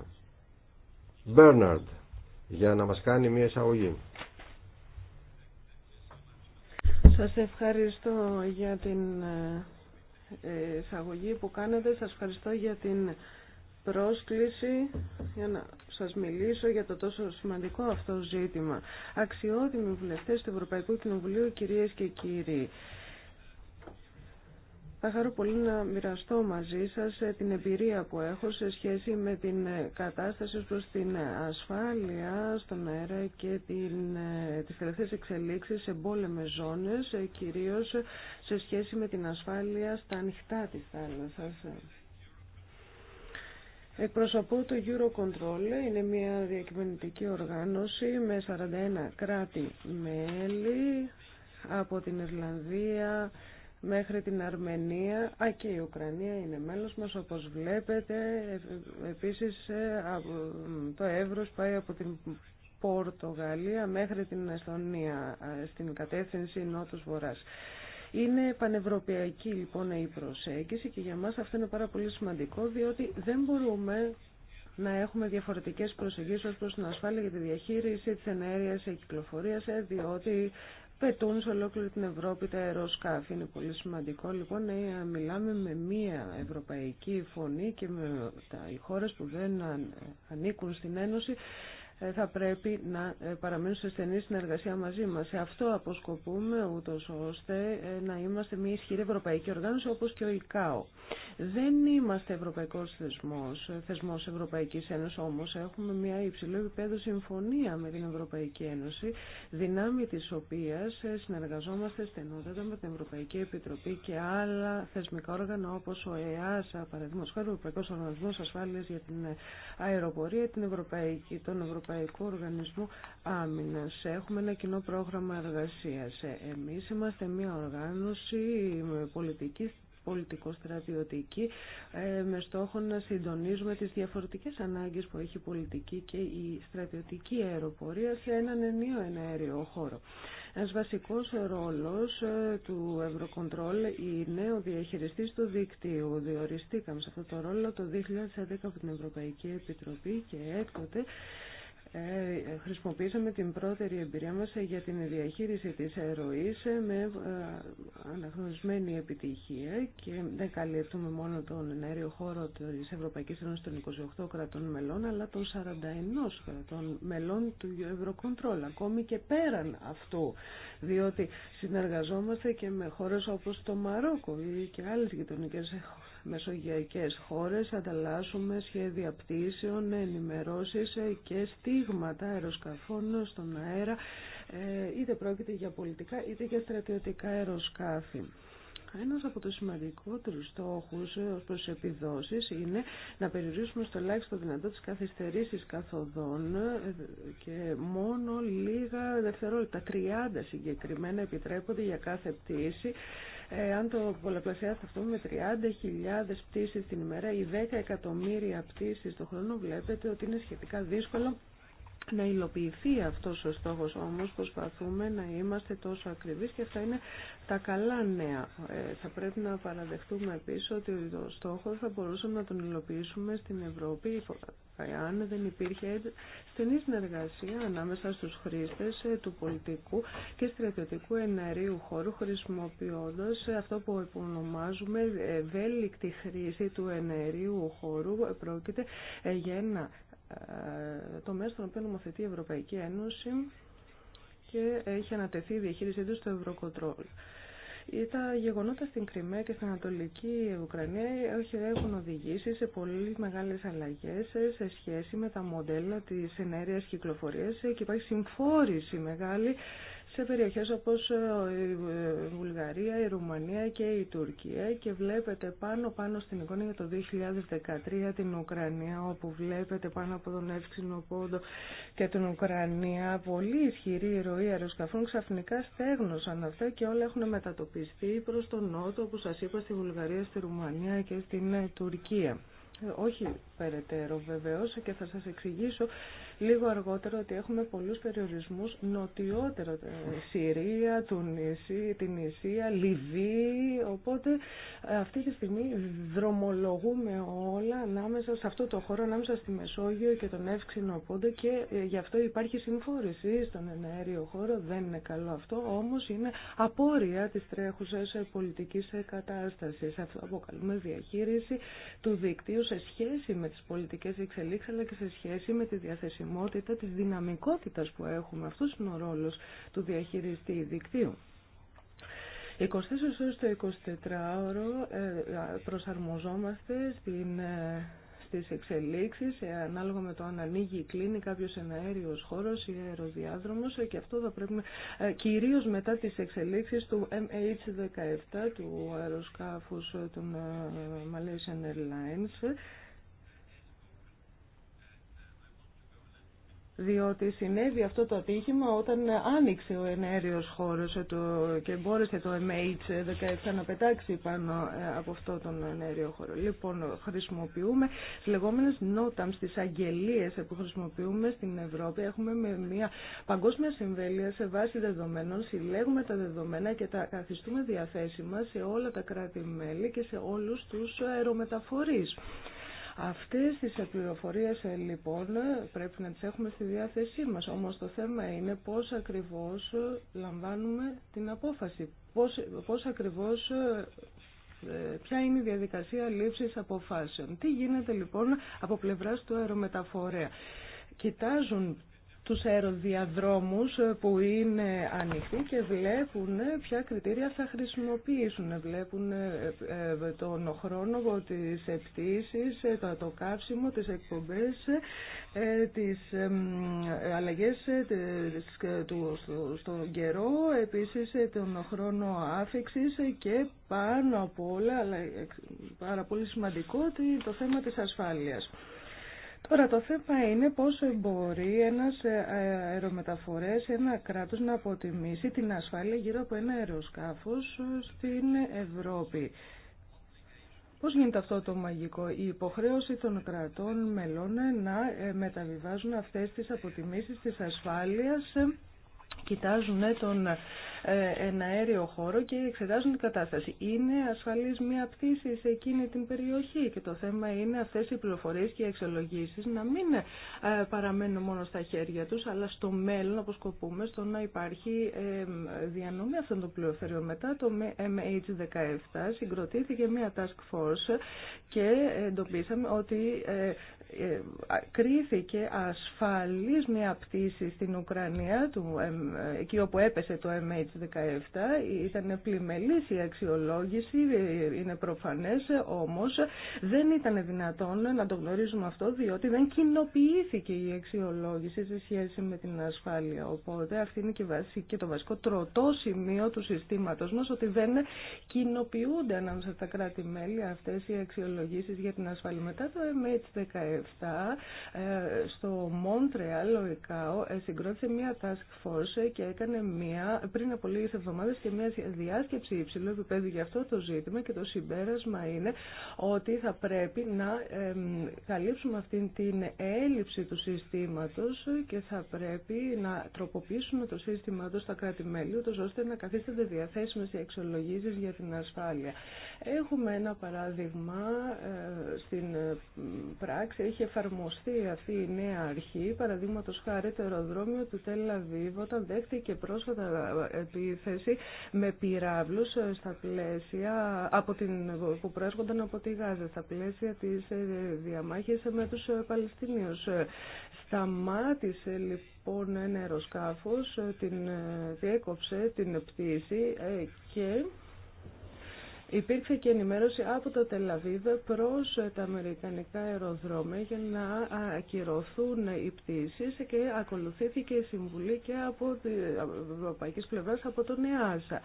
Μπέρναρντ για να μας κάνει μια εισαγωγή. Σας ευχαριστώ για την ε, εισαγωγή που κάνετε. Σας ευχαριστώ για την πρόσκληση για να σας μιλήσω για το τόσο σημαντικό αυτό ζήτημα. Αξιότιμοι βουλευτές του Ευρωπαϊκού Κοινοβουλίου, κυρίες και κύριοι. Θα χαρώ πολύ να μοιραστώ μαζί σας ε, την εμπειρία που έχω σε σχέση με την ε, κατάσταση προς την ε, ασφάλεια στον αέρα και την, τις τελευταίες εξελίξεις σε πόλεμες ζώνες, κυρίως σε σχέση με την ασφάλεια στα ανοιχτά της θάλασσας. Εκπροσωπώ το Eurocontrol, είναι μια διακυβερνητική οργάνωση με 41 κράτη-μέλη από την Ιρλανδία, μέχρι την Αρμενία. Α, και η Ουκρανία είναι μέλος μας, όπως βλέπετε. Ε, ε, επίσης, ε, το Εύρος πάει από την Πορτογαλία μέχρι την Εσθονία, στην κατεύθυνση νότος-βορράς. Είναι πανευρωπαϊκή λοιπόν η προσέγγιση και για μας αυτό είναι πάρα πολύ σημαντικό διότι δεν μπορούμε να έχουμε διαφορετικές προσεγγίσεις ως προς την ασφάλεια για τη διαχείριση της ενέργειας κυκλοφορίας διότι πετούν σε ολόκληρη την Ευρώπη τα αεροσκάφη. Είναι πολύ σημαντικό λοιπόν να μιλάμε με μία ευρωπαϊκή φωνή και με τα, οι χώρες που δεν ανήκουν στην Ένωση ε, θα πρέπει να ε, παραμείνουν σε στενή συνεργασία μαζί μας. Σε αυτό αποσκοπούμε ούτως ώστε ε, να είμαστε μια ισχυρή ευρωπαϊκή οργάνωση όπως και ο ΙΚΑΟ. Δεν είμαστε ευρωπαϊκός θεσμός, θεσμός Ευρωπαϊκής Ένωσης όμως έχουμε μια υψηλό επίπεδο συμφωνία με την Ευρωπαϊκή Ένωση δυνάμει της οποίας συνεργαζόμαστε στενότατα με την Ευρωπαϊκή Επιτροπή και άλλα θεσμικά όργανα όπως ο ΕΑΣΑ, παραδείγματος χάρη, ο Ευρωπαϊκός Οργανισμός Ασφάλειας για την Αεροπορία, την Ευρωπαϊκή, τον Ευρωπαϊκό Ευρωπαϊκού Οργανισμού Άμυνα. Έχουμε ένα κοινό πρόγραμμα εργασία. Εμείς είμαστε μια οργάνωση πολιτικής πολιτικο-στρατιωτική ε, με στόχο να συντονίζουμε τις διαφορετικές ανάγκες που έχει η πολιτική και η στρατιωτική αεροπορία σε έναν ενίο εναέριο χώρο. Ένα βασικός ρόλος ε, του Ευρωκοντρόλ είναι ο διαχειριστής του δικτύου. Διοριστήκαμε σε αυτό το ρόλο το 2010 από την Ευρωπαϊκή Επιτροπή και έκτοτε ε, χρησιμοποίησαμε την πρώτερη εμπειρία μας για την διαχείριση της ροής με ε, αναγνωρισμένη επιτυχία και δεν καλύπτουμε μόνο τον αέριο χώρο της Ευρωπαϊκής Ένωσης των 28 κρατών μελών αλλά των 41 κρατών μελών του Eurocontrol ακόμη και πέραν αυτού διότι συνεργαζόμαστε και με χώρες όπως το Μαρόκο ή και άλλες γειτονικές μεσογειακές χώρες, ανταλλάσσουμε σχέδια πτήσεων, ενημερώσεις και στίγματα αεροσκαφών στον αέρα, ε, είτε πρόκειται για πολιτικά είτε για στρατιωτικά αεροσκάφη. Ένας από τους σημαντικότερους στόχους ως προς επιδόσεις είναι να περιορίσουμε στο ελάχιστο δυνατό τις καθυστερήσεις καθοδών ε, και μόνο λίγα δευτερόλεπτα, 30 συγκεκριμένα επιτρέπονται για κάθε πτήση. Ε, αν το πολλαπλασιάσετε αυτό με 30.000 πτήσεις την ημέρα ή 10 εκατομμύρια πτήσεις το χρόνο βλέπετε ότι είναι σχετικά δύσκολο να υλοποιηθεί αυτός ο στόχος όμως προσπαθούμε να είμαστε τόσο ακριβείς και αυτά είναι τα καλά νέα. Ε, θα πρέπει να παραδεχτούμε επίσης ότι ο στόχος θα μπορούσαμε να τον υλοποιήσουμε στην Ευρώπη αν δεν υπήρχε στενή συνεργασία ανάμεσα στους χρήστες ε, του πολιτικού και στρατιωτικού ενερίου χώρου χρησιμοποιώντας αυτό που υπονομάζουμε ευέλικτη χρήση του εναερίου χώρου πρόκειται ε, για ένα ε, τομέα στον οποίο νομοθετεί η Ευρωπαϊκή Ένωση και έχει ανατεθεί η διαχείρισή του στο Ευρωκοντρόλ. Τα γεγονότα στην Κρυμαία και στην Ανατολική Ουκρανία έχουν οδηγήσει σε πολύ μεγάλες αλλαγές σε σχέση με τα μοντέλα της ενέργειας κυκλοφορίας και υπάρχει συμφόρηση μεγάλη σε περιοχές όπως ε, ε, η Βουλγαρία, η Ρουμανία και η Τουρκία και βλέπετε πάνω πάνω στην εικόνα για το 2013 την Ουκρανία όπου βλέπετε πάνω από τον Εύξηνο Πόντο και την Ουκρανία πολύ ισχυρή ροή αεροσκαφών ξαφνικά στέγνωσαν αυτά και όλα έχουν μετατοπιστεί προς τον νότο όπως σας είπα στη Βουλγαρία, στη Ρουμανία και στην ε, Τουρκία. Όχι περαιτέρω βεβαίως και θα σας εξηγήσω λίγο αργότερα ότι έχουμε πολλούς περιορισμούς νοτιότερο. Συρία, Τουνισή, την Ισία, Λιβύη, οπότε ε, αυτή τη στιγμή δρομολογούμε όλα ανάμεσα σε αυτό το χώρο, ανάμεσα στη Μεσόγειο και τον Εύξηνο Πόντο και ε, γι' αυτό υπάρχει συμφόρηση στον εναέριο χώρο, δεν είναι καλό αυτό, όμως είναι απόρρια της τρέχουσας ε, πολιτικής κατάστασης. Αυτό αποκαλούμε διαχείριση του δικτύου σε σχέση με τις πολιτικές εξελίξεις αλλά και σε σχέση με τη διαθεσιμότητα τη της δυναμικότητας που έχουμε. Αυτός είναι ο ρόλος του διαχειριστή δικτύου. 24 ώρες το 24ωρο ε, προσαρμοζόμαστε στην, ε, στις εξελίξεις ε, ανάλογα με το αν ανοίγει η κλίνη κάποιος αέριος χώρος ή αεροδιάδρομος και αυτό θα πρέπει κυρίως μετά τις εξελίξεις του MH17 του αεροσκάφους των Malaysian Airlines διότι συνέβη αυτό το ατύχημα όταν άνοιξε ο ενέργειος χώρος και μπόρεσε το MH17 να πετάξει πάνω ε, από αυτό τον ενέριο χώρο. Λοιπόν, χρησιμοποιούμε τις λεγόμενες νόταμς, τις αγγελίες που χρησιμοποιούμε στην Ευρώπη. Έχουμε με μια παγκόσμια συμβέλεια σε βάση δεδομένων, συλλέγουμε τα δεδομένα και τα καθιστούμε διαθέσιμα σε όλα τα κράτη-μέλη και σε όλους τους αερομεταφορείς. Αυτές τις πληροφορίες ε, λοιπόν πρέπει να τις έχουμε στη διάθεσή μας. Όμως το θέμα είναι πώς ακριβώς ε, λαμβάνουμε την απόφαση. Πώς, πώς ακριβώς ε, ποια είναι η διαδικασία λήψης αποφάσεων. Τι γίνεται λοιπόν από πλευράς του αερομεταφορέα. Κοιτάζουν τους αεροδιαδρόμους που είναι ανοιχτοί και βλέπουν ποια κριτήρια θα χρησιμοποιήσουν. Βλέπουν ε, ε, τον χρόνο, τις επτήσεις, ε, το καύσιμο, τις εκπομπές, τις αλλαγές στον καιρό, επίσης τον χρόνο άφηξης και πάνω από όλα, αλλά πάρα πολύ σημαντικό, το θέμα της ασφάλειας. Τώρα το θέμα είναι πώς μπορεί ένας ε, αερομεταφορές, ένα κράτος να αποτιμήσει την ασφάλεια γύρω από ένα αεροσκάφος στην Ευρώπη. Πώς γίνεται αυτό το μαγικό, η υποχρέωση των κρατών μελών να ε, μεταβιβάζουν αυτές τις αποτιμήσεις της ασφάλειας κοιτάζουν ε, τον εναέριο χώρο και εξετάζουν την κατάσταση. Είναι ασφαλής μια πτήση σε εκείνη την περιοχή και το θέμα είναι αυτές οι πληροφορίες και οι εξολογήσεις να μην ε, παραμένουν μόνο στα χέρια τους, αλλά στο μέλλον σκοπούμε στο να υπάρχει διανομή αυτών των πληροφοριών. Μετά το MH17 συγκροτήθηκε μια task force και εντοπίσαμε ότι ε, κρίθηκε ασφαλής μια πτήση στην Ουκρανία του εκεί όπου έπεσε το MH17 ήταν πλημελής η αξιολόγηση, είναι προφανές, όμως δεν ήταν δυνατόν να το γνωρίζουμε αυτό διότι δεν κοινοποιήθηκε η αξιολόγηση σε σχέση με την ασφάλεια. Οπότε αυτή είναι και, και το βασικό τροτό σημείο του συστήματος μας ότι δεν κοινοποιούνται ανάμεσα στα κράτη-μέλη αυτές οι αξιολογήσεις για την ασφάλεια. Μετά το MH17 ε, στο Montreal ο ΕΚΑΟ ε, συγκρότησε μια task force και έκανε μία, πριν από λίγε εβδομάδες και μία διάσκεψη υψηλού επίπεδου για αυτό το ζήτημα και το συμπέρασμα είναι ότι θα πρέπει να καλύψουμε αυτή την έλλειψη του συστήματος και θα πρέπει να τροποποιήσουμε το σύστημα του στα κράτη-μέλη, ώστε να καθίστανται διαθέσιμε οι αξιολογήσει για την ασφάλεια. Έχουμε ένα παράδειγμα ε, στην ε, πράξη, έχει εφαρμοστεί αυτή η νέα αρχή, παραδείγματο χάρη το αεροδρόμιο του Τελαβίβ, όταν δέχτηκε πρόσφατα επίθεση με πυράβλους στα πλαίσια από την, που προέρχονταν από τη Γάζα, στα πλαίσια της ε, διαμάχης με τους ε, Παλαιστινίους. Σταμάτησε λοιπόν ένα αεροσκάφος, ε, την διέκοψε την πτήση και Υπήρξε και ενημέρωση από το Τελαβίδ προς τα Αμερικανικά αεροδρόμια για να ακυρωθούν οι πτήσεις και ακολουθήθηκε η συμβουλή και από την ευρωπαϊκή πλευρά από τον ΕΑΣΑ.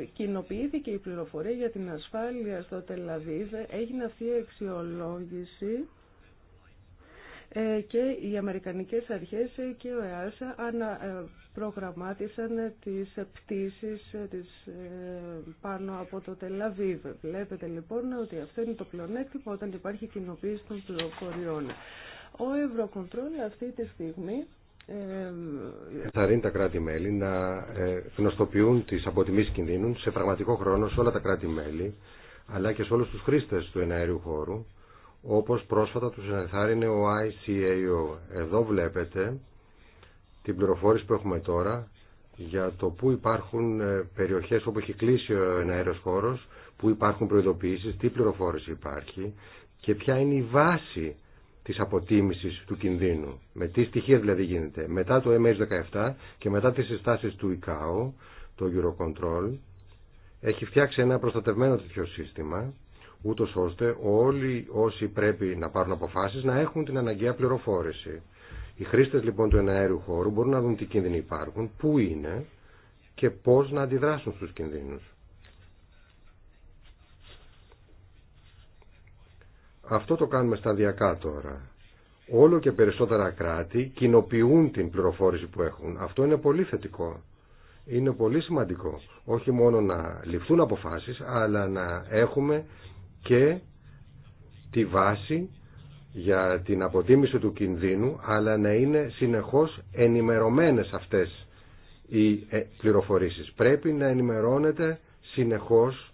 Ε, κοινοποιήθηκε η πληροφορία για την ασφάλεια στο Τελαβίδ, έγινε αυτή η αξιολόγηση ε, και οι Αμερικανικές αρχές και ο ΕΑΣΑ ε, προγραμμάτισαν τις πτήσεις ε, τις, πάνω από το Τελαβίβ. Βλέπετε λοιπόν ότι αυτό είναι το πλεονέκτημα όταν υπάρχει κοινοποίηση των πληροφοριών. Ο Ευρωκοντρόλ αυτή τη στιγμή θα τα κράτη-μέλη να γνωστοποιούν τις αποτιμήσεις κινδύνων σε πραγματικό χρόνο σε όλα τα κράτη-μέλη αλλά και σε όλους τους χρήστες του εναέριου χώρου όπως πρόσφατα τους ενθάρρυνε ο ICAO. Εδώ βλέπετε την πληροφόρηση που έχουμε τώρα για το που υπάρχουν ε, περιοχές όπου έχει κλείσει ο αέρος χώρος, που υπάρχουν προειδοποιήσεις, τι πληροφόρηση υπάρχει και ποια είναι η βάση της αποτίμησης του κινδύνου. Με τι στοιχεία δηλαδή γίνεται. Μετά το MH17 και μετά τις συστάσεις του ICAO, το Eurocontrol, έχει φτιάξει ένα προστατευμένο τέτοιο σύστημα ούτως ώστε όλοι όσοι πρέπει να πάρουν αποφάσεις να έχουν την αναγκαία πληροφόρηση. Οι χρήστες λοιπόν του εναέριου χώρου μπορούν να δουν τι κίνδυνοι υπάρχουν, πού είναι και πώς να αντιδράσουν στους κινδύνους. Αυτό το κάνουμε σταδιακά τώρα. Όλο και περισσότερα κράτη κοινοποιούν την πληροφόρηση που έχουν. Αυτό είναι πολύ θετικό. Είναι πολύ σημαντικό. Όχι μόνο να ληφθούν αποφάσεις, αλλά να έχουμε και τη βάση για την αποτίμηση του κινδύνου, αλλά να είναι συνεχώς ενημερωμένες αυτές οι ε, πληροφορήσεις. Πρέπει να ενημερώνεται συνεχώς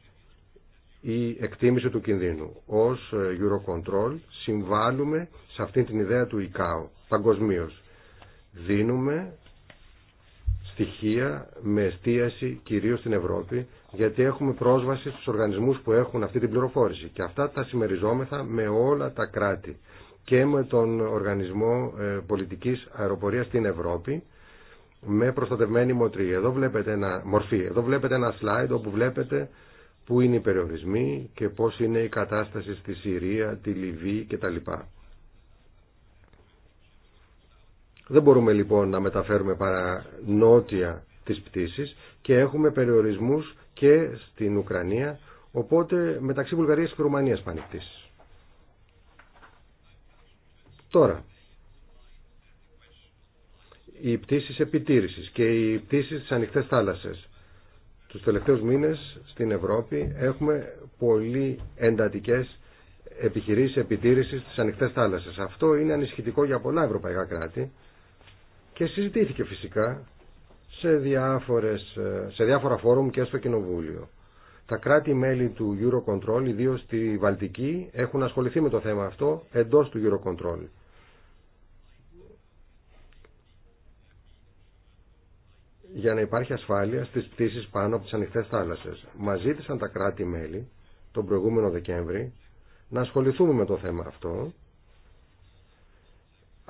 η εκτίμηση του κινδύνου. Ως ε, Eurocontrol συμβάλλουμε σε αυτή την ιδέα του ICAO παγκοσμίω. Δίνουμε στοιχεία με εστίαση κυρίως στην Ευρώπη γιατί έχουμε πρόσβαση στους οργανισμούς που έχουν αυτή την πληροφόρηση και αυτά τα συμμεριζόμεθα με όλα τα κράτη και με τον Οργανισμό ε, Πολιτικής Αεροπορίας στην Ευρώπη με προστατευμένη μορφή. Εδώ βλέπετε ένα, μορφή. Εδώ βλέπετε ένα slide όπου βλέπετε πού είναι οι περιορισμοί και πώς είναι η κατάσταση στη Συρία, τη Λιβύη κτλ. Δεν μπορούμε λοιπόν να μεταφέρουμε παρά νότια τις πτήσεις και έχουμε περιορισμούς και στην Ουκρανία. Οπότε μεταξύ Βουλγαρίας και Ρουμανίας πάνε Τώρα, οι πτήσεις επιτήρησης και οι πτήσεις στις ανοιχτές θάλασσες. Τους τελευταίους μήνες στην Ευρώπη έχουμε πολύ εντατικές επιχειρήσεις επιτήρησης στις ανοιχτές θάλασσες. Αυτό είναι ανησυχητικό για πολλά ευρωπαϊκά κράτη και συζητήθηκε φυσικά σε, διάφορες, ε, σε διάφορα φόρουμ και στο Κοινοβούλιο. Τα κράτη-μέλη του Eurocontrol, ιδίω στη Βαλτική, έχουν ασχοληθεί με το θέμα αυτό εντός του Eurocontrol. για να υπάρχει ασφάλεια στις πτήσεις πάνω από τις ανοιχτές θάλασσες. Μας ζήτησαν τα κράτη-μέλη τον προηγούμενο Δεκέμβρη να ασχοληθούμε με το θέμα αυτό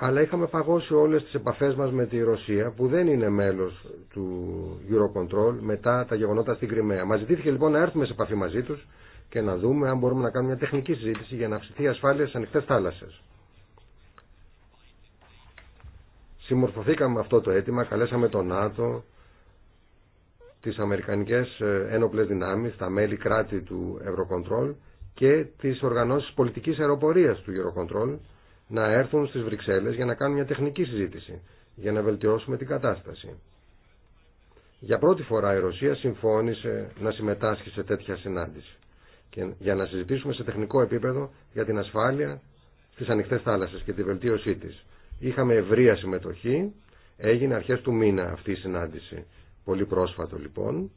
αλλά είχαμε παγώσει όλες τις επαφές μας με τη Ρωσία που δεν είναι μέλος του Eurocontrol μετά τα γεγονότα στην Κρυμαία. Μας ζητήθηκε λοιπόν να έρθουμε σε επαφή μαζί τους και να δούμε αν μπορούμε να κάνουμε μια τεχνική συζήτηση για να αυξηθεί η ασφάλεια στις ανοιχτές θάλασσες. Συμμορφωθήκαμε αυτό το αίτημα, καλέσαμε τον ΝΑΤΟ, τις Αμερικανικές ε, Ένοπλες Δυνάμεις, τα μέλη κράτη του Eurocontrol και τις οργανώσεις πολιτικής αεροπορίας του Eurocontrol να έρθουν στις Βρυξέλλες για να κάνουν μια τεχνική συζήτηση, για να βελτιώσουμε την κατάσταση. Για πρώτη φορά η Ρωσία συμφώνησε να συμμετάσχει σε τέτοια συνάντηση και για να συζητήσουμε σε τεχνικό επίπεδο για την ασφάλεια στις ανοιχτές θάλασσες και τη βελτίωσή της. Είχαμε ευρεία συμμετοχή, έγινε αρχές του μήνα αυτή η συνάντηση, πολύ πρόσφατο λοιπόν,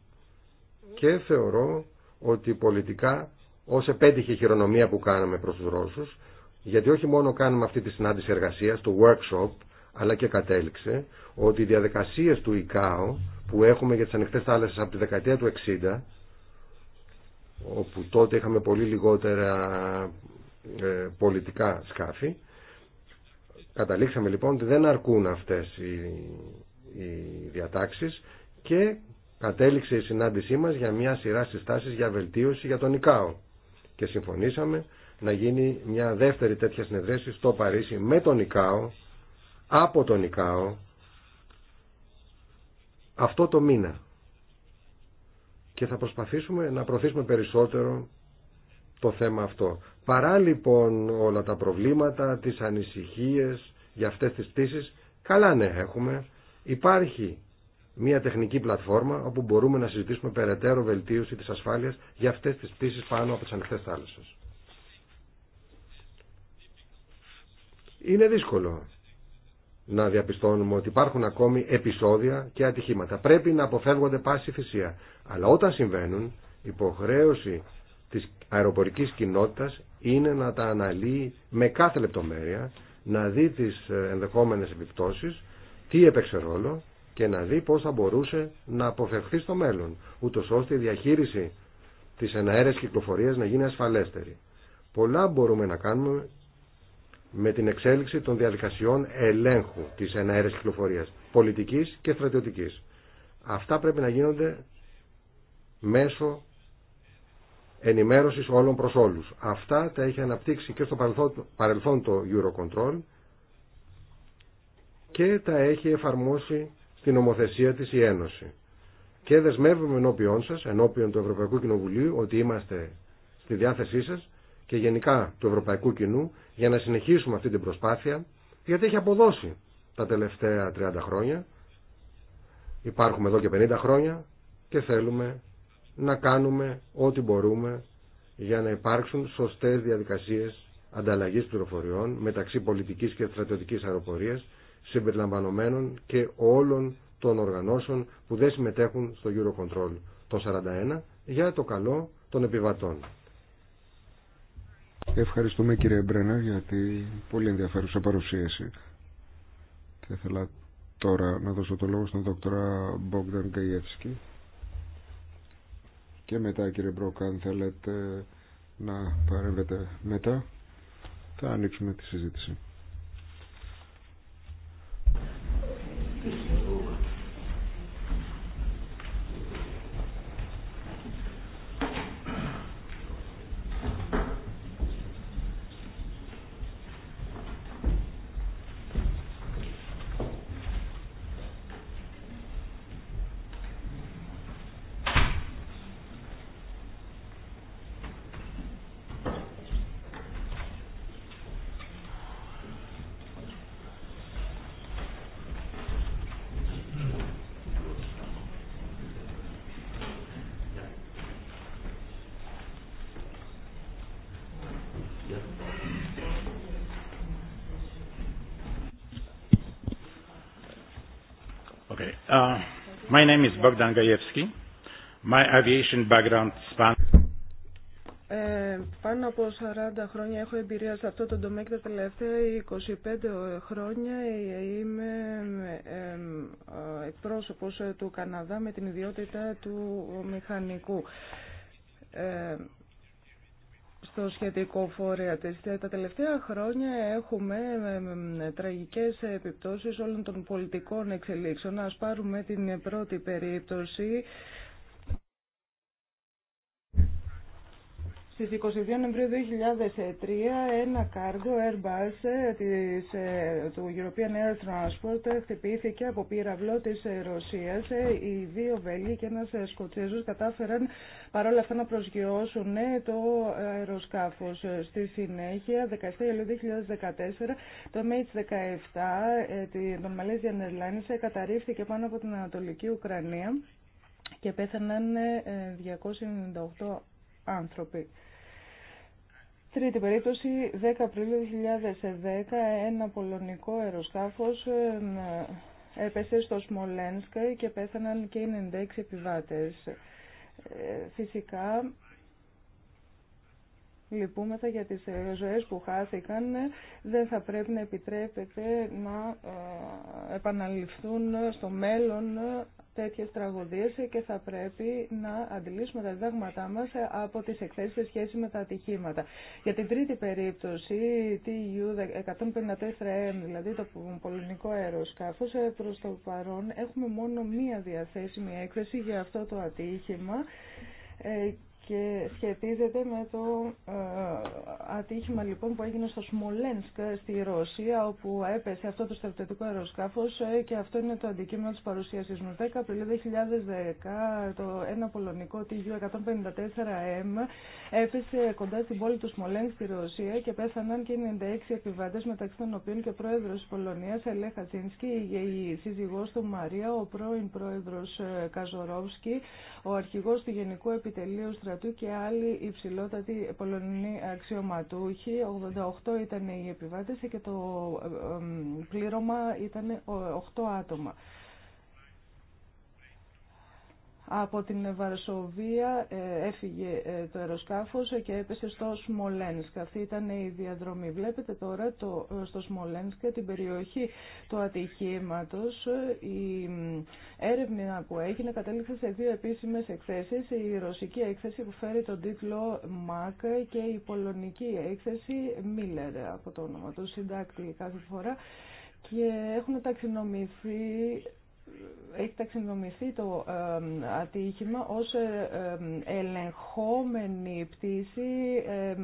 και θεωρώ ότι πολιτικά ως επέτυχε η χειρονομία που κάναμε προς τους Ρώσους γιατί όχι μόνο κάνουμε αυτή τη συνάντηση εργασίας, το workshop, αλλά και κατέληξε ότι οι διαδικασίες του ΙΚΑΟ που έχουμε για τις ανοιχτές θάλασσες από τη δεκαετία του 60, όπου τότε είχαμε πολύ λιγότερα ε, πολιτικά σκάφη, καταλήξαμε λοιπόν ότι δεν αρκούν αυτές οι, οι διατάξεις και κατέληξε η συνάντησή μας για μια σειρά συστάσεις για βελτίωση για τον ΙΚΑΟ. Και συμφωνήσαμε να γίνει μια δεύτερη τέτοια συνεδρίαση στο Παρίσι με τον ΙΚΑΟ, από τον ΙΚΑΟ, αυτό το μήνα. Και θα προσπαθήσουμε να προωθήσουμε περισσότερο το θέμα αυτό. Παρά λοιπόν όλα τα προβλήματα, τις ανησυχίες για αυτές τις πτήσεις, καλά ναι έχουμε, υπάρχει μια τεχνική πλατφόρμα όπου μπορούμε να συζητήσουμε περαιτέρω βελτίωση της ασφάλειας για αυτές τις πτήσεις πάνω από τις ανοιχτές θάλασσες. Είναι δύσκολο να διαπιστώνουμε ότι υπάρχουν ακόμη επεισόδια και ατυχήματα. Πρέπει να αποφεύγονται πάση θυσία. Αλλά όταν συμβαίνουν, υποχρέωση της αεροπορικής κοινότητας είναι να τα αναλύει με κάθε λεπτομέρεια, να δει τις ενδεχόμενες επιπτώσεις, τι έπαιξε ρόλο και να δει πώς θα μπορούσε να αποφευχθεί στο μέλλον, ούτω ώστε η διαχείριση τη κυκλοφορίας να γίνει ασφαλέστερη. Πολλά μπορούμε να κάνουμε με την εξέλιξη των διαδικασιών ελέγχου της εναέρεσης κυκλοφορίας, πολιτικής και στρατιωτικής. Αυτά πρέπει να γίνονται μέσω ενημέρωσης όλων προς όλους. Αυτά τα έχει αναπτύξει και στο παρελθόν το Eurocontrol και τα έχει εφαρμόσει στην ομοθεσία της η Ένωση. Και δεσμεύουμε ενώπιον σας, ενώπιον του Ευρωπαϊκού Κοινοβουλίου, ότι είμαστε στη διάθεσή σας και γενικά του ευρωπαϊκού κοινού για να συνεχίσουμε αυτή την προσπάθεια γιατί έχει αποδώσει τα τελευταία 30 χρόνια. Υπάρχουμε εδώ και 50 χρόνια και θέλουμε να κάνουμε ό,τι μπορούμε για να υπάρξουν σωστές διαδικασίες ανταλλαγής πληροφοριών μεταξύ πολιτικής και στρατιωτικής αεροπορίας συμπεριλαμβανομένων και όλων των οργανώσεων που δεν συμμετέχουν στο Eurocontrol το 41 για το καλό των επιβατών. Ευχαριστούμε κύριε Μπρένα για την πολύ ενδιαφέρουσα παρουσίαση. Θα ήθελα τώρα να δώσω το λόγο στον δόκτωρα Μπόγκταν Γκαϊεύσκη και μετά κύριε Μπρόκ αν θέλετε να παρέμβετε μετά θα ανοίξουμε τη συζήτηση. My name is Bogdan Gajewski. My aviation background span... Ε, πάνω από 40 χρόνια έχω εμπειρία σε αυτό το τομέα και τα τελευταία 25 ε, χρόνια ε, είμαι ε, εκπρόσωπος του Καναδά με την ιδιότητα του μηχανικού. Ε, στο σχετικό φορέα της. Ε, τα τελευταία χρόνια έχουμε ε, ε, τραγικές επιπτώσεις όλων των πολιτικών εξελίξεων. Ας πάρουμε την πρώτη περίπτωση Στις 22 Νοεμβρίου 2003 ένα κάργο Airbus ε, της, ε, του European Air Transport ε, χτυπήθηκε από πύραυλο της Ρωσίας. Οι δύο Βέλγοι και ένας Σκοτσέζος κατάφεραν παρόλα αυτά να προσγειώσουν το αεροσκάφος. Στη συνέχεια, 17 Ιουλίου 2014, το MH17 των Malaysian Airlines καταρρίφθηκε πάνω από την Ανατολική Ουκρανία και πέθαναν 298 άνθρωποι. Τρίτη περίπτωση, 10 Απριλίου 2010, ένα πολωνικό αεροσκάφος ε, ε, έπεσε στο Σμολένσκα και πέθαναν και οι 96 επιβάτες. Ε, φυσικά, λυπούμεθα για τις ζωές που χάθηκαν, δεν θα πρέπει να επιτρέπεται να επαναληφθούν στο μέλλον τέτοιες τραγωδίες και θα πρέπει να αντιλήσουμε τα διδάγματά μας από τις εκθέσεις σε σχέση με τα ατυχήματα. Για την τρίτη περίπτωση, TU-154M, δηλαδή το πολωνικό αεροσκάφος, προς το παρόν έχουμε μόνο μία διαθέσιμη έκθεση για αυτό το ατύχημα ε, και σχετίζεται με το ε, ατύχημα λοιπόν που έγινε στο Σμολένσκ στη Ρωσία όπου έπεσε αυτό το στρατιωτικό αεροσκάφος ε, και αυτό είναι το αντικείμενο της παρουσίασης μου. 10 Απριλίου 2010 το ένα πολωνικό TU-154M έπεσε κοντά στην πόλη του Σμολένσκ στη Ρωσία και πέθαναν και 96 επιβάτες μεταξύ των οποίων και πρόεδρος της Πολωνίας Ελέ Χατσίνσκι, η σύζυγός του Μαρία, ο πρώην πρόεδρος ε, Καζορόφσκι, ο αρχηγός του Γενικού Επιτελείου στρατού και άλλοι υψηλότατοι πολωνινοί αξιωματούχοι. 88 ήταν οι επιβάτες και το ε, ε, πλήρωμα ήταν 8 ε, άτομα. Από την Βαρσοβία ε, έφυγε ε, το αεροσκάφος και έπεσε στο Σμολένσκ. Αυτή ήταν η διαδρομή. Βλέπετε τώρα το, ε, στο Σμολένσκ την περιοχή του ατυχήματος. Η έρευνα που έγινε κατέληξε σε δύο επίσημες εκθέσεις. Η ρωσική έκθεση που φέρει τον τίτλο ΜΑΚ και η πολωνική έκθεση Μίλερ από το όνομα του συντάκτη κάθε φορά και έχουν ταξινομηθεί έχει ταξινομηθεί το ατύχημα ως ε, ελεγχόμενη πτήση ε,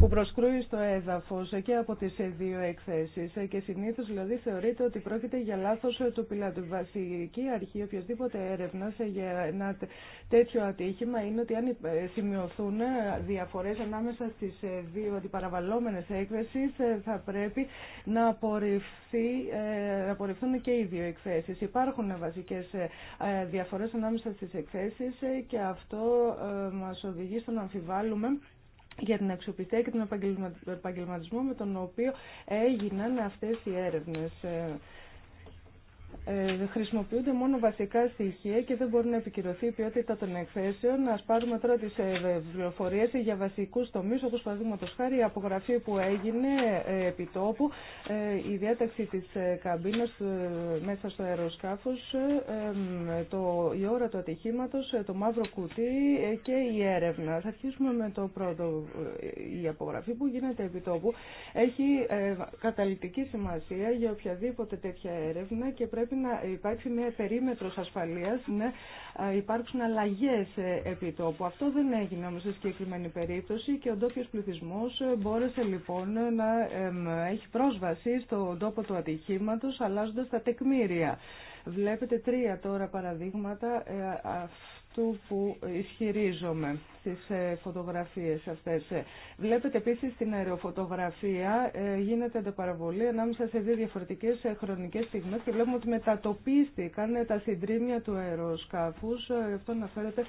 που προσκρούει στο έδαφος και από τις δύο εκθέσεις και συνήθως δηλαδή θεωρείται ότι πρόκειται για λάθος του πιλάτου. Βασική αρχή οποιασδήποτε έρευνα για ένα τέτοιο ατύχημα είναι ότι αν σημειωθούν διαφορές ανάμεσα στις δύο αντιπαραβαλλόμενες έκθεσεις θα πρέπει να, απορριφθεί, ε, να απορριφθούν και οι δύο εκθέσεις. Υπάρχουν βασικές ε, διαφορές ανάμεσα στις εκθέσεις και αυτό ε, μας οδηγεί στο να αμφιβάλλουμε για την αξιοπιστία και τον επαγγελματισμό με τον οποίο έγιναν αυτές οι έρευνες. Ε, ε, χρησιμοποιούνται μόνο βασικά στοιχεία και δεν μπορεί να επικυρωθεί η ποιότητα των εκθέσεων. Α πάρουμε τώρα τι πληροφορίε ε, για βασικού τομεί, όπω παραδείγματο χάρη η απογραφή που έγινε ε, επί τόπου, η διάταξη τη καμπίνα μέσα στο αεροσκάφο, η ώρα του ατυχήματο, το μαύρο κουτί και η έρευνα. Θα αρχίσουμε με το πρώτο. Η απογραφή που γίνεται επί τόπου έχει καταλητική σημασία για οποιαδήποτε τέτοια έρευνα και πρέπει να υπάρξει μια περίμετρος ασφαλείας, να υπάρξουν αλλαγές ε, επί τόπου. Αυτό δεν έγινε όμως σε συγκεκριμένη περίπτωση και ο ντόπιο πληθυσμός ε, μπόρεσε λοιπόν να έχει πρόσβαση στον τόπο του ατυχήματος αλλάζοντας τα τεκμήρια. Βλέπετε τρία τώρα παραδείγματα ε, αυτού που ισχυρίζομαι στις ε, φωτογραφίες αυτές. Βλέπετε επίσης στην αεροφωτογραφία ε, γίνεται ανταπαραβολή ανάμεσα σε δύο διαφορετικές ε, χρονικές στιγμές και βλέπουμε ότι μετατοπίστηκαν τα συντρίμια του αεροσκάφους. Αυτό αναφέρεται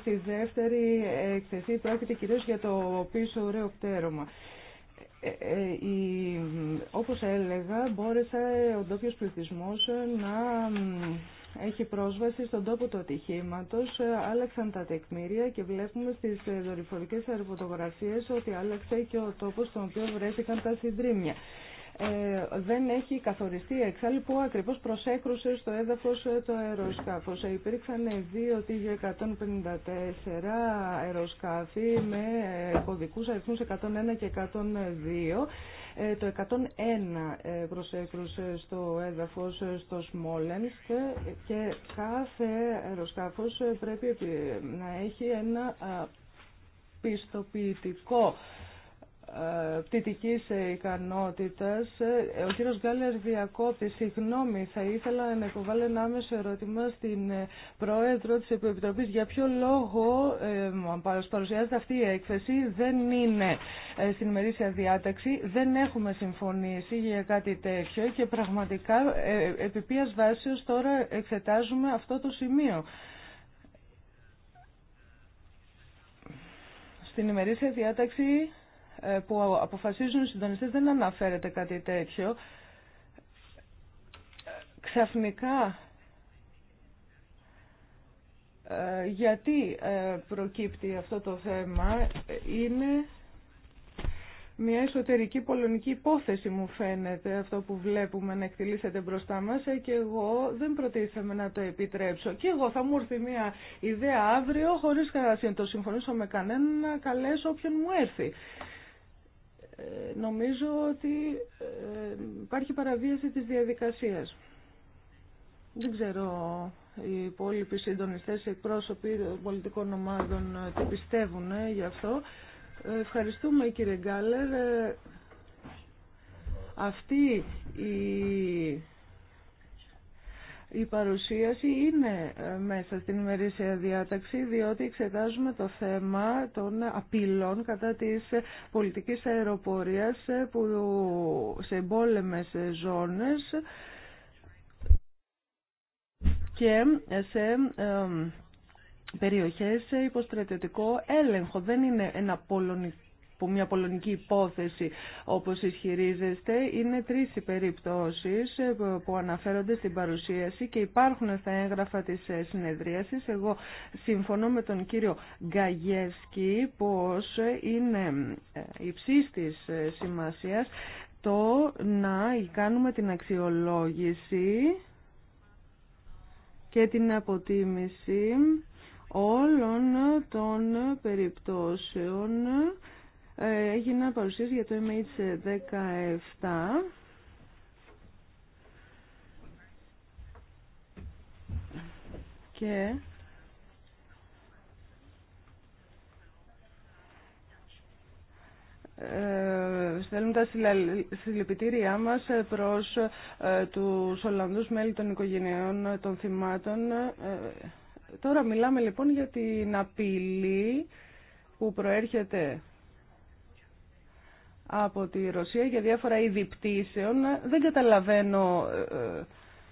στη δεύτερη εκθεσή. Πρόκειται κυρίως για το πίσω ωραίο πτέρωμα. Όπως έλεγα, μπόρεσε ο ντόπιο πληθυσμό να έχει πρόσβαση στον τόπο του ατυχήματο. Ε, άλλαξαν τα τεκμήρια και βλέπουμε στι ε, δορυφορικέ αεροφωτογραφίε ότι άλλαξε και ο τόπο στον οποίο βρέθηκαν τα συντρίμια. Ε, δεν έχει καθοριστεί εξάλλου που ακριβώς προσέκρουσε στο έδαφος ε, το αεροσκάφος. Υπήρξαν TG-154 αεροσκάφη με κωδικούς αριθμούς 101 και 102 ε, το 101 ε, προς ε, στο έδαφος στο Σμόλενσκ και κάθε αεροσκάφος πρέπει να έχει ένα πιστοποιητικό ε, πτυτικής ικανότητα, ε, Ο κύριος Γκάλερ διακόπτη, συγγνώμη, θα ήθελα να υποβάλω ένα άμεσο ερώτημα στην ε, Πρόεδρο της Επιτροπής. Για ποιο λόγο ε, παρουσιάζεται αυτή η έκθεση, δεν είναι στην ημερήσια διάταξη, δεν έχουμε συμφωνήσει για κάτι τέτοιο και πραγματικά ε, επί τώρα εξετάζουμε αυτό το σημείο. Στην ημερήσια διάταξη που αποφασίζουν οι συντονιστές δεν αναφέρεται κάτι τέτοιο. Ξαφνικά ε, γιατί ε, προκύπτει αυτό το θέμα είναι μια εσωτερική πολωνική υπόθεση μου φαίνεται αυτό που βλέπουμε να εκτελήσεται μπροστά μας ε, και εγώ δεν προτίθεμαι να το επιτρέψω. Και εγώ θα μου έρθει μια ιδέα αύριο χωρίς να το συμφωνήσω με κανέναν να καλέσω όποιον μου έρθει. Ε, νομίζω ότι ε, υπάρχει παραβίαση της διαδικασίας. Δεν ξέρω οι υπόλοιποι συντονιστές, εκπρόσωποι πολιτικών ομάδων ε, τι πιστεύουν γι' αυτό. Ευχαριστούμε κύριε Γκάλερ. Αυτή η η παρουσίαση είναι ε, μέσα στην ημερήσια διάταξη διότι εξετάζουμε το θέμα των απειλών κατά της πολιτικής αεροπορίας ε, που σε εμπόλεμες ζώνες και σε ε, περιοχές υποστρατιωτικό έλεγχο. Δεν είναι ένα πολωνικό που μια πολωνική υπόθεση όπως ισχυρίζεστε. Είναι τρεις οι περιπτώσεις ε, που αναφέρονται στην παρουσίαση και υπάρχουν στα έγγραφα της ε, συνεδρίασης. Εγώ συμφωνώ με τον κύριο Γκαγεύσκη πως είναι ε, της σημασίας το να κάνουμε την αξιολόγηση και την αποτίμηση όλων των περιπτώσεων ε, έγινα παρουσίαση για το MH17 και ε, στέλνουμε τα συλληπιτήριά μας προς ε, τους Ολλανδούς μέλη των οικογενειών των θυμάτων. Τώρα μιλάμε λοιπόν για την απειλή που προέρχεται από τη Ρωσία για διάφορα είδη πτήσεων. Δεν καταλαβαίνω, ε,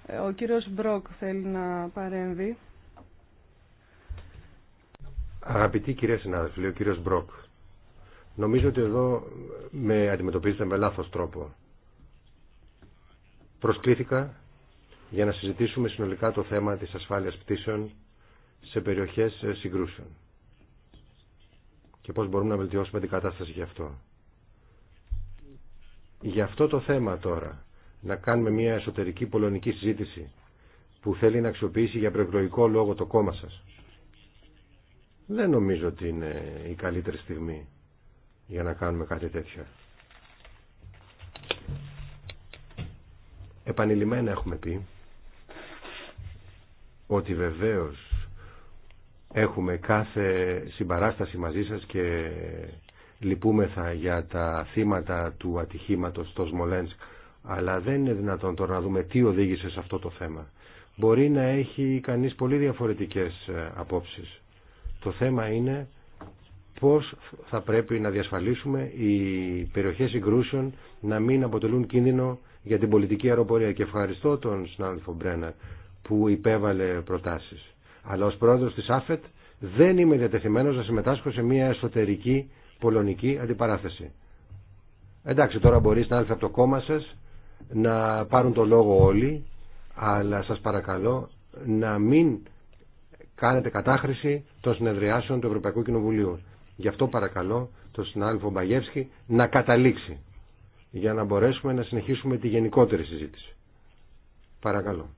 ε, ο κύριος Μπρόκ θέλει να παρέμβει. Αγαπητοί κυρία συνάδελφοι, ο κύριος Μπρόκ, νομίζω ότι εδώ με αντιμετωπίζετε με λάθος τρόπο. Προσκλήθηκα για να συζητήσουμε συνολικά το θέμα της ασφάλειας πτήσεων σε περιοχές συγκρούσεων και πώς μπορούμε να βελτιώσουμε την κατάσταση γι' αυτό. Για αυτό το θέμα τώρα, να κάνουμε μια εσωτερική πολωνική συζήτηση που θέλει να αξιοποιήσει για προεκλογικό λόγο το κόμμα σας. Δεν νομίζω ότι είναι η καλύτερη στιγμή για να κάνουμε κάτι τέτοιο. Επανειλημμένα έχουμε πει ότι βεβαίως έχουμε κάθε συμπαράσταση μαζί σας και λυπούμεθα για τα θύματα του ατυχήματος στο Σμολένσκ, αλλά δεν είναι δυνατόν τώρα να δούμε τι οδήγησε σε αυτό το θέμα. Μπορεί να έχει κανείς πολύ διαφορετικές ε, απόψεις. Το θέμα είναι πώς θα πρέπει να διασφαλίσουμε οι περιοχές συγκρούσεων να μην αποτελούν κίνδυνο για την πολιτική αεροπορία. Και ευχαριστώ τον συνάδελφο Μπρένα που υπέβαλε προτάσεις. Αλλά ως πρόεδρος της ΑΦΕΤ δεν είμαι διατεθειμένος να συμμετάσχω σε μια εσωτερική πολωνική αντιπαράθεση. Εντάξει, τώρα μπορεί να έρθει από το κόμμα σας να πάρουν το λόγο όλοι, αλλά σας παρακαλώ να μην κάνετε κατάχρηση των συνεδριάσεων του Ευρωπαϊκού Κοινοβουλίου. Γι' αυτό παρακαλώ τον συνάδελφο Μπαγεύσκη να καταλήξει για να μπορέσουμε να συνεχίσουμε τη γενικότερη συζήτηση. Παρακαλώ.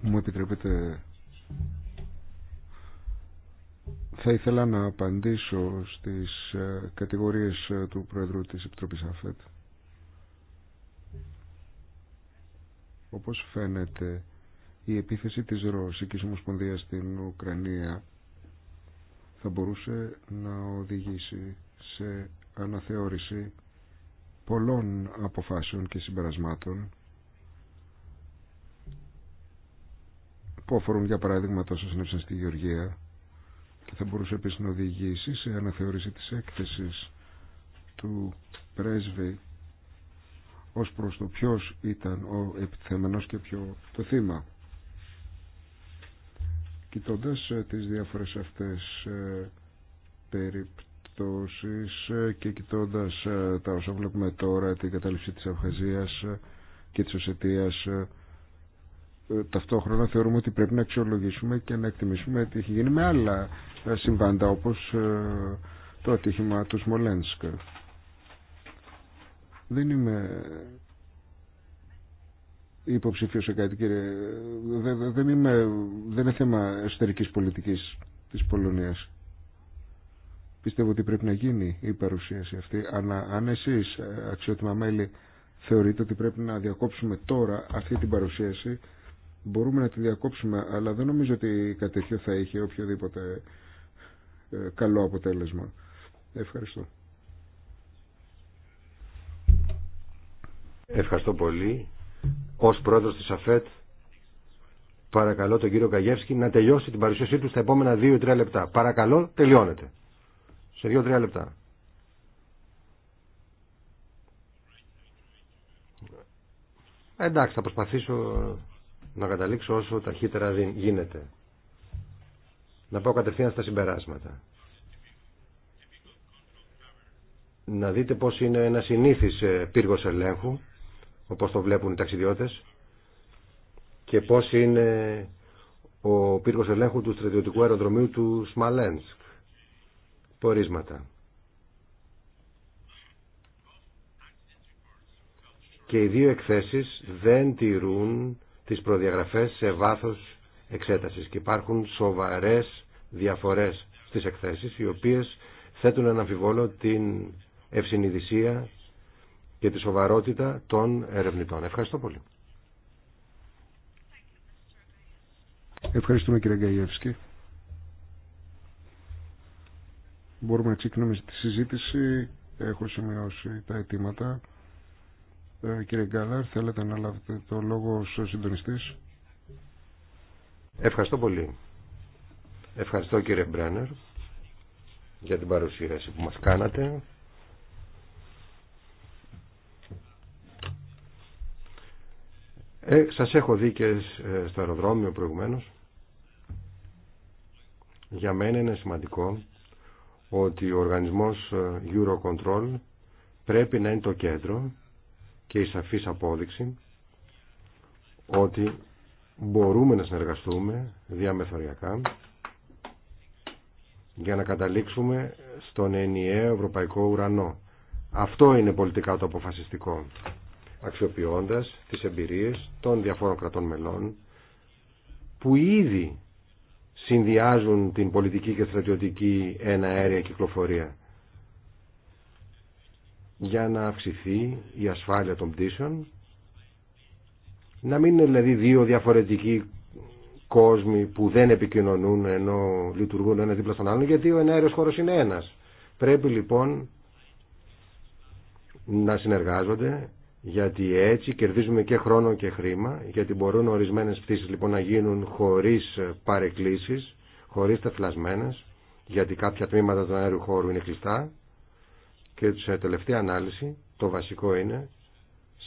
Μου επιτρέπετε θα ήθελα να απαντήσω στις ε, κατηγορίες ε, του Πρόεδρου της Επιτροπής ΑΦΕΤ. Όπως φαίνεται, η επίθεση της Ρώσικης Ομοσπονδίας στην Ουκρανία θα μπορούσε να οδηγήσει σε αναθεώρηση πολλών αποφάσεων και συμπερασμάτων που αφορούν για παράδειγμα τόσο συνέψαν στη Γεωργία θα μπορούσε επίσης να οδηγήσει σε αναθεώρηση της έκθεσης του πρέσβη ως προς το ποιος ήταν ο επιθέμενος και ποιο το θύμα. Κοιτώντας ε, τις διάφορες αυτές ε, περιπτώσεις ε, και κοιτώντας τα όσα βλέπουμε τώρα, την κατάληψη της Αυχαζίας και της Οσετίας, ε, ταυτόχρονα θεωρούμε ότι πρέπει να αξιολογήσουμε και να εκτιμήσουμε τι έχει γίνει με άλλα ε, συμβάντα όπως ε, το ατύχημα του Σμολένσκ. Δεν είμαι υποψηφίος σε κάτι κύριε. Δεν, είμαι, δεν είναι θέμα εσωτερικής πολιτικής της Πολωνίας. Πιστεύω ότι πρέπει να γίνει η παρουσίαση αυτή. Αν, αν εσείς αξιότιμα μέλη θεωρείτε ότι πρέπει να διακόψουμε τώρα αυτή την παρουσίαση μπορούμε να τη διακόψουμε, αλλά δεν νομίζω ότι κάτι τέτοιο θα είχε οποιοδήποτε ε, καλό αποτέλεσμα. Ευχαριστώ. Ευχαριστώ πολύ. Ως πρόεδρος της ΑΦΕΤ παρακαλώ τον κύριο Καγεύσκη να τελειώσει την παρουσίασή του στα επόμενα 2-3 λεπτά. Παρακαλώ, τελειώνετε. Σε 2-3 λεπτά. Ε, εντάξει, θα προσπαθήσω να καταλήξω όσο ταχύτερα γίνεται. Να πάω κατευθείαν στα συμπεράσματα. Να δείτε πώς είναι ένα συνήθις ε, πύργος ελέγχου, όπως το βλέπουν οι ταξιδιώτες, και πώς είναι ο πύργος ελέγχου του στρατιωτικού αεροδρομίου του Σμαλένσκ. Πορίσματα. Και οι δύο εκθέσεις δεν τηρούν τις προδιαγραφές σε βάθος εξέτασης και υπάρχουν σοβαρές διαφορές στις εκθέσεις οι οποίες θέτουν να αμφιβόλο την ευσυνειδησία και τη σοβαρότητα των ερευνητών. Ευχαριστώ πολύ. Ευχαριστούμε κύριε Γκαϊεύσκη. Μπορούμε να ξεκινήσουμε τη συζήτηση. Έχω σημειώσει τα αιτήματα. Ε, κύριε Γκάλαρ, θέλετε να λάβετε το λόγο ως συντονιστής. Ευχαριστώ πολύ. Ευχαριστώ κύριε Μπρένερ για την παρουσίαση που μας κάνατε. Ε, σας έχω δει και ε, στο αεροδρόμιο προηγουμένως. Για μένα είναι σημαντικό ότι ο οργανισμός ε, Eurocontrol πρέπει να είναι το κέντρο και η σαφής απόδειξη ότι μπορούμε να συνεργαστούμε διαμεθοριακά για να καταλήξουμε στον ενιαίο ευρωπαϊκό ουρανό. Αυτό είναι πολιτικά το αποφασιστικό, αξιοποιώντας τις εμπειρίες των διαφόρων κρατών μελών που ήδη συνδυάζουν την πολιτική και στρατιωτική εναέρια κυκλοφορία για να αυξηθεί η ασφάλεια των πτήσεων να μην είναι δηλαδή δύο διαφορετικοί κόσμοι που δεν επικοινωνούν ενώ λειτουργούν ένα δίπλα στον άλλον γιατί ο ενέργειος χώρος είναι ένας πρέπει λοιπόν να συνεργάζονται γιατί έτσι κερδίζουμε και χρόνο και χρήμα γιατί μπορούν ορισμένες πτήσεις λοιπόν να γίνουν χωρίς παρεκκλήσεις χωρίς τεφλασμένες γιατί κάποια τμήματα του αέριου χώρου είναι κλειστά και σε τελευταία ανάλυση το βασικό είναι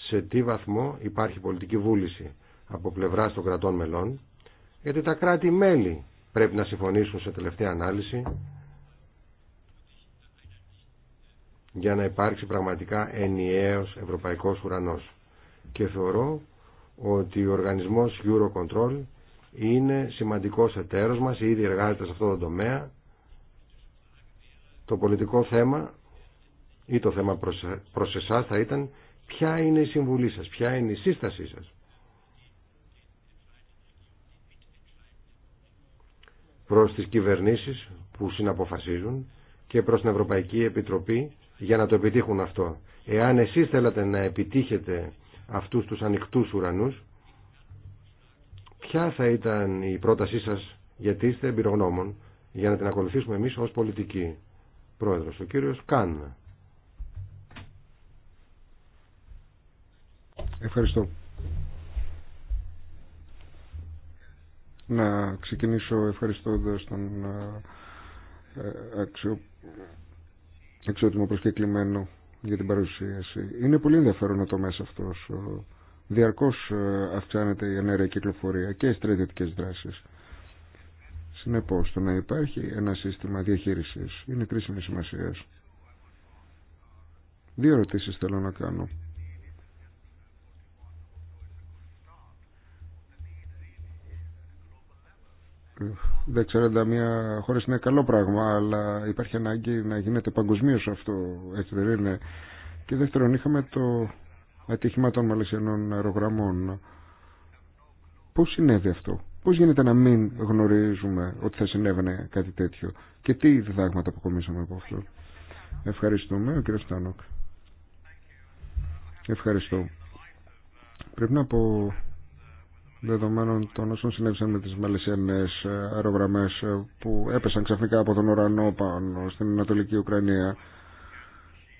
σε τι βαθμό υπάρχει πολιτική βούληση από πλευρά των κρατών μελών, γιατί τα κράτη-μέλη πρέπει να συμφωνήσουν σε τελευταία ανάλυση για να υπάρξει πραγματικά ενιαίος ευρωπαϊκός ουρανός. Και θεωρώ ότι ο οργανισμός Eurocontrol είναι σημαντικός εταίρος μας, ήδη εργάζεται σε αυτό το τομέα. Το πολιτικό θέμα ή το θέμα προς εσάς θα ήταν ποια είναι η το θεμα προς θα ηταν ποια ειναι η συμβουλη σας, ποια είναι η σύστασή σας. Προς τις κυβερνήσεις που συναποφασίζουν και προς την Ευρωπαϊκή Επιτροπή για να το επιτύχουν αυτό. Εάν εσείς θέλατε να επιτύχετε αυτούς τους ανοιχτούς ουρανούς, ποια θα ήταν η πρότασή σας γιατί είστε εμπειρογνώμων για να την ακολουθήσουμε εμείς ως πολιτική. Πρόεδρος, ο κύριος Κάννα. Ευχαριστώ. Να ξεκινήσω ευχαριστώντας τον ε, ε, αξιότιμο προσκεκλημένο για την παρουσίαση. Είναι πολύ ενδιαφέρον το μέσα αυτός. Διαρκώς ε, αυξάνεται η ενέργεια κυκλοφορία και οι στρατιωτικές δράσεις. Συνεπώς, το να υπάρχει ένα σύστημα διαχείρισης είναι κρίσιμη σημασία. Δύο ερωτήσεις θέλω να κάνω. Δεν ξέρω αν μια χώρα είναι καλό πράγμα, αλλά υπάρχει ανάγκη να γίνεται παγκοσμίω αυτό, έτσι δεν είναι. Και δεύτερον, είχαμε το ατύχημα των μαλαισιανών αερογραμμών. Πώ συνέβη αυτό, πώ γίνεται να μην γνωρίζουμε ότι θα συνέβαινε κάτι τέτοιο και τι διδάγματα αποκομίσαμε από αυτό. Ευχαριστούμε, ο κ. Στάνοκ. Ευχαριστώ. Πρέπει να πω δεδομένων των όσων συνέβησαν με τις μαλαισιανές ε, αερογραμμές ε, που έπεσαν ξαφνικά από τον ουρανό πάνω στην Ανατολική Ουκρανία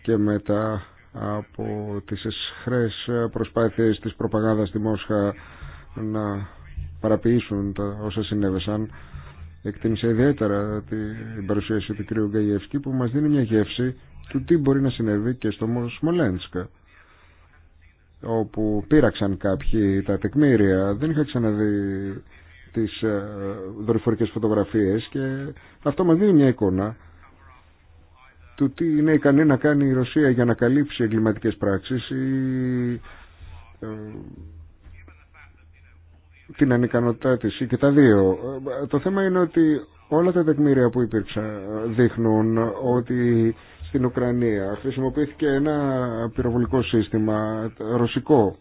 και μετά από τις εσχρές προσπάθειες της προπαγάνδας στη Μόσχα να παραποιήσουν τα όσα συνέβησαν εκτίμησε ιδιαίτερα την παρουσίαση του κ. Γκαγιευσκή που μας δίνει μια γεύση του τι μπορεί να συνέβη και στο Σμολένσκα όπου πήραξαν κάποιοι τα τεκμήρια. Δεν είχα ξαναδεί τις ε, δορυφορικές φωτογραφίες και αυτό μας δίνει μια εικόνα του τι είναι ικανή να κάνει η Ρωσία για να καλύψει εγκληματικές πράξεις ή ε, την ανικανότητά της και τα δύο. Ε, το θέμα είναι ότι όλα τα τεκμήρια που υπήρξαν δείχνουν ότι στην Ουκρανία. Χρησιμοποιήθηκε ένα πυροβολικό σύστημα ρωσικό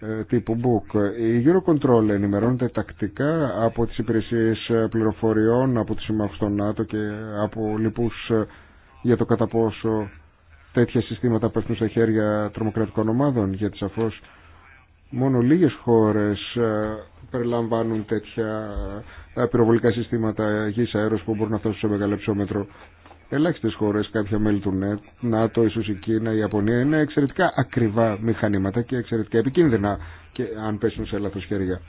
ε, τύπου μπουκ. Η Eurocontrol ενημερώνεται τακτικά από τις υπηρεσίες πληροφοριών, από τις συμμάχους των ΝΑΤΟ και από λοιπούς ε, για το κατά πόσο τέτοια συστήματα πέφτουν στα χέρια τρομοκρατικών ομάδων, γιατί σαφώς μόνο λίγες χώρες ε, περιλαμβάνουν τέτοια πυροβολικά συστήματα γης αέρος που μπορούν να φτάσουν σε ψώμετρο. Ελάχιστε χώρε κάποια μέλη του ΝΕΤ, ΝΑΤΟ, ίσω η Κίνα, η Ιαπωνία, είναι εξαιρετικά ακριβά μηχανήματα και εξαιρετικά επικίνδυνα και αν πέσουν σε λάθος χέρια.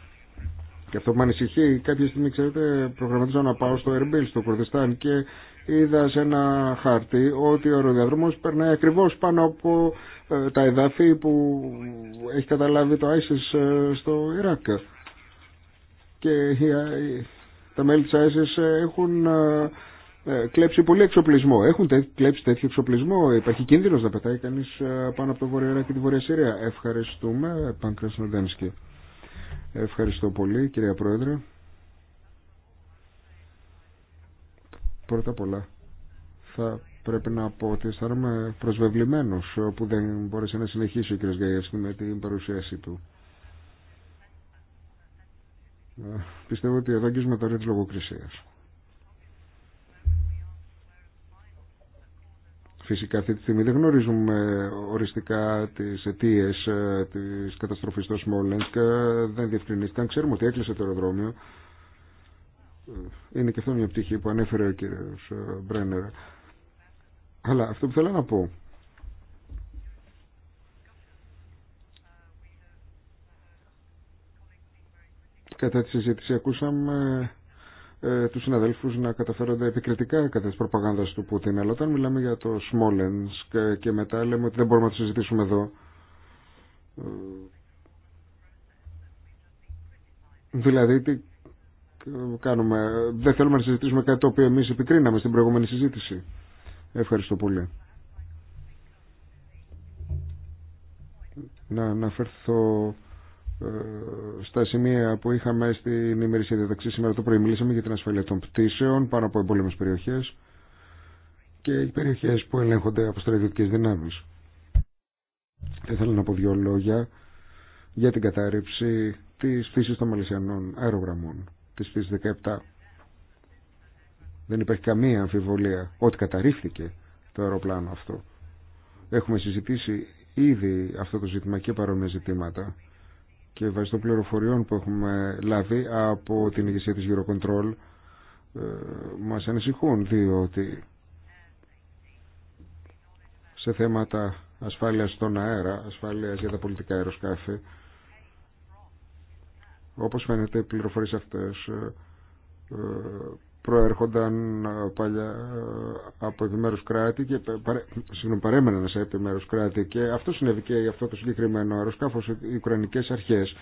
Και αυτό που με ανησυχεί, κάποια στιγμή, ξέρετε, προγραμματίζω να πάω στο Ερμπίλ, στο Κορδιστάν και είδα σε ένα χάρτη ότι ο αεροδιαδρόμος περνάει ακριβώς πάνω από ε, τα εδάφη που έχει καταλάβει το ISIS ε, στο Ιράκ. Και ε, τα μέλη έχουν ε, κλέψει πολύ εξοπλισμό. Έχουν κλέψει τέτοιο εξοπλισμό. Υπάρχει κίνδυνο να πετάει κανεί ε, πάνω από το Βόρειο Ιράκ και τη Βόρεια Ευχαριστούμε, Πάνκρα Ευχαριστώ πολύ, κυρία Πρόεδρε. Πρώτα απ' όλα, θα πρέπει να πω ότι αισθάνομαι προσβεβλημένο που δεν μπόρεσε να συνεχίσει ο κ. Γκαϊεύσκη με την παρουσίασή του. Ε, πιστεύω ότι εδώ αγγίζουμε το τη λογοκρισία. Φυσικά αυτή τη στιγμή δεν γνωρίζουμε οριστικά τις αιτίε ε, της καταστροφής στο Σμόλενσκ, ε, δεν διευκρινίστηκαν. Ξέρουμε ότι έκλεισε το αεροδρόμιο. Ε, είναι και αυτό μια πτυχή που ανέφερε ο κύριος Μπρένερ. Αλλά αυτό που θέλω να πω κατά τη συζήτηση ακούσαμε ε, τους συναδέλφους να καταφέρονται επικριτικά κατά τη προπαγάνδα του Πούτιν. Αλλά όταν μιλάμε για το Σμόλενσκ ε, και, μετά λέμε ότι δεν μπορούμε να το συζητήσουμε εδώ. Ε, δηλαδή τι κάνουμε. Δεν θέλουμε να συζητήσουμε κάτι το οποίο εμεί επικρίναμε στην προηγούμενη συζήτηση. Ευχαριστώ πολύ. Να αναφερθώ ε, στα σημεία που είχαμε στην ημερήσια διαταξή σήμερα το πρωί μιλήσαμε για την ασφαλεία των πτήσεων πάνω από εμπόλεμες περιοχές και οι περιοχές που ελέγχονται από στρατιωτικές δυνάμεις. Θα ήθελα να πω δύο λόγια για την κατάρρευση της φύσης των Μαλισιανών αερογραμμών της φύσης 17. Δεν υπάρχει καμία αμφιβολία ότι καταρρίφθηκε το αεροπλάνο αυτό. Έχουμε συζητήσει ήδη αυτό το ζήτημα και παρόμοια ζητήματα και βάσει των πληροφοριών που έχουμε λάβει από την ηγεσία της Eurocontrol ε, μας ανησυχούν διότι σε θέματα ασφάλειας στον αέρα, ασφάλειας για τα πολιτικά αεροσκάφη όπως φαίνεται οι πληροφορίες αυτές ε, ε, προέρχονταν ε, παλιά ε, από επιμέρους κράτη και παρέ, συγγνώμη, παρέμεναν σε επιμέρους κράτη και αυτό συνέβη και για αυτό το συγκεκριμένο αεροσκάφος οι Ουκρανικές αρχές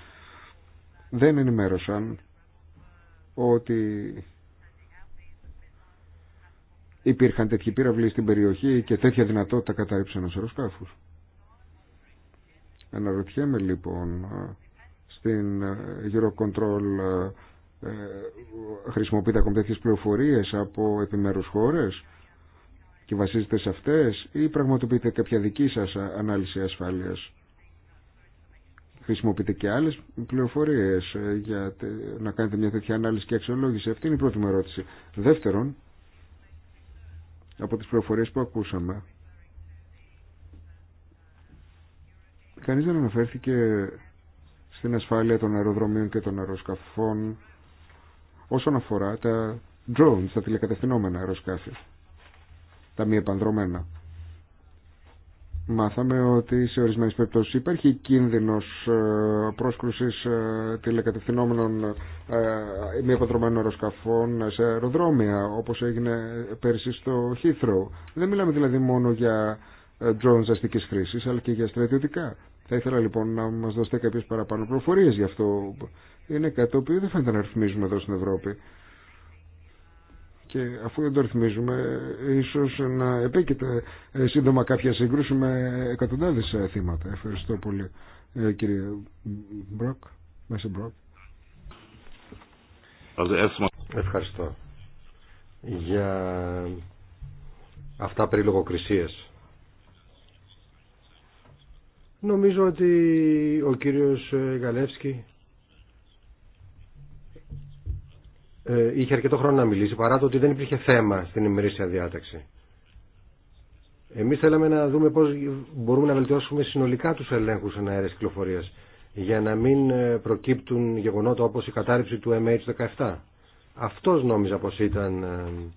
δεν ενημέρωσαν ότι υπήρχαν τέτοιοι πύραυλοι στην περιοχή και τέτοια δυνατότητα κατάρριψαν ένας αεροσκάφους. Αναρωτιέμαι λοιπόν ε, στην Eurocontrol ε, χρησιμοποιείτε ακόμη τέτοιες πληροφορίες από επιμέρους χώρες και βασίζεται σε αυτές ή πραγματοποιείτε κάποια δική σας ανάλυση ασφάλειας. Χρησιμοποιείτε και άλλες πληροφορίες ε, για να κάνετε μια τέτοια ανάλυση και αξιολόγηση. Αυτή είναι η πρώτη μου ερώτηση. Δεύτερον, από τις πληροφορίες που ακούσαμε, κανείς δεν αναφέρθηκε στην ασφάλεια των αεροδρομίων και των αεροσκαφών όσον αφορά τα drones, τα τηλεκατευθυνόμενα αεροσκάφη, τα μη επανδρομένα. Μάθαμε ότι σε ορισμένε περιπτώσει υπάρχει κίνδυνο ε, πρόσκληση ε, τηλεκατευθυνόμενων ε, μη επανδρομένων αεροσκαφών σε αεροδρόμια, όπω έγινε πέρσι στο Heathrow. Δεν μιλάμε δηλαδή μόνο για drones αστικής χρήση, αλλά και για στρατιωτικά. Θα ήθελα λοιπόν να μα δώσετε κάποιε παραπάνω πληροφορίε γι' αυτό είναι κάτι το οποίο δεν φαίνεται να ρυθμίζουμε εδώ στην Ευρώπη. Και αφού δεν το ρυθμίζουμε, ίσω να επέκειται ε, σύντομα κάποια σύγκρουση με εκατοντάδες ε, θύματα. Ευχαριστώ πολύ, ε, κύριε Μπροκ. Μέση Μπροκ. Ευχαριστώ για αυτά περί λογοκρισία. Νομίζω ότι ο κύριος Γαλεύσκη Ε, είχε αρκετό χρόνο να μιλήσει παρά το ότι δεν υπήρχε θέμα στην ημερήσια διάταξη. Εμείς θέλαμε να δούμε πώς μπορούμε να βελτιώσουμε συνολικά τους ελέγχους αέρες κυκλοφορίας για να μην ε, προκύπτουν γεγονότα όπως η κατάρριψη του MH17. Αυτός νόμιζα πως ήταν ε,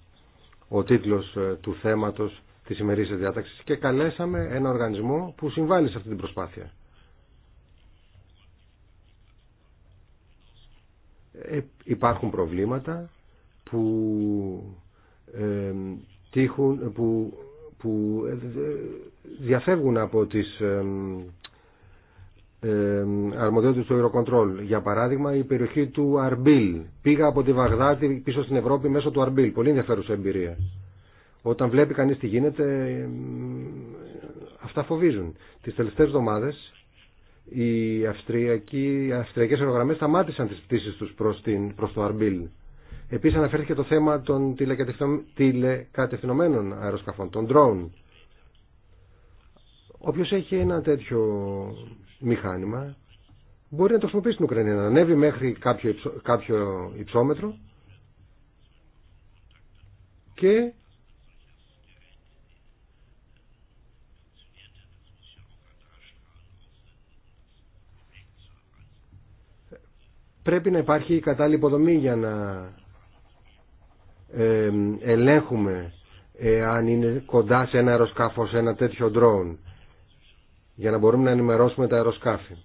ο τίτλος του θέματος της ημερήσιας διάταξης και καλέσαμε ένα οργανισμό που συμβάλλει σε αυτή την προσπάθεια. Ε, υπάρχουν προβλήματα που ε, που, που ε, διαφεύγουν από τις ε, ε, αρμοδιότητες του Eurocontrol. Για παράδειγμα, η περιοχή του Αρμπίλ. Πήγα από τη Βαγδάτη πίσω στην Ευρώπη μέσω του Αρμπίλ. Πολύ ενδιαφέρουσα εμπειρία. Όταν βλέπει κανείς τι γίνεται, αυτά φοβίζουν. Τις τελευταίες εβδομάδες οι αυστριακέ αυστριακές αερογραμμές σταμάτησαν τις πτήσεις τους προς, προς το Αρμπίλ. Επίσης αναφέρθηκε το θέμα των τηλεκατευθυνωμένων αεροσκαφών, των drone. Όποιος έχει ένα τέτοιο μηχάνημα μπορεί να το χρησιμοποιήσει στην Ουκρανία, να ανέβει μέχρι κάποιο, κάποιο υψόμετρο και πρέπει να υπάρχει η κατάλληλη υποδομή για να ε, ελέγχουμε ε, αν είναι κοντά σε ένα αεροσκάφο, σε ένα τέτοιο ντρόουν για να μπορούμε να ενημερώσουμε τα αεροσκάφη.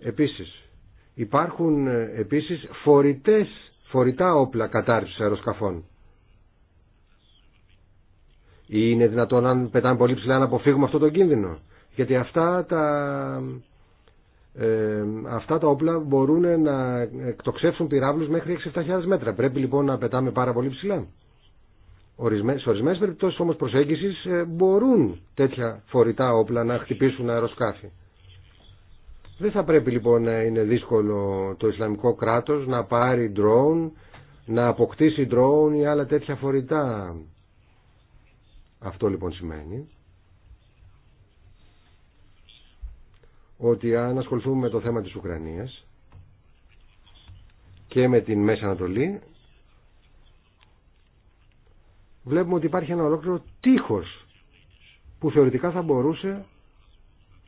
Επίσης, υπάρχουν ε, επίσης φορητές, φορητά όπλα κατάρτισης αεροσκαφών. είναι δυνατόν αν πετάμε πολύ ψηλά να αποφύγουμε αυτό το κίνδυνο. Γιατί αυτά τα ε, αυτά τα όπλα μπορούν να εκτοξεύσουν πυράβλους μέχρι 6-7 μέτρα. Πρέπει λοιπόν να πετάμε πάρα πολύ ψηλά. Σε ορισμένε περιπτώσει όμω προσέγγιση ε, μπορούν τέτοια φορητά όπλα να χτυπήσουν αεροσκάφη. Δεν θα πρέπει λοιπόν να είναι δύσκολο το Ισλαμικό κράτος να πάρει drone, να αποκτήσει drone ή άλλα τέτοια φορητά. Αυτό λοιπόν σημαίνει ότι αν ασχοληθούμε με το θέμα της Ουκρανίας και με την Μέση Ανατολή βλέπουμε ότι υπάρχει ένα ολόκληρο τείχος που θεωρητικά θα μπορούσε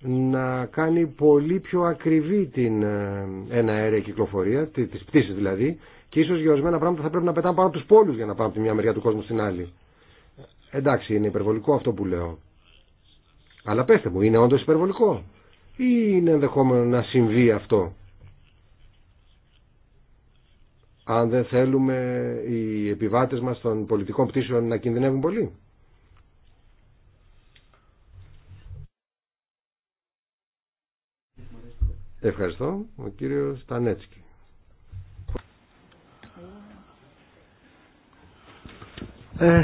να κάνει πολύ πιο ακριβή την ε, ένα κυκλοφορία, τις πτήσεις δηλαδή, και ίσως για ορισμένα πράγματα θα πρέπει να πετάμε πάνω από τους πόλους για να πάμε από τη μια μεριά του κόσμου στην άλλη. Εντάξει, είναι υπερβολικό αυτό που λέω. Αλλά πέστε μου, είναι όντως υπερβολικό ή είναι ενδεχόμενο να συμβεί αυτό. Αν δεν θέλουμε οι επιβάτες μας των πολιτικών πτήσεων να κινδυνεύουν πολύ. Ευχαριστώ. Ο κύριος Τανέτσκι. Σα ε,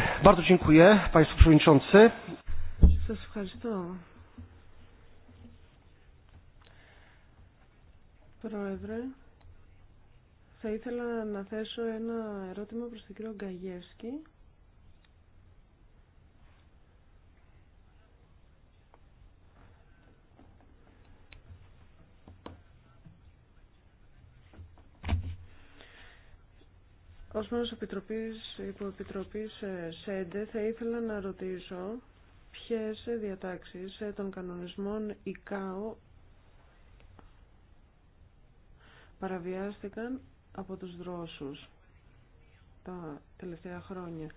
Σας ευχαριστώ Πρόεδρε, θα ήθελα να θέσω ένα ερώτημα προς τον κύριο Γκαγιέσκη. Ως μέλος Επιτροπής, Υποεπιτροπής ε, ΣΕΝΤΕ θα ήθελα να ρωτήσω ποιες διατάξεις ε, των κανονισμών ΙΚΑΟ παραβιάστηκαν από τους δρόσους τα τελευταία χρόνια.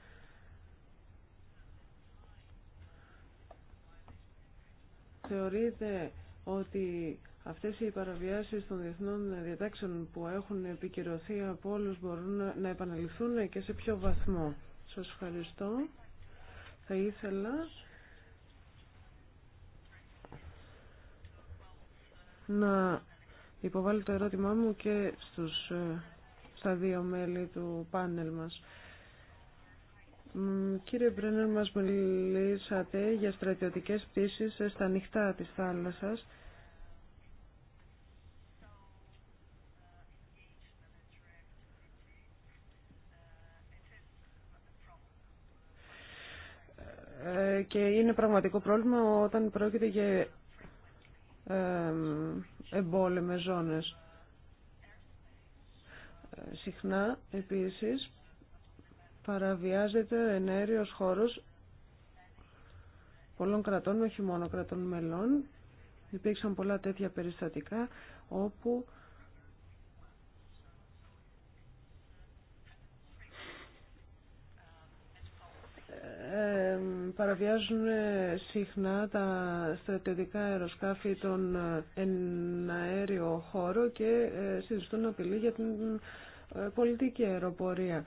Θεωρείται ότι αυτές οι παραβιάσεις των διεθνών διατάξεων που έχουν επικυρωθεί από όλους μπορούν να επαναληφθούν και σε ποιο βαθμό. Σας ευχαριστώ. Θα ήθελα να υποβάλω το ερώτημά μου και στους, ε, στα δύο μέλη του πάνελ μας. Κύριε Μπρένερ, μας μιλήσατε για στρατιωτικές πτήσεις στα νυχτά της θάλασσας. Ε, και είναι πραγματικό πρόβλημα όταν πρόκειται για εμπόλεμες ζώνες. Ε, συχνά επίσης παραβιάζεται ενέριος χώρος πολλών κρατών, όχι μόνο κρατών μελών. Υπήρξαν πολλά τέτοια περιστατικά όπου παραβιάζουν συχνά τα στρατιωτικά αεροσκάφη τον ε, αέριο χώρο και ε, συζητούν απειλή για την ε, πολιτική αεροπορία.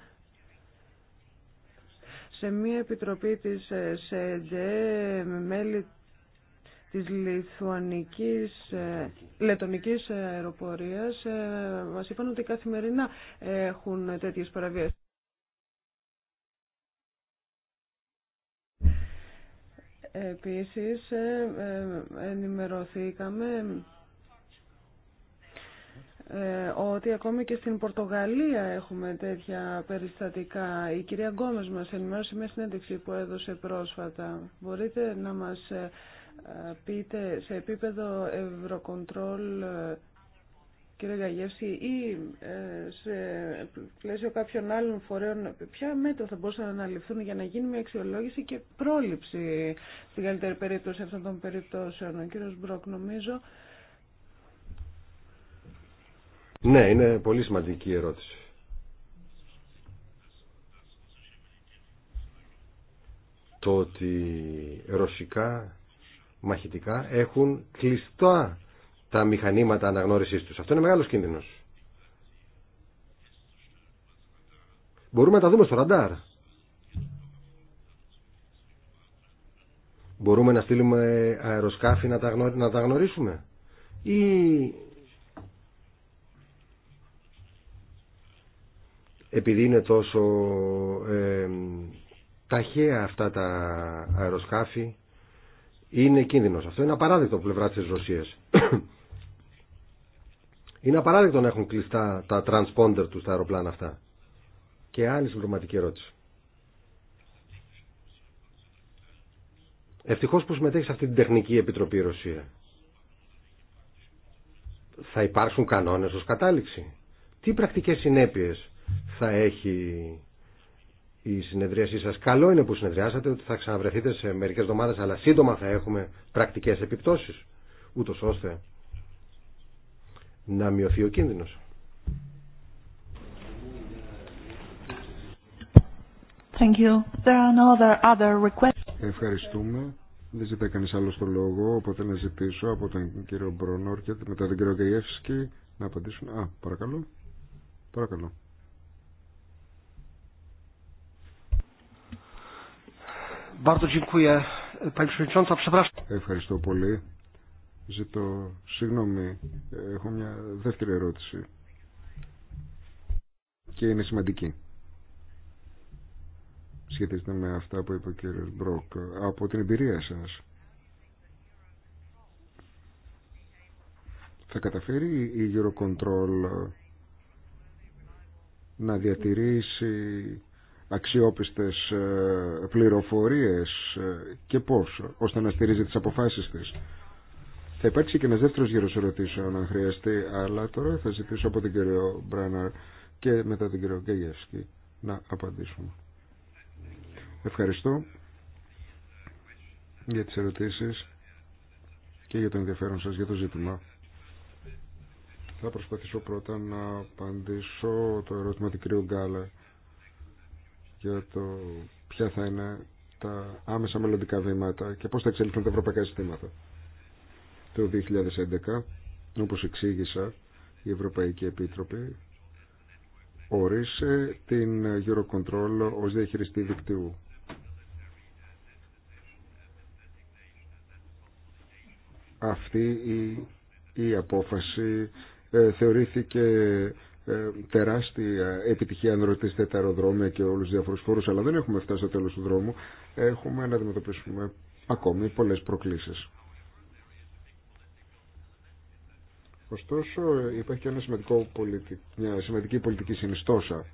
Σε μία επιτροπή της ΣΕΔΕ με μέλη της Λιθουανικής, Λετωνικής Αεροπορίας μας είπαν ότι καθημερινά έχουν τέτοιες παραβιάσεις. Επίσης ε, ε, ενημερωθήκαμε ε, ότι ακόμη και στην Πορτογαλία έχουμε τέτοια περιστατικά. Η κυρία Γκόμες μας ενημέρωσε μια συνέντευξη που έδωσε πρόσφατα. Μπορείτε να μας πείτε σε επίπεδο Ευρωκοντρόλ κύριε Γαγεύση, ή ε, σε πλαίσιο κάποιων άλλων φορέων, ποια μέτρα θα μπορούσαν να αναλυφθούν για να γίνει μια αξιολόγηση και πρόληψη στην καλύτερη περίπτωση αυτών των περιπτώσεων. Ο κύριος Μπρόκ, νομίζω. Ναι, είναι πολύ σημαντική η ερώτηση. Το ότι ρωσικά μαχητικά έχουν κλειστά τα μηχανήματα αναγνώρισής τους. Αυτό είναι μεγάλος κίνδυνος. Μπορούμε να τα δούμε στο ραντάρ. Μπορούμε να στείλουμε αεροσκάφη να τα, γνω... να τα γνωρίσουμε. Ή... Επειδή είναι τόσο ε, ταχαία αυτά τα αεροσκάφη, είναι κίνδυνος. Αυτό είναι απαράδεκτο από πλευρά της Ρωσίας. Είναι απαράδεκτο να έχουν κλειστά τα transponder του τα αεροπλάνα αυτά. Και άλλη συμπληρωματική ερώτηση. Ευτυχώ που συμμετέχει σε αυτή την τεχνική επιτροπή η Ρωσία. Θα υπάρξουν κανόνε ω κατάληξη. Τι πρακτικέ συνέπειε θα έχει η συνεδρίασή σα. Καλό είναι που συνεδριάσατε, ότι θα ξαναβρεθείτε σε μερικέ εβδομάδε, αλλά σύντομα θα έχουμε πρακτικέ επιπτώσει. Ούτω ώστε να μειωθεί ο κίνδυνος. Thank you. There are no other, other requests. Ευχαριστούμε. Δεν ζητάει κανεί άλλο το λόγο, οπότε να ζητήσω από τον κύριο Μπρονόρ και μετά τον κύριο Γκριεύσκη να απαντήσουν. Α, παρακαλώ. Παρακαλώ. Ευχαριστώ πολύ. Ζητώ συγγνώμη, έχω μια δεύτερη ερώτηση και είναι σημαντική. Σχετίζεται με αυτά που είπε ο κύριος Μπρόκ. Από την εμπειρία σας, θα καταφέρει η Eurocontrol να διατηρήσει αξιόπιστες ε, πληροφορίες ε, και πώς, ώστε να στηρίζει τις αποφάσεις της. Θα υπάρξει και ένα δεύτερο γύρο ερωτήσεων αν χρειαστεί, αλλά τώρα θα ζητήσω από τον κύριο Μπράναρ και μετά τον κύριο Γκέγευσκη να απαντήσουν. Ευχαριστώ για τις ερωτήσεις και για το ενδιαφέρον σας για το ζήτημα. Θα προσπαθήσω πρώτα να απαντήσω το ερώτημα του κυρίου Γκάλα για το ποια θα είναι τα άμεσα μελλοντικά βήματα και πώς θα εξελιχθούν τα ευρωπαϊκά ζητήματα το 2011, όπως εξήγησα, η Ευρωπαϊκή Επίτροπη ορίσε την Eurocontrol ως διαχειριστή δικτύου. Αυτή η, απόφαση ε, θεωρήθηκε ε, τεράστια επιτυχία αν ρωτήσετε τα αεροδρόμια και όλους τους διάφορους φόρους, αλλά δεν έχουμε φτάσει στο τέλος του δρόμου. Έχουμε να αντιμετωπίσουμε ακόμη πολλές προκλήσεις. Ωστόσο υπάρχει και ένα σημαντικό μια σημαντική πολιτική συνιστόσα.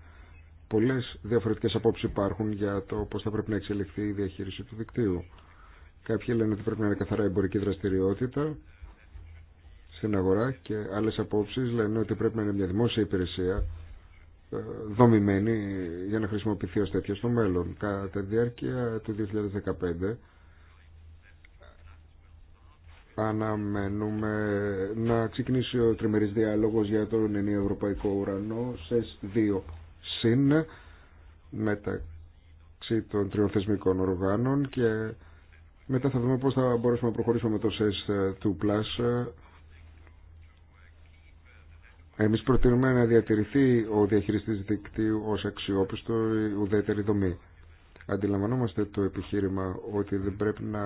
Πολλέ διαφορετικέ απόψει υπάρχουν για το πώ θα πρέπει να εξελιχθεί η διαχείριση του δικτύου. Κάποιοι λένε ότι πρέπει να είναι καθαρά εμπορική δραστηριότητα στην αγορά και άλλε απόψει λένε ότι πρέπει να είναι μια δημόσια υπηρεσία ε, δομημένη για να χρησιμοποιηθεί ω τέτοια στο μέλλον. Κατά τη διάρκεια του 2015 αναμένουμε να ξεκινήσει ο τριμερής διάλογος για τον ενίο ευρωπαϊκό ουρανό ΣΕΣ δύο ΣΥΝ μεταξύ των τριών θεσμικών οργάνων και μετά θα δούμε πώς θα μπορέσουμε να προχωρήσουμε με το ΣΕΣ 2+. Εμείς προτείνουμε να διατηρηθεί ο διαχειριστής δικτύου ως αξιόπιστο ουδέτερη δομή. Αντιλαμβανόμαστε το επιχείρημα ότι δεν πρέπει να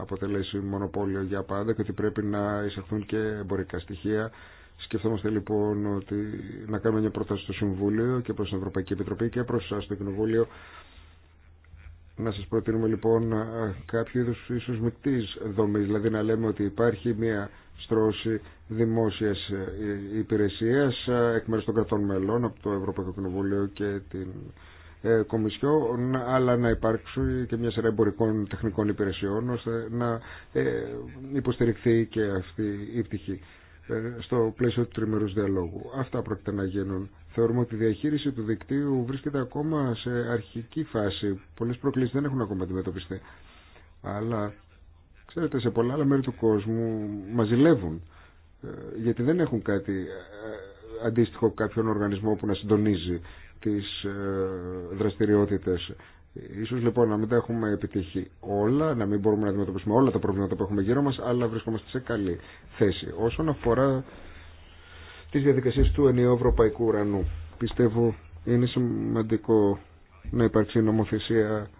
αποτελέσει μονοπόλιο για πάντα και ότι πρέπει να εισαχθούν και εμπορικά στοιχεία. Σκεφτόμαστε λοιπόν ότι να κάνουμε μια πρόταση στο Συμβούλιο και προς την Ευρωπαϊκή Επιτροπή και προς εσάς το Κοινοβούλιο να σας προτείνουμε λοιπόν κάποιο είδους ίσως μεικτής δομής, δηλαδή να λέμε ότι υπάρχει μια στρώση δημόσιας ε, υπηρεσίας ε, εκ μέρους των κρατών μελών από το Ευρωπαϊκό Κοινοβούλιο και την ε, κομισιόν αλλά να υπάρξει και μια σειρά εμπορικών τεχνικών υπηρεσιών ώστε να ε, υποστηριχθεί και αυτή η πτυχή ε, στο πλαίσιο του τριμερούς διαλόγου. Αυτά πρόκειται να γίνουν. Θεωρούμε ότι η διαχείριση του δικτύου βρίσκεται ακόμα σε αρχική φάση. Πολλές προκλήσεις δεν έχουν ακόμα αντιμετωπιστεί. Αλλά, ξέρετε, σε πολλά άλλα μέρη του κόσμου μαζιλεύουν. Γιατί δεν έχουν κάτι αντίστοιχο κάποιον οργανισμό που να συντονίζει τις ε, δραστηριότητες. Ίσως λοιπόν να μην τα έχουμε επιτύχει όλα, να μην μπορούμε να αντιμετωπίσουμε όλα τα προβλήματα που έχουμε γύρω μας, αλλά βρισκόμαστε σε καλή θέση. Όσον αφορά τις διαδικασίες του ενιαίου ευρωπαϊκού ουρανού, πιστεύω είναι σημαντικό να υπάρξει νομοθεσία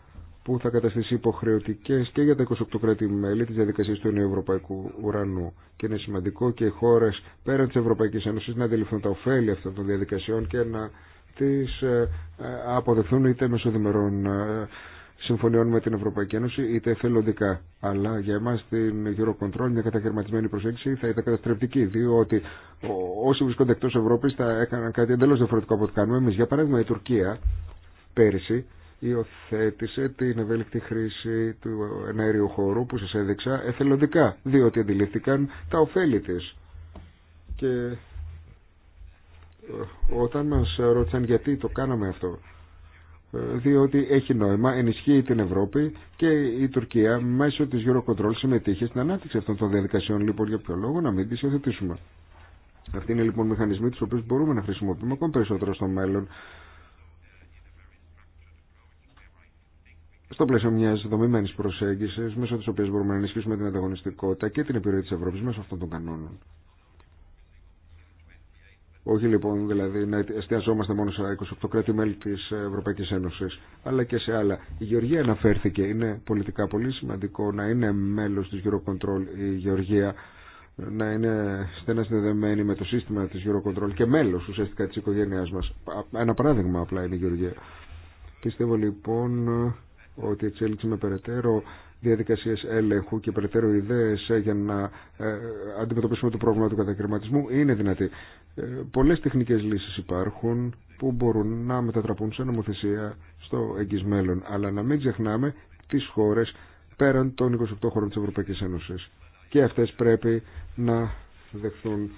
που θα καταστήσει υποχρεωτικέ και για τα 28 κράτη-μέλη της διαδικασίας του Ενίου ευρωπαϊκού ουρανού. Και είναι σημαντικό και οι χώρες πέραν τη Ευρωπαϊκή Ένωση να αντιληφθούν τα ωφέλη αυτών των διαδικασιών και να τις ε, ε, αποδεχθούν είτε μέσω διμερών ε, συμφωνιών με την Ευρωπαϊκή Ένωση είτε εθελοντικά. Αλλά για εμά την Eurocontrol μια καταγερματισμένη προσέγγιση θα ήταν καταστρεπτική, διότι όσοι βρισκόνται εκτό Ευρώπη θα έκαναν κάτι εντελώς διαφορετικό από ό,τι κάνουμε εμεί. Για παράδειγμα, η Τουρκία πέρυσι υιοθέτησε την ευέλικτη χρήση του εναέριου χώρου που σας έδειξα εθελοντικά, διότι αντιλήφθηκαν τα ωφέλη της. Και όταν μας ρώτησαν γιατί το κάναμε αυτό ε, διότι έχει νόημα, ενισχύει την Ευρώπη και η Τουρκία μέσω της Eurocontrol συμμετείχε στην ανάπτυξη αυτών των διαδικασιών λοιπόν για ποιο λόγο να μην τις υιοθετήσουμε αυτοί είναι λοιπόν μηχανισμοί τους οποίους μπορούμε να χρησιμοποιούμε ακόμα περισσότερο στο μέλλον στο πλαίσιο μια δομημένη προσέγγιση, μέσω της οποία μπορούμε να ενισχύσουμε την ανταγωνιστικότητα και την επιρροή τη Ευρώπη μέσω αυτών των κανόνων. Όχι λοιπόν δηλαδή να εστιαζόμαστε μόνο σε 28 κράτη-μέλη τη Ευρωπαϊκή Ένωση, αλλά και σε άλλα. Η Γεωργία αναφέρθηκε. Είναι πολιτικά πολύ σημαντικό να είναι μέλο τη Eurocontrol η Γεωργία, να είναι στενά συνδεδεμένη με το σύστημα τη Eurocontrol και μέλο ουσιαστικά τη οικογένειά μα. Ένα παράδειγμα απλά είναι η Γεωργία. Πιστεύω λοιπόν ότι η με περαιτέρω Διαδικασίε έλεγχου και περαιτέρω ιδέε για να ε, αντιμετωπίσουμε το πρόβλημα του κατακαιρματισμού είναι δυνατή. Ε, πολλές τεχνικές λύσεις υπάρχουν που μπορούν να μετατραπούν σε νομοθεσία στο εγγύς μέλλον, αλλά να μην ξεχνάμε τις χώρες πέραν των 28 χωρών της Ευρωπαϊκής Ένωσης. Και αυτές πρέπει να δεχθούν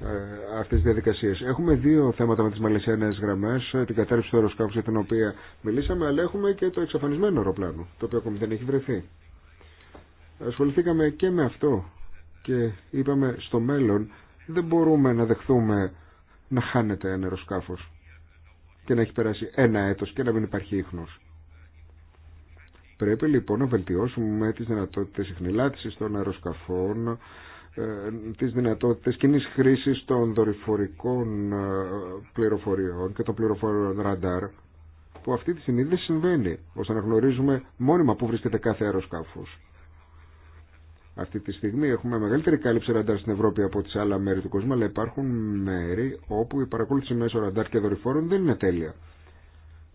ε, αυτές τις διαδικασίες. Έχουμε δύο θέματα με τις μαλαισιανές γραμμές, ε, την κατάρρευση του αεροσκάφους για την οποία μιλήσαμε, αλλά έχουμε και το εξαφανισμένο αεροπλάνο, το οποίο ακόμη δεν έχει βρεθεί. Ασχοληθήκαμε και με αυτό και είπαμε στο μέλλον δεν μπορούμε να δεχθούμε να χάνεται ένα αεροσκάφος και να έχει περάσει ένα έτος και να μην υπάρχει ίχνος. Πρέπει λοιπόν να βελτιώσουμε τις δυνατότητες ειχνηλάτησης των αεροσκαφών ε, τις δυνατότητες κοινή χρήση των δορυφορικών ε, πληροφοριών και των πληροφοριών ραντάρ που αυτή τη στιγμή δεν συμβαίνει ώστε να γνωρίζουμε μόνιμα που βρίσκεται κάθε αεροσκάφος. Αυτή τη στιγμή έχουμε μεγαλύτερη κάλυψη ραντάρ στην Ευρώπη από τις άλλα μέρη του κόσμου αλλά υπάρχουν μέρη όπου η παρακολούθηση μέσω ραντάρ και δορυφόρων δεν είναι τέλεια.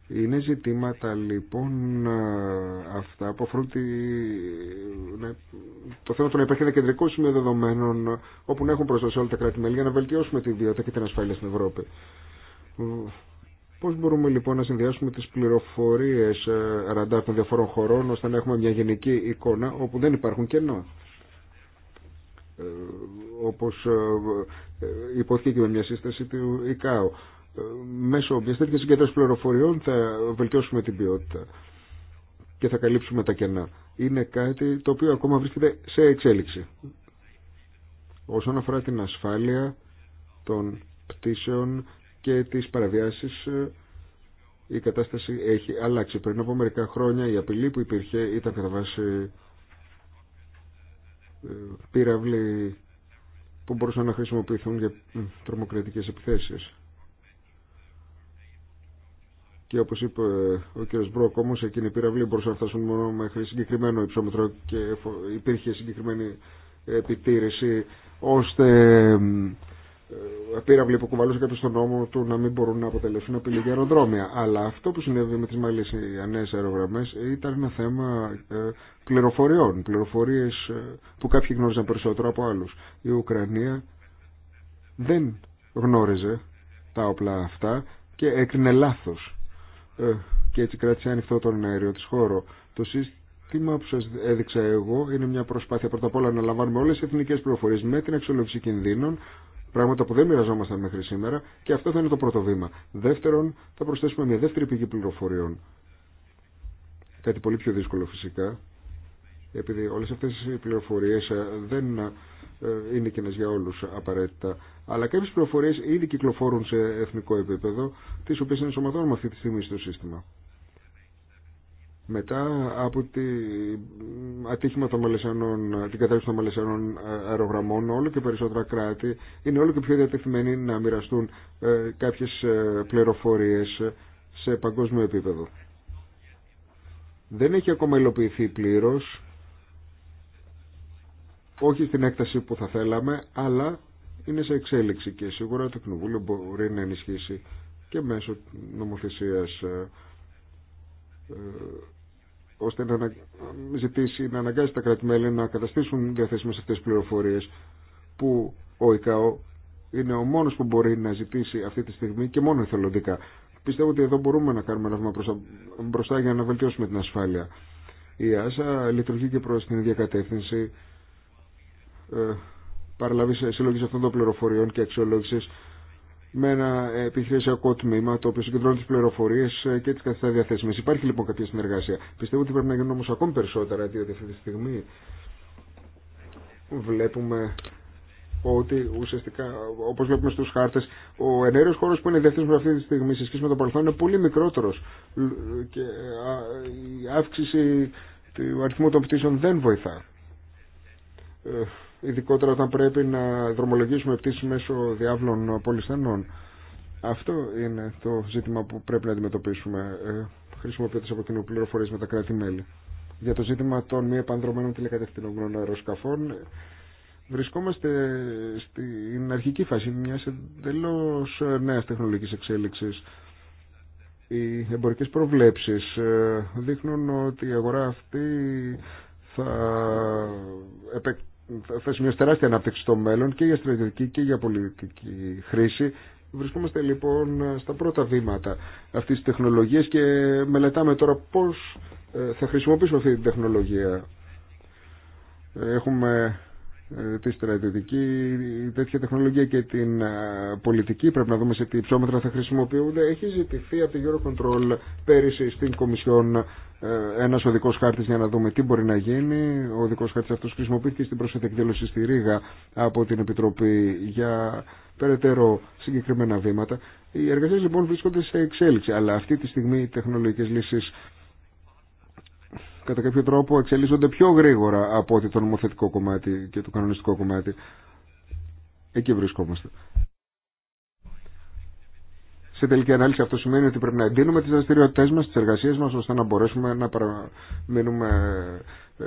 Είναι ζητήματα λοιπόν ε, αυτά που αφορούν τη... Ναι, το θέμα του να υπάρχει ένα κεντρικό σημείο δεδομένων όπου να έχουν προσδοσία όλα τα κράτη-μέλη για να βελτιώσουμε τη βιότητα και την ασφάλεια στην Ευρώπη. Πώς μπορούμε λοιπόν να συνδυάσουμε τις πληροφορίες ε, ραντάρ των διαφορών χωρών ώστε να έχουμε μια γενική εικόνα όπου δεν υπάρχουν κενό. Ε, όπως ε, υπόθηκε με μια σύσταση του ΙΚΑΟ μέσω μια τέτοια συγκέντρωση πληροφοριών θα βελτιώσουμε την ποιότητα και θα καλύψουμε τα κενά. Είναι κάτι το οποίο ακόμα βρίσκεται σε εξέλιξη. Όσον αφορά την ασφάλεια των πτήσεων και τις παραβιάσεις, η κατάσταση έχει αλλάξει. Πριν από μερικά χρόνια η απειλή που υπήρχε ήταν κατά βάση ε, πύραυλοι που μπορούσαν να χρησιμοποιηθούν για τρομοκρατικές επιθέσεις. Και όπω είπε ε, ο κ. Μπρόκ, όμω εκείνοι οι πυραυλοί μπορούσαν να φτάσουν μόνο μέχρι συγκεκριμένο υψόμετρο και υπήρχε συγκεκριμένη επιτήρηση ώστε ε, πύραυλοι που κουβαλούσαν κάποιο στον νόμο του να μην μπορούν να αποτελέσουν απειλή για αεροδρόμια. Αλλά αυτό που συνέβη με τι μαλλισιανέ αερογραμμέ ήταν ένα θέμα ε, πληροφοριών. Πληροφορίε που κάποιοι γνώριζαν περισσότερο από άλλου. Η Ουκρανία δεν γνώριζε τα όπλα αυτά και έκρινε λάθο. Ε, και έτσι κράτησε ανοιχτό τον αέριο τη χώρο. Το σύστημα που σα έδειξα εγώ είναι μια προσπάθεια πρώτα απ' όλα να λαμβάνουμε όλες τις εθνικές πληροφορίες με την αξιολόγηση κινδύνων Πράγματα που δεν μοιραζόμασταν μέχρι σήμερα και αυτό θα είναι το πρώτο βήμα. Δεύτερον, θα προσθέσουμε μια δεύτερη πηγή πληροφοριών. Κάτι πολύ πιο δύσκολο φυσικά, επειδή όλε αυτέ οι πληροφορίε. Ε, δεν ε, είναι κοινέ για όλου απαραίτητα. Αλλά κάποιε πληροφορίε ήδη κυκλοφορούν σε εθνικό επίπεδο, τι οποίε ενσωματώνουμε αυτή τη στιγμή στο σύστημα. Μετά από τη ατύχημα των Μαλαισιανών, την κατάρρευση των Μαλαισιανών ε, αερογραμμών, όλο και περισσότερα κράτη είναι όλο και πιο διατεθειμένοι να μοιραστούν ε, κάποιε πληροφορίε σε παγκόσμιο επίπεδο. Δεν έχει ακόμα υλοποιηθεί πλήρω όχι στην έκταση που θα θέλαμε, αλλά είναι σε εξέλιξη και σίγουρα το Κοινοβούλιο μπορεί να ενισχύσει και μέσω νομοθεσίας ε, ε, ώστε να ζητήσει, να αναγκάσει τα κράτη-μέλη να καταστήσουν διαθέσιμες αυτές τις πληροφορίες που ο ΙΚΑΟ είναι ο μόνος που μπορεί να ζητήσει αυτή τη στιγμή και μόνο εθελοντικά. Πιστεύω ότι εδώ μπορούμε να κάνουμε ένα βήμα μπροστά για να βελτιώσουμε την ασφάλεια. Η ΆΣΑ λειτουργεί και προς την ίδια κατεύθυνση ε, Παραλαβει ε, σύλλογη αυτών των πληροφοριών και αξιολόγηση με ένα ε, επιχειρησιακό τμήμα το οποίο συγκεντρώνει τι πληροφορίε και τι καθιστά διαθέσιμε. Υπάρχει λοιπόν κάποια συνεργασία. Πιστεύω ότι πρέπει να γίνουν όμω ακόμη περισσότερα, διότι αυτή τη στιγμή βλέπουμε ότι ουσιαστικά, όπω βλέπουμε στου χάρτε, ο ενέργειο χώρο που είναι διαθέσιμο αυτή τη στιγμή σε σχέση με το παρελθόν είναι πολύ μικρότερο. Και η αύξηση του αριθμού των πτήσεων δεν βοηθά ειδικότερα όταν πρέπει να δρομολογήσουμε πτήσει μέσω διάβλων πολυσθενών. Αυτό είναι το ζήτημα που πρέπει να αντιμετωπίσουμε ε, χρησιμοποιώντα από κοινού πληροφορίε με τα κράτη-μέλη. Για το ζήτημα των μη επανδρομένων τηλεκατευθυνόμενων αεροσκαφών βρισκόμαστε στην αρχική φάση μιας εντελώ ε, εξέλιξη. Οι εμπορικέ προβλέψει ε, δείχνουν ότι η αγορά αυτή θα επεκτείνει θα σημειώσει τεράστια ανάπτυξη στο μέλλον και για στρατιωτική και για πολιτική χρήση. Βρισκόμαστε λοιπόν στα πρώτα βήματα αυτής της τεχνολογίας και μελετάμε τώρα πώς ε, θα χρησιμοποιήσουμε αυτή την τεχνολογία. Έχουμε ε, τη στρατιωτική, τέτοια τεχνολογία και την ε, πολιτική, πρέπει να δούμε σε τι ψώμετρα θα χρησιμοποιούνται. Έχει ζητηθεί από την Eurocontrol πέρυσι στην Κομισιόν ε, ένας οδικός χάρτης για να δούμε τι μπορεί να γίνει. Ο οδικός χάρτης αυτός χρησιμοποιήθηκε στην πρόσφατη στη Ρήγα από την Επιτροπή για περαιτέρω συγκεκριμένα βήματα. Οι εργασίες λοιπόν βρίσκονται σε εξέλιξη, αλλά αυτή τη στιγμή οι τεχνολογικές λύσεις κατά κάποιο τρόπο εξελίσσονται πιο γρήγορα από ότι το νομοθετικό κομμάτι και το κανονιστικό κομμάτι. Εκεί βρισκόμαστε. Σε τελική ανάλυση αυτό σημαίνει ότι πρέπει να εντείνουμε τις δραστηριότητε μας, τις εργασίες μας, ώστε να μπορέσουμε να παραμείνουμε ε,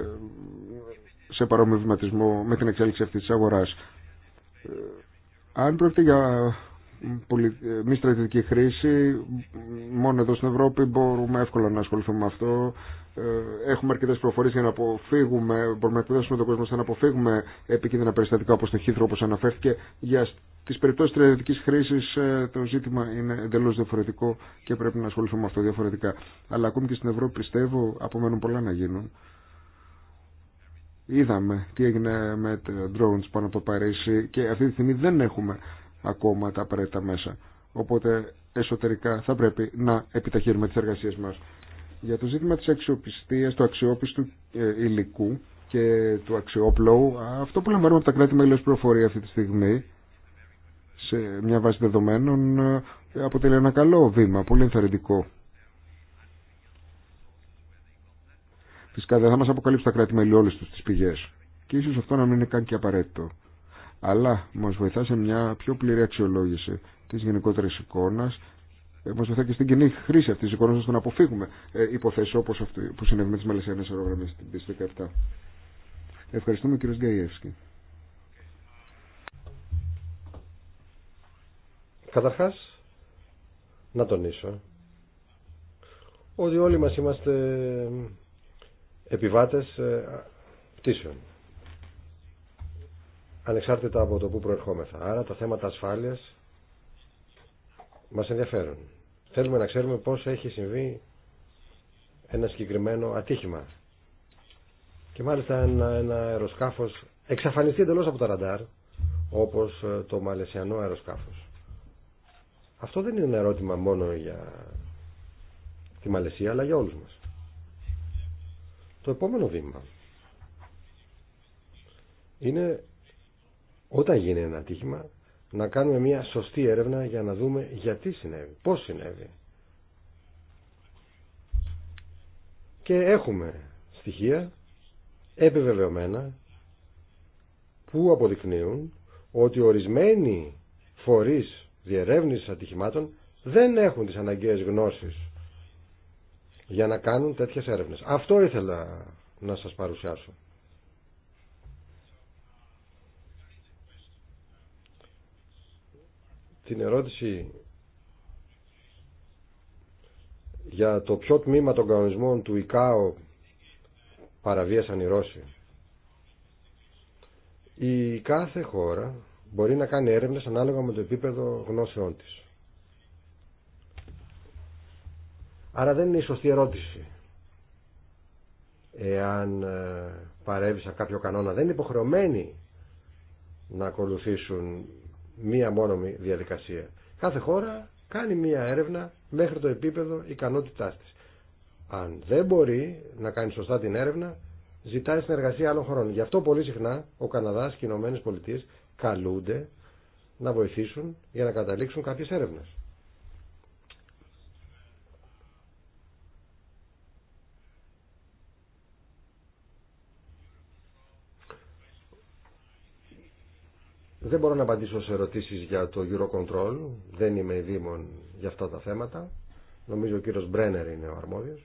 σε παρομοιβηματισμό με την εξέλιξη αυτής της αγοράς. Ε, αν πρόκειται για ε, μη στρατητική χρήση, μόνο εδώ στην Ευρώπη μπορούμε εύκολα να ασχοληθούμε με αυτό. Ε, έχουμε αρκετέ προφορίε για να αποφύγουμε, μπορούμε να εκπαιδεύσουμε τον κόσμο να αποφύγουμε επικίνδυνα περιστατικά όπω το χήθρο όπω αναφέρθηκε. Για τι περιπτώσει τρελατική χρήση ε, το ζήτημα είναι εντελώ διαφορετικό και πρέπει να ασχοληθούμε με αυτό διαφορετικά. Αλλά ακόμη και στην Ευρώπη πιστεύω απομένουν πολλά να γίνουν. Είδαμε τι έγινε με τα drones πάνω από το Παρίσι και αυτή τη στιγμή δεν έχουμε ακόμα τα απαραίτητα μέσα. Οπότε εσωτερικά θα πρέπει να επιταχύνουμε τις εργασίες μας για το ζήτημα της αξιοπιστίας, του αξιόπιστου ε, υλικού και του αξιόπλου. Αυτό που λαμβάνουμε από τα κράτη μέλη ως προφορία αυτή τη στιγμή σε μια βάση δεδομένων ε, αποτελεί ένα καλό βήμα, πολύ ενθαρρυντικό. Φυσικά δεν θα μας αποκαλύψει τα κράτη μέλη όλες τους τις πηγές και ίσως αυτό να μην είναι καν και απαραίτητο. Αλλά μας βοηθά σε μια πιο πλήρη αξιολόγηση της γενικότερης εικόνας προσφερθεί και στην κοινή χρήση αυτή τη εικόνα ώστε να αποφύγουμε ε, υποθέσει όπω αυτή που συνέβη με τι μελισσιανέ αερογραμμέ στην 17. Ευχαριστούμε κύριο Γκαϊεύσκη. Καταρχά, να τονίσω ότι όλοι μας είμαστε επιβάτες ε, πτήσεων ανεξάρτητα από το που προερχόμεθα. Άρα τα θέματα ασφάλειας μας ενδιαφέρουν. Θέλουμε να ξέρουμε πώς έχει συμβεί ένα συγκεκριμένο ατύχημα. Και μάλιστα ένα, ένα αεροσκάφος εξαφανιστεί εντελώς από τα ραντάρ, όπως ε, το μαλαισιανό αεροσκάφος. Αυτό δεν είναι ένα ερώτημα μόνο για τη Μαλαισία, αλλά για όλους μας. Το επόμενο βήμα είναι όταν γίνει ένα ατύχημα να κάνουμε μια σωστή έρευνα για να δούμε γιατί συνέβη, πώς συνέβη. Και έχουμε στοιχεία επιβεβαιωμένα που αποδεικνύουν ότι ορισμένοι φορείς διερεύνησης ατυχημάτων δεν έχουν τις αναγκαίες γνώσεις για να κάνουν τέτοιες έρευνες. Αυτό ήθελα να σας παρουσιάσω. την ερώτηση για το ποιο τμήμα των κανονισμών του ΙΚΑΟ παραβίασαν οι Ρώσοι. Η κάθε χώρα μπορεί να κάνει έρευνες ανάλογα με το επίπεδο γνώσεών της. Άρα δεν είναι η σωστή ερώτηση. Εάν ε, παρέβησαν κάποιο κανόνα, δεν είναι υποχρεωμένοι να ακολουθήσουν μία μόνομη διαδικασία. Κάθε χώρα κάνει μία έρευνα μέχρι το επίπεδο ικανότητάς της. Αν δεν μπορεί να κάνει σωστά την έρευνα, ζητάει συνεργασία άλλων χωρών. Γι' αυτό πολύ συχνά ο Καναδάς και οι Ηνωμένε Πολιτείε καλούνται να βοηθήσουν για να καταλήξουν κάποιες έρευνες. Δεν μπορώ να απαντήσω σε ερωτήσεις για το Eurocontrol. Δεν είμαι ειδήμων για αυτά τα θέματα. Νομίζω ο κύριος Μπρένερ είναι ο αρμόδιος.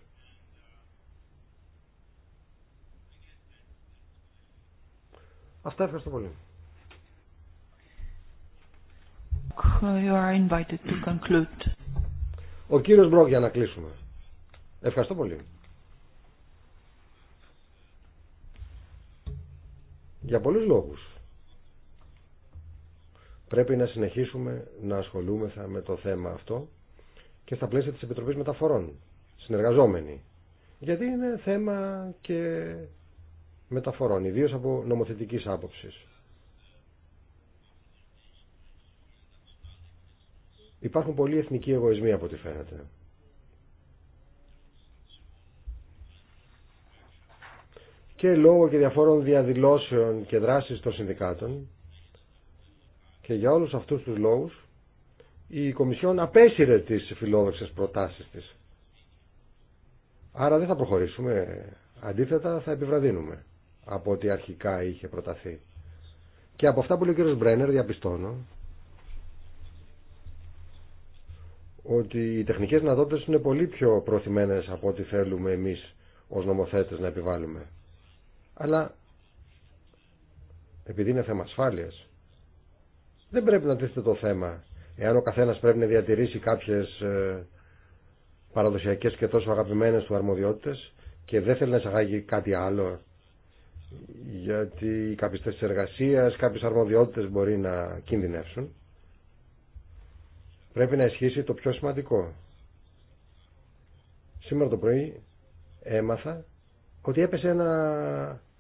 Αυτά ευχαριστώ πολύ. are invited to conclude. Ο κύριος Μπρόκ για να κλείσουμε. Ευχαριστώ πολύ. Για πολλούς λόγους. Πρέπει να συνεχίσουμε να ασχολούμεθα με το θέμα αυτό και στα πλαίσια της Επιτροπής Μεταφορών, συνεργαζόμενοι. Γιατί είναι θέμα και μεταφορών, ιδίως από νομοθετικής άποψης. Υπάρχουν πολλοί εθνικοί εγωισμοί από ό,τι φαίνεται. Και λόγω και διαφόρων διαδηλώσεων και δράσης των συνδικάτων, και για όλους αυτούς τους λόγους η Κομισιόν απέσυρε τις φιλόδοξες προτάσεις της. Άρα δεν θα προχωρήσουμε. Αντίθετα θα επιβραδύνουμε από ό,τι αρχικά είχε προταθεί. Και από αυτά που λέει ο κ. Μπρένερ διαπιστώνω ότι οι τεχνικές δυνατότητες είναι πολύ πιο προθυμένες από ό,τι θέλουμε εμείς ως νομοθέτες να επιβάλλουμε. Αλλά επειδή είναι θέμα ασφάλειας δεν πρέπει να τίθεται το θέμα εάν ο καθένας πρέπει να διατηρήσει κάποιες ε, παραδοσιακές και τόσο αγαπημένε του αρμοδιότητες και δεν θέλει να εισαγάγει κάτι άλλο γιατί κάποιες θέσεις εργασίας, κάποιες αρμοδιότητες μπορεί να κινδυνεύσουν πρέπει να ισχύσει το πιο σημαντικό σήμερα το πρωί έμαθα ότι έπεσε ένα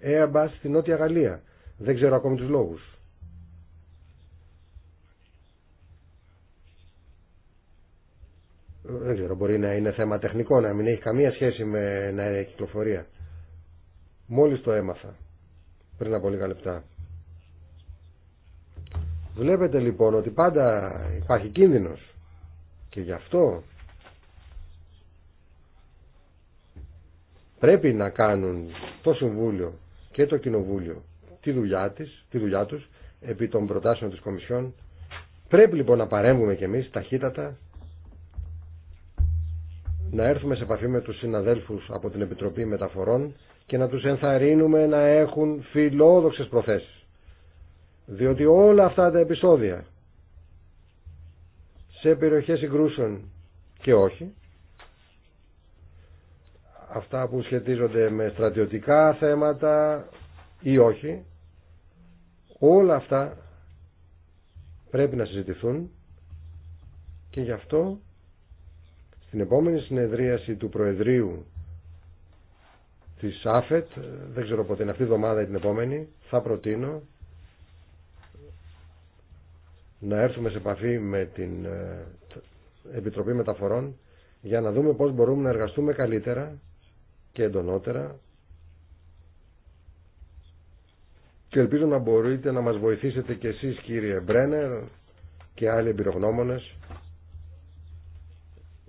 Airbus στην Νότια Γαλλία δεν ξέρω ακόμη τους λόγους δεν ξέρω, μπορεί να είναι θέμα τεχνικό, να μην έχει καμία σχέση με την κυκλοφορία. Μόλις το έμαθα, πριν από λίγα λεπτά. Βλέπετε λοιπόν ότι πάντα υπάρχει κίνδυνος και γι' αυτό πρέπει να κάνουν το Συμβούλιο και το Κοινοβούλιο τη δουλειά, της, τη δουλειά τους επί των προτάσεων της Κομισιόν. Πρέπει λοιπόν να παρέμβουμε κι εμείς ταχύτατα να έρθουμε σε επαφή με τους συναδέλφους από την Επιτροπή Μεταφορών και να τους ενθαρρύνουμε να έχουν φιλόδοξες προθέσεις. Διότι όλα αυτά τα επεισόδια σε περιοχές συγκρούσεων και όχι, αυτά που σχετίζονται με στρατιωτικά θέματα ή όχι, όλα αυτά πρέπει να συζητηθούν και γι' αυτό στην επόμενη συνεδρίαση του Προεδρίου της ΑΦΕΤ, ε, δεν ξέρω πότε είναι αυτή η εβδομάδα ή την επόμενη, θα προτείνω να έρθουμε σε επαφή με την ε, Επιτροπή Μεταφορών για να δούμε πώς μπορούμε να εργαστούμε καλύτερα και εντονότερα και ελπίζω να μπορείτε να μας βοηθήσετε και εσείς κύριε Μπρένερ και άλλοι εμπειρογνώμονες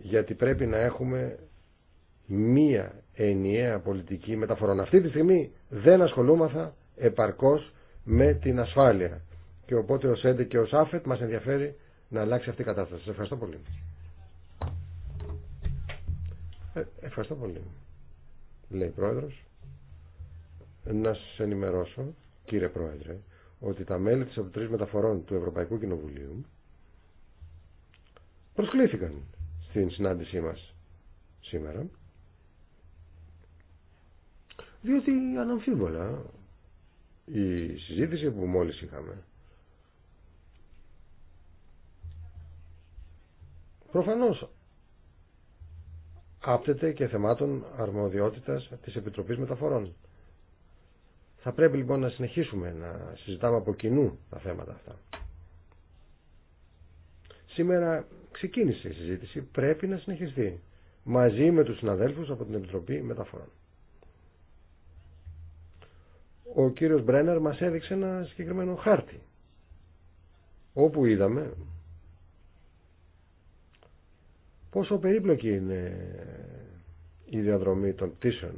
γιατί πρέπει να έχουμε μία ενιαία πολιτική μεταφορών. Αυτή τη στιγμή δεν ασχολούμαθα επαρκώς με την ασφάλεια. Και οπότε ο σέντε και ο σάφετ μας ενδιαφέρει να αλλάξει αυτή η κατάσταση. Σας ευχαριστώ πολύ. Ε, ευχαριστώ πολύ, λέει Πρόεδρος. Να σας ενημερώσω, κύριε Πρόεδρε, ότι τα μέλη της Επιτροπής Μεταφορών του Ευρωπαϊκού Κοινοβουλίου προσκλήθηκαν στην συνάντησή μας σήμερα διότι αναμφίβολα η συζήτηση που μόλις είχαμε προφανώς άπτεται και θεμάτων αρμοδιότητας της Επιτροπής Μεταφορών. Θα πρέπει λοιπόν να συνεχίσουμε να συζητάμε από κοινού τα θέματα αυτά. Σήμερα ξεκίνησε η συζήτηση, πρέπει να συνεχιστεί μαζί με τους συναδέλφους από την Επιτροπή Μεταφορών. Ο κύριος Μπρένερ μας έδειξε ένα συγκεκριμένο χάρτη όπου είδαμε πόσο περίπλοκη είναι η διαδρομή των πτήσεων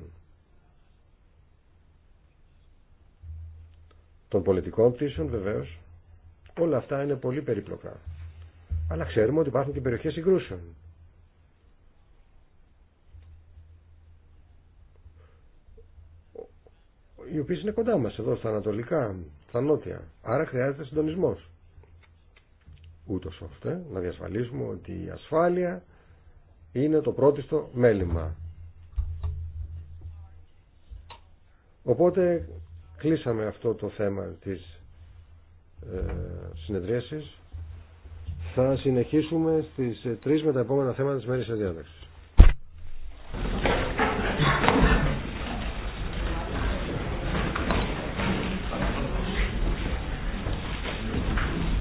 των πολιτικών πτήσεων βεβαίως όλα αυτά είναι πολύ περίπλοκα αλλά ξέρουμε ότι υπάρχουν και περιοχές συγκρούσεων. Οι οποίες είναι κοντά μας εδώ, στα ανατολικά, στα νότια. Άρα χρειάζεται συντονισμός. Ούτως ώστε να διασφαλίσουμε ότι η ασφάλεια είναι το πρώτιστο μέλημα. Οπότε κλείσαμε αυτό το θέμα της ε, συνεδρίασης. Θα συνεχίσουμε στις 3 με τα επόμενα θέματα της μέρης διάταξης.